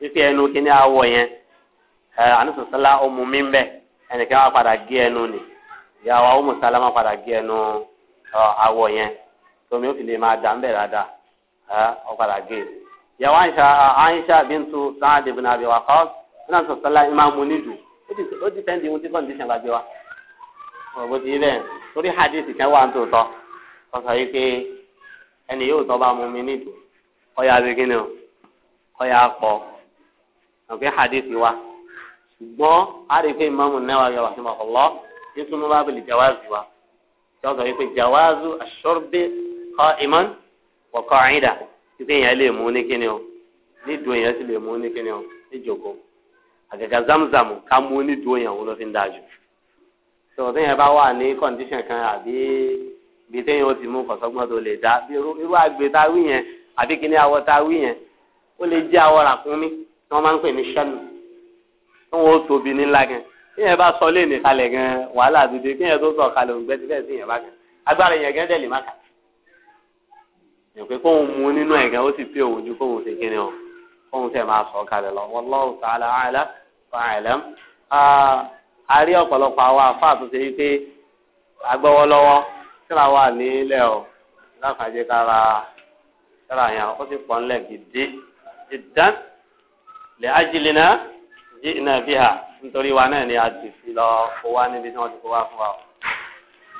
wípé ẹnu kí ni awọ yẹn ẹ anusosala ọmọ mi bẹ ẹnìkan wà padà gé ẹnu ni ìyàwó ọmọ sálámà padà gé ẹnu awọ yẹn tómi ó fi lè máa dà ń bẹ dáadáa ọ padà gé ìyàwó àyíṣà àyíṣà bíntu sáà dèbò nàbẹ wà kọ́ ọ́n ẹ máa mú nídùú ó ti ohun tí kọ́ndíṣàn bá gbé wa ti bẹ́ẹ̀ torí hadith wà tọ́ yìí pé ẹni yóò tọ́ bá mú mi nídùú o àfi hadithi wa ṣùgbọ́n àrífẹ́ ìmáàmù Nawawi rahimahullah nítorí wọn bá bẹ̀lẹ̀ jawazi wa sọ́kà wípé jawazu aṣọ́rbẹ́ qa'iman wa qa'ida wípé èèyàn lè mú ní kíni o ní ìdó èèyàn sì lè mú ní kíni o ní ìjòkó àgàgà zamzamu ká mú ní ìdó èèyàn wọn ló fi ń dájú. sọ̀rọ̀ téèyàn bá wà ní kọ́ndíṣàn kan àbí ibi téèyàn ó ti mú kọ̀sọ́gbọ́n tó lè dá irú àgbè tá yẹn àbí kíní awọ tá yẹn ó lè jẹ́ awọ ràkúnmí tí wọ́n máa ń pè ní sẹ́nu tí wọ́n tóbi nílá gan tí yẹn bá sọ lé nìkalẹ̀ gan wàhálà dìde kí yẹn tó sọ kalẹ̀ òǹgbẹ́ ti fẹ́ẹ̀ sí yẹn bá gan agbára yẹn gan dẹ̀lẹ̀ má kà yẹn pé kóun mu nínú ẹ̀ gan ó sì pé òun ju kóun ṣe kíni o kóun tẹ̀ máa sọ kalẹ̀ lọ wallahu ta'ala a'lam fa'lam a rí ọ̀pọ̀lọpọ̀ àwọn àfáà tó ṣe yí pé agbọ́wọ́lọ́wọ́ síra wà nílẹ̀ o láfàájẹ́ kára síra yẹn ó sì pọ̀ ńlẹ̀ gidi ìdán lẹ́ájìlínà jí iná bí ha nítorí wa náà ni a ti fi lọ kó wá níbi tí wọ́n ti kó wá fún wa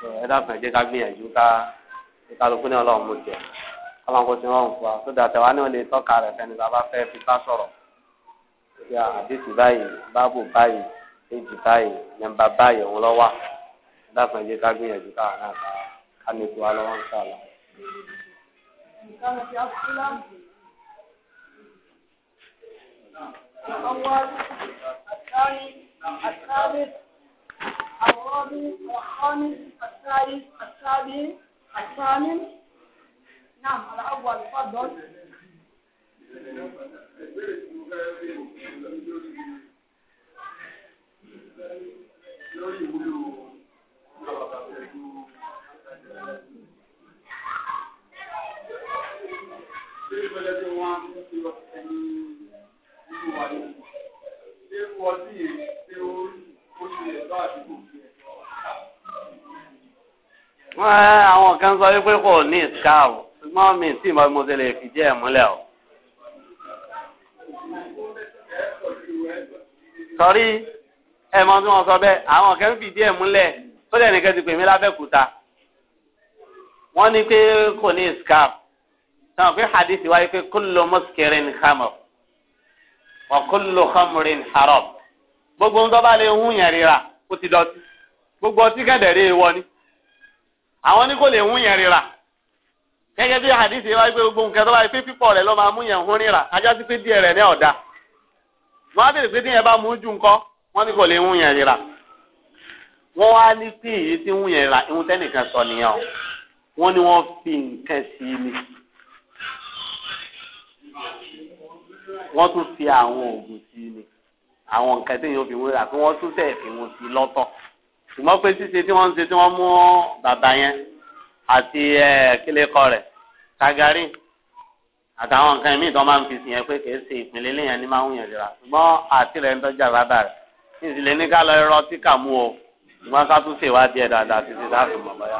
o ẹ dákun ẹ jẹ́ ká gbìyànjú ká kálukú ní ọlọ́run mo jẹ ọlọ́run kò sí rọrùn fún wa tó dàtẹ̀ wa náà lè tọ́ka rẹ̀ fẹ́ni bàbá fẹ́ fi bá sọ̀rọ̀ ya àdìsí báyìí báàbù báyìí èjì báyìí nẹ́mbà báyìí òun lọ́wọ́ dákun ẹ jẹ́ ká gbìyànjú káwa náà ká ní الأول الثاني الثالث الرابع الخامس الثالث السابع الثامن نعم الأول تفضل Thank you. ìlú wọ́n sì àwọn kan sọ wípé kò ní ìskáàbù ṣùgbọ́n mi tí mo mo ṣe lè fi jẹ́ ìmúlẹ̀ o. sọrí ẹ mọ bí wọn sọ bẹ́ẹ̀ àwọn kan fi díẹ̀ múlẹ̀ tó dẹ̀ nìkan ti pè mí lábẹ́kúta wọ́n ní pé kò ní ìskáàbù táwọn pé hadith wáyé pé kullu muskirin khamr wa kullu khamrin haram gbogbo ń dọ́bà lè hún yẹn rira ó ti dọ̀tí gbogbo ọtí kẹ̀dẹ̀ rí ewọ ni àwọn ní kò lè hún yẹn rira gẹ́gẹ́ bí hadith yẹn wáyé pé gbogbo nǹkan tó wáyé pé pípọ̀ rẹ̀ ló máa mú yẹn hún rira ajá sí pé díẹ̀ rẹ̀ ní ọ̀dà wọ́n á bèrè pé díẹ̀ bá mú jù ńkọ́ wọ́n ní kò lè hún yẹn rira wọ́n wá ní pé èyí tí hún yẹn rira ihun tẹ́nìkan sọ nìyẹn o wọ́n ní wọ́n fi nǹkan sí i ni wọ́n tún fi àwọn oògùn sí ni àwọn nǹkan tí yóò fi wéra pé wọ́n tún tẹ̀ fi wọn sí lọ́tọ̀ ṣùgbọ́n pé ṣíṣe tí wọ́n ń ṣe tí wọ́n mú bàbá yẹn àti kílẹ̀kọ rẹ̀ kagari àtàwọn nǹkan míì tó máa ń fi sìn yẹn pé kìí ṣe ìpínlẹ̀ lẹ́yìn ní máa ń yàn jìra ṣùgbọ́n àti rẹ̀ ń tọ́jà bàbá rẹ̀ kí n sì lè ní ká lọ rọ tí kà mú o ṣùgbọ́n ká tún ṣèwádìí ẹ̀ dáadáa títí láti mọ̀ báyà.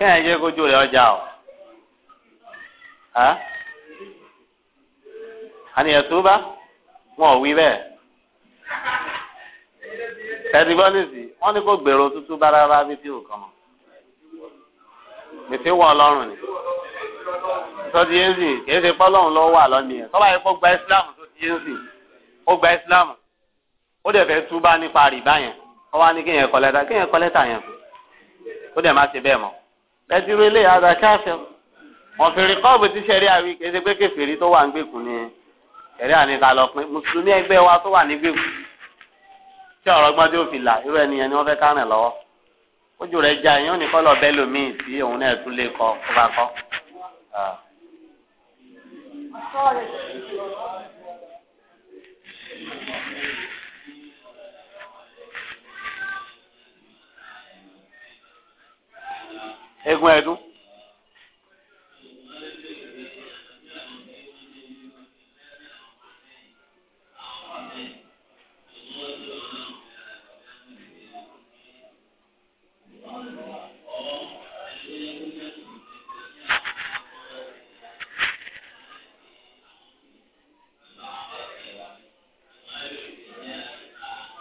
kéèyàn jẹ́ kójú rẹ̀ ọjà o àníyàn tó bá wọn ò wí bẹ́ẹ̀ tẹ̀sí gbọ́ nísì wọ́n ní kó gbèrò tútù bárabá bí tí ò kàn wọ ọlọ́run ni sọdí yéésì kìí ṣe pọ́lọ́run ló wà lọ́nìí yẹn tọ́ba yẹn kó gba Islam sọdí yéésì ó gba Islam ó dẹ̀ fẹ́ túbá nípa rìbá yẹn ó wá ní kéèyàn kọ́lẹ́tà kéèyàn kọ́lẹ́tà yẹn ó dẹ̀ má ṣe bẹ́ẹ̀ mọ́ ẹtìrú ilé àdá káfíọ ọ̀fìnrin kọ́ọ̀bù ti ṣẹ̀rí àwí kì í ṣe pé kẹfìrí tó wà ń gbèkùn ni ṣẹ̀rí àní ta lọ pin mùsùlùmí ẹgbẹ́ wa tó wà ní gbèkùn tí ọ̀rọ̀ gbọ́n tí ó fi là irú ẹnìyẹn ni wọ́n fẹ́ kárìn lọ́wọ́ ojú rẹ̀ já ìyẹn ní kọ́lọ̀ bẹ́ẹ̀ lòmíì tí òun náà tún lè kọ́ kó bá kọ́. egun ẹdún.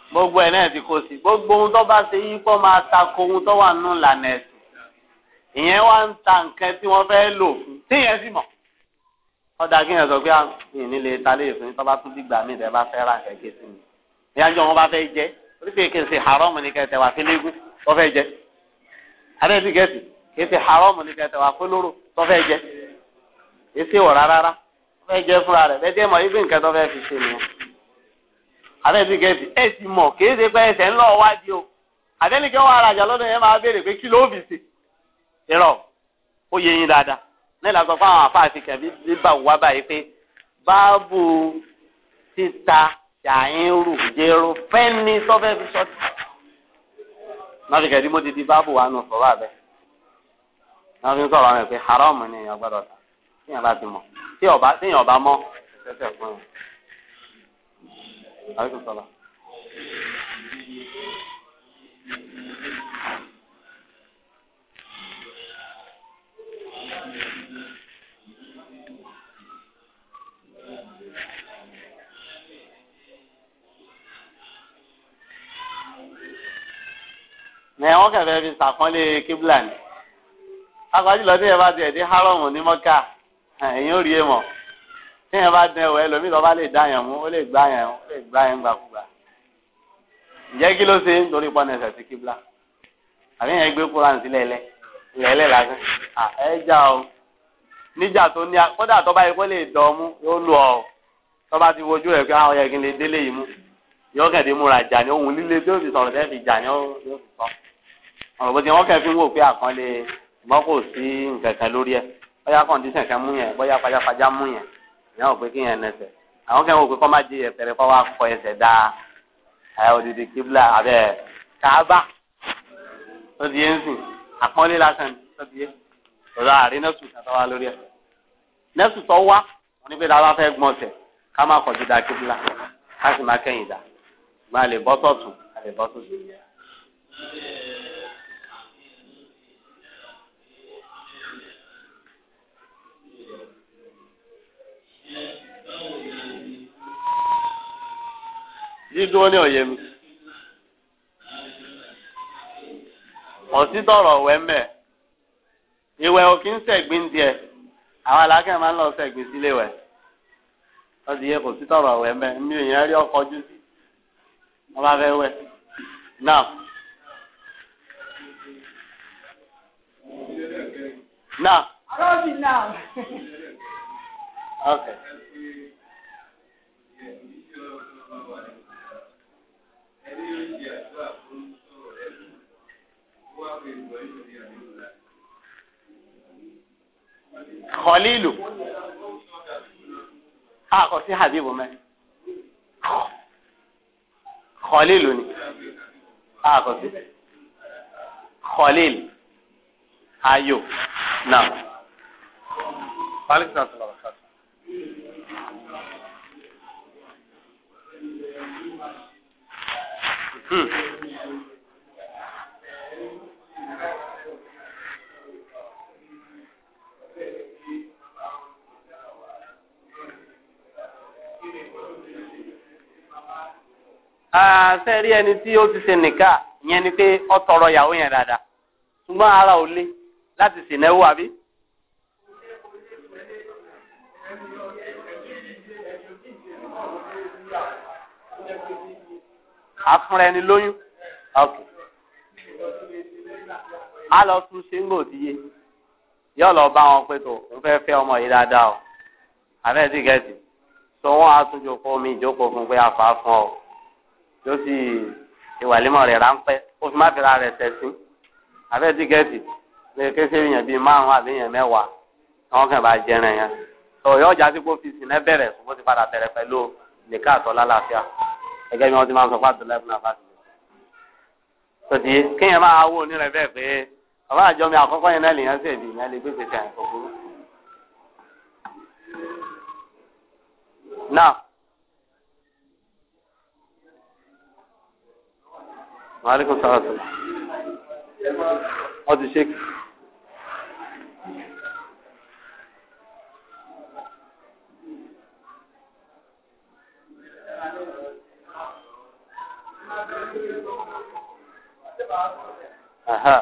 gbogbo ẹ̀ náà ti kó sí gbogbo ohun tó bá ṣe yí kó máa ta ko ohun tó wà nù lànà ẹ̀sìn ìyẹn wá ń ta nǹkan tí wọ́n fẹ́ lò fún tíyẹn sì mọ̀ ọ̀dà kí yẹn sọ pé ah, mi ní lè ta léyìn e fún tọ́ba tún dìgbà mi tẹ́ bá fẹ́ ra kẹ̀kẹ́ sí mi ìyájọ́ wọn bá fẹ́ jẹ́ oríṣi kìí ṣe haram ní kẹtẹ wà fẹ́lẹ́gùn tó fẹ́ jẹ́ adéṣì kẹsì kìí ṣe haram ní kẹtẹ wà fẹ́lóró tó fẹ́ jẹ́ èsì wọ̀ rárá tó fẹ́ jẹ́ fúnra rẹ̀ bẹ́ẹ̀ mọ̀ ibi nǹkan tó fẹ́ fi ṣe nìyẹn adéṣì kẹsì ẹ̀ sì mọ̀ kìí ṣe pé ẹsẹ̀ irọ́ ó yẹ yín dáadáa nílẹ̀ àgbà fáwọn àfáàsì kẹ̀mí bíbà wà báyìí pé báàbù títa ṣàyínrù jẹrù fẹ́ni sọ́fẹ́ fi sọ́tì. náà fi kẹ̀dí mo ti di báàbù wa nù sọ̀rọ̀ àbẹ́. náà fi ń sọ̀rọ̀ àwọn ẹ̀ pé haram ni èèyàn gbọ́dọ̀ ta tíyàn bá ti mọ̀ tíyàn ọba mọ́ ẹsẹ̀ fún un. àríkùn sọ̀rọ̀. ẹ wọn kẹfẹ fi sàkọlé kíbla ni akọjú lọ tíyẹn bá tiẹ̀ dé hárọ̀mù ní mọ́kà ẹ̀yìn ò rí ẹ mọ̀ tíyẹn bá dẹ ẹ̀wọ̀ ẹlòmíì lọ́ba lè dá yẹn mú ó lè gbá yẹn ó lè gbá yẹn gbàkúgbà ǹjẹ́ kí ló ṣe nítorí pọ́n ẹsẹ̀ sí kíbla àbí yẹn gbé kúrán sí lẹ́lẹ́ lẹ́lẹ́ lásán ẹ já o níjà tó ní kódà tó bá yẹ kó lè dọ̀ ọ́ mú yóò lù ọ́ tó bá ti wojú ẹ̀ pé àwọn ah, yẹ kí n lè délé yìí mú yóò kẹ̀dé múra jà ní ohun líle tó fi sọ̀rọ̀ tẹ́ fi jà ní ohun fi sọ̀rọ̀ ọ̀rọ̀ bó ti wọ́n kẹ́ fi ń wò pé àkànlé ṣùgbọ́n kò sí nǹkan kan lórí ẹ̀ bóyá kọ́ndíṣàn kan mú yẹn bóyá pajápajá mú yẹn ìyẹn ò pé kí yẹn nẹsẹ̀ àwọn kẹ́ ń wò pé kọ́ má jẹ ẹ̀fẹ̀rẹ̀ kọ́ wá kọ ẹsẹ̀ dá òdìdí kíbla abẹ́ káábà tó di yẹn sìn àkànlé lásán tó di yẹn ọ̀rọ̀ àárín nẹ́sù tó wá lórí ẹ̀ nẹ́sù tó wá wọn ní pé dáa bá fẹ́ gbọ́n ọ̀sẹ̀ ká má kọjú dá kíbla ká sì má kẹ́yìn dá má lè jídúró ní òye mi. ọ̀sítọ̀ ọ̀rọ̀ wẹ́ mẹ́ ìwẹ̀ òkín sẹ̀gbìn díẹ̀ àwọn alákẹ́ máa ń lọ sẹ̀gbìn sílé wẹ̀ ọ ti yẹ kò sítọ̀ ọ̀rọ̀ wẹ́ mẹ́ mi ò yẹn rí ọkọ̀ ojú okay. kọ̀ọ̀lìlù àkọ́ sí habibu mẹ́ kọ̀ọ̀lìlù ni àkọ́ sí kọ̀ọ̀lìlù ayò náà. Alexander Lavakas. Hmm. àfẹ́rí ẹni tí ó ti ṣe nìkà yẹn ni pé ọ tọrọ ìyàwó yẹn dáadáa ṣùgbọ́n ara ò le láti sì náwó àbí. afúnra ẹni lóyún ok a lọ tún ṣe ń gbò tí yé yóò lọ bá wọn pé tó ń fẹ́ fẹ́ ọmọ yìí dáadáa o àbẹ́ẹ̀ sọ wọn á tún mi ìjókòó fún pé àfàá fún ọ tó sì ìwàlímọ̀ rẹ̀ ráńpẹ́ ó fi má fi rẹ̀ sẹ̀sí abẹ́ tíkẹ́ẹ̀tì pé kéṣe èèyàn bíi márùn-ún àbí èèyàn mẹ́wàá àwọn kan bá jẹrin yẹn tó ìyá ọjà tí kò náà bẹ̀rẹ̀ ṣùgbọ́n ti padà bẹ̀rẹ̀ pẹ̀lú nìka àtọ́ lálàáfíà gẹ́gẹ́ bí wọ́n ti máa sọ pé àdúrà ẹ̀bùn náà fásitì. tòtí kéèyàn máa wò ní rẹ̀ bẹ́ẹ̀ pé bàbá àjọ mi àkọ́kọ́ yẹn náà lèèyàn ṣèbí ìyẹn lè gbé gbèsè àyẹ̀kọ́ burú. náà maaleykum salaam salaam wọ́n ti ṣe. Aha. Uh-huh.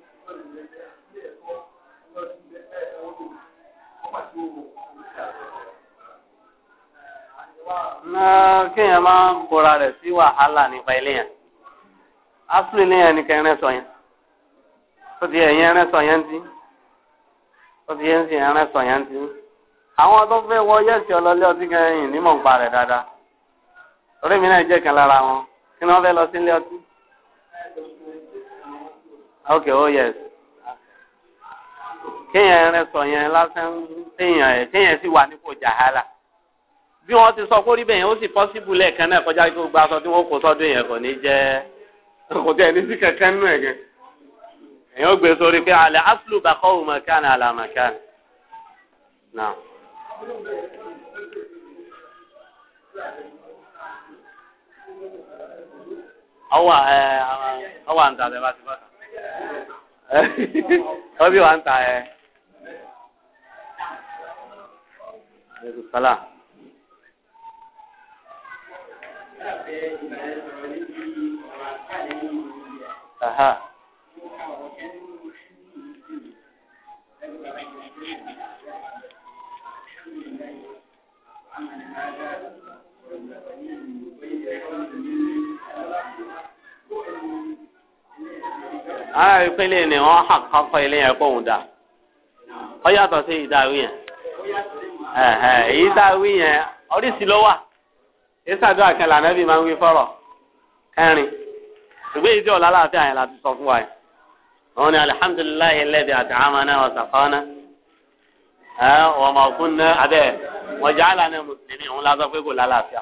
kéèyàn máa ń kóra rẹ̀ si wàhálà nípa ilé yẹn asúlù ilé yẹn nìkan ẹrẹ́ sọ yẹn ó ti ẹ̀yìn ẹrẹ́ sọ yẹn ti ó ti wọ yẹ́sì ọlọ́lé ọtí kan ni ok oh yes kéèyàn rẹ sọ yẹn lásán ẹ téèyàn sì wà nípò jàhálà bí wọn ti sọ kó rí bẹyẹn ó sì pọsibú lẹ́ẹ̀kan náà kọjá kí gbogbo aṣọ tí wọn yẹn kò ní jẹ kò tẹ ní sí kankan wọ́n bí wàá ń ta ẹ. Sálà. Aha. Uh -huh. ara ìpínlẹ̀ ni wọ́n hà kọ́kọ́ ilé yẹn kó dà ọ yàtọ̀ sí ìdáwí yẹn èyí dáwí yẹn oríṣi ló wà ìsàdó àkànlá nẹ́bí máa ń wí fọ́rọ̀ kẹrin ṣùgbọ́n èyí ọ̀la láàfin àyàn láti sọ fún wa yẹn wọn ni alihamdulilayi alladhi at'amana wa saqana wa mùsùlùmí òun lásán pé kò lálàáfíà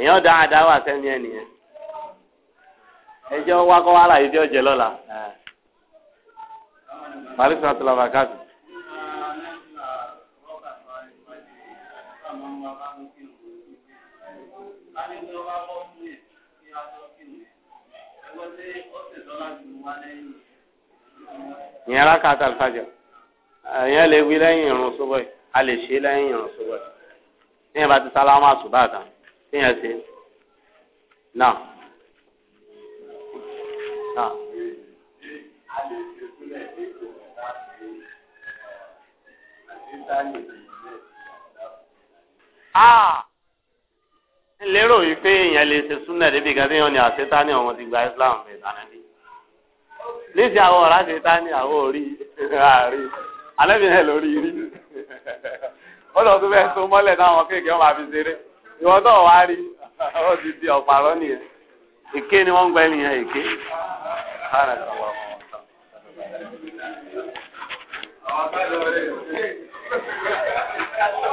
èèyàn dá àdáwà sẹ́ni ẹ̀ nìyẹn ẹjọ́ wákọ́ wá láyé tí ó jẹ lọ́la malik sọ̀rọ̀ tọ́lá bàkàtù. ìyẹn alákàtà alifájà ìyẹn lè wí lẹ́yìn ìrun sọ́bọ̀ a lè ṣe lẹ́yìn ìrun sọ́bọ̀ ìyẹn bá ti sálámà sùbà tán. kéèyàn ṣe náà náà. Ah! lérò wípé èèyàn lè ṣe súnà débi kan tí wọn ní ọmọ ti gba Islam fẹ́ sànẹbí níṣẹ àwọn ọ̀rá ṣe ìwọ náà wá rí ọ ti di ọ̀pàrọ̀ nìyẹn èké ni wọ́n ń gbẹ́ nìyẹn èké. Thank you.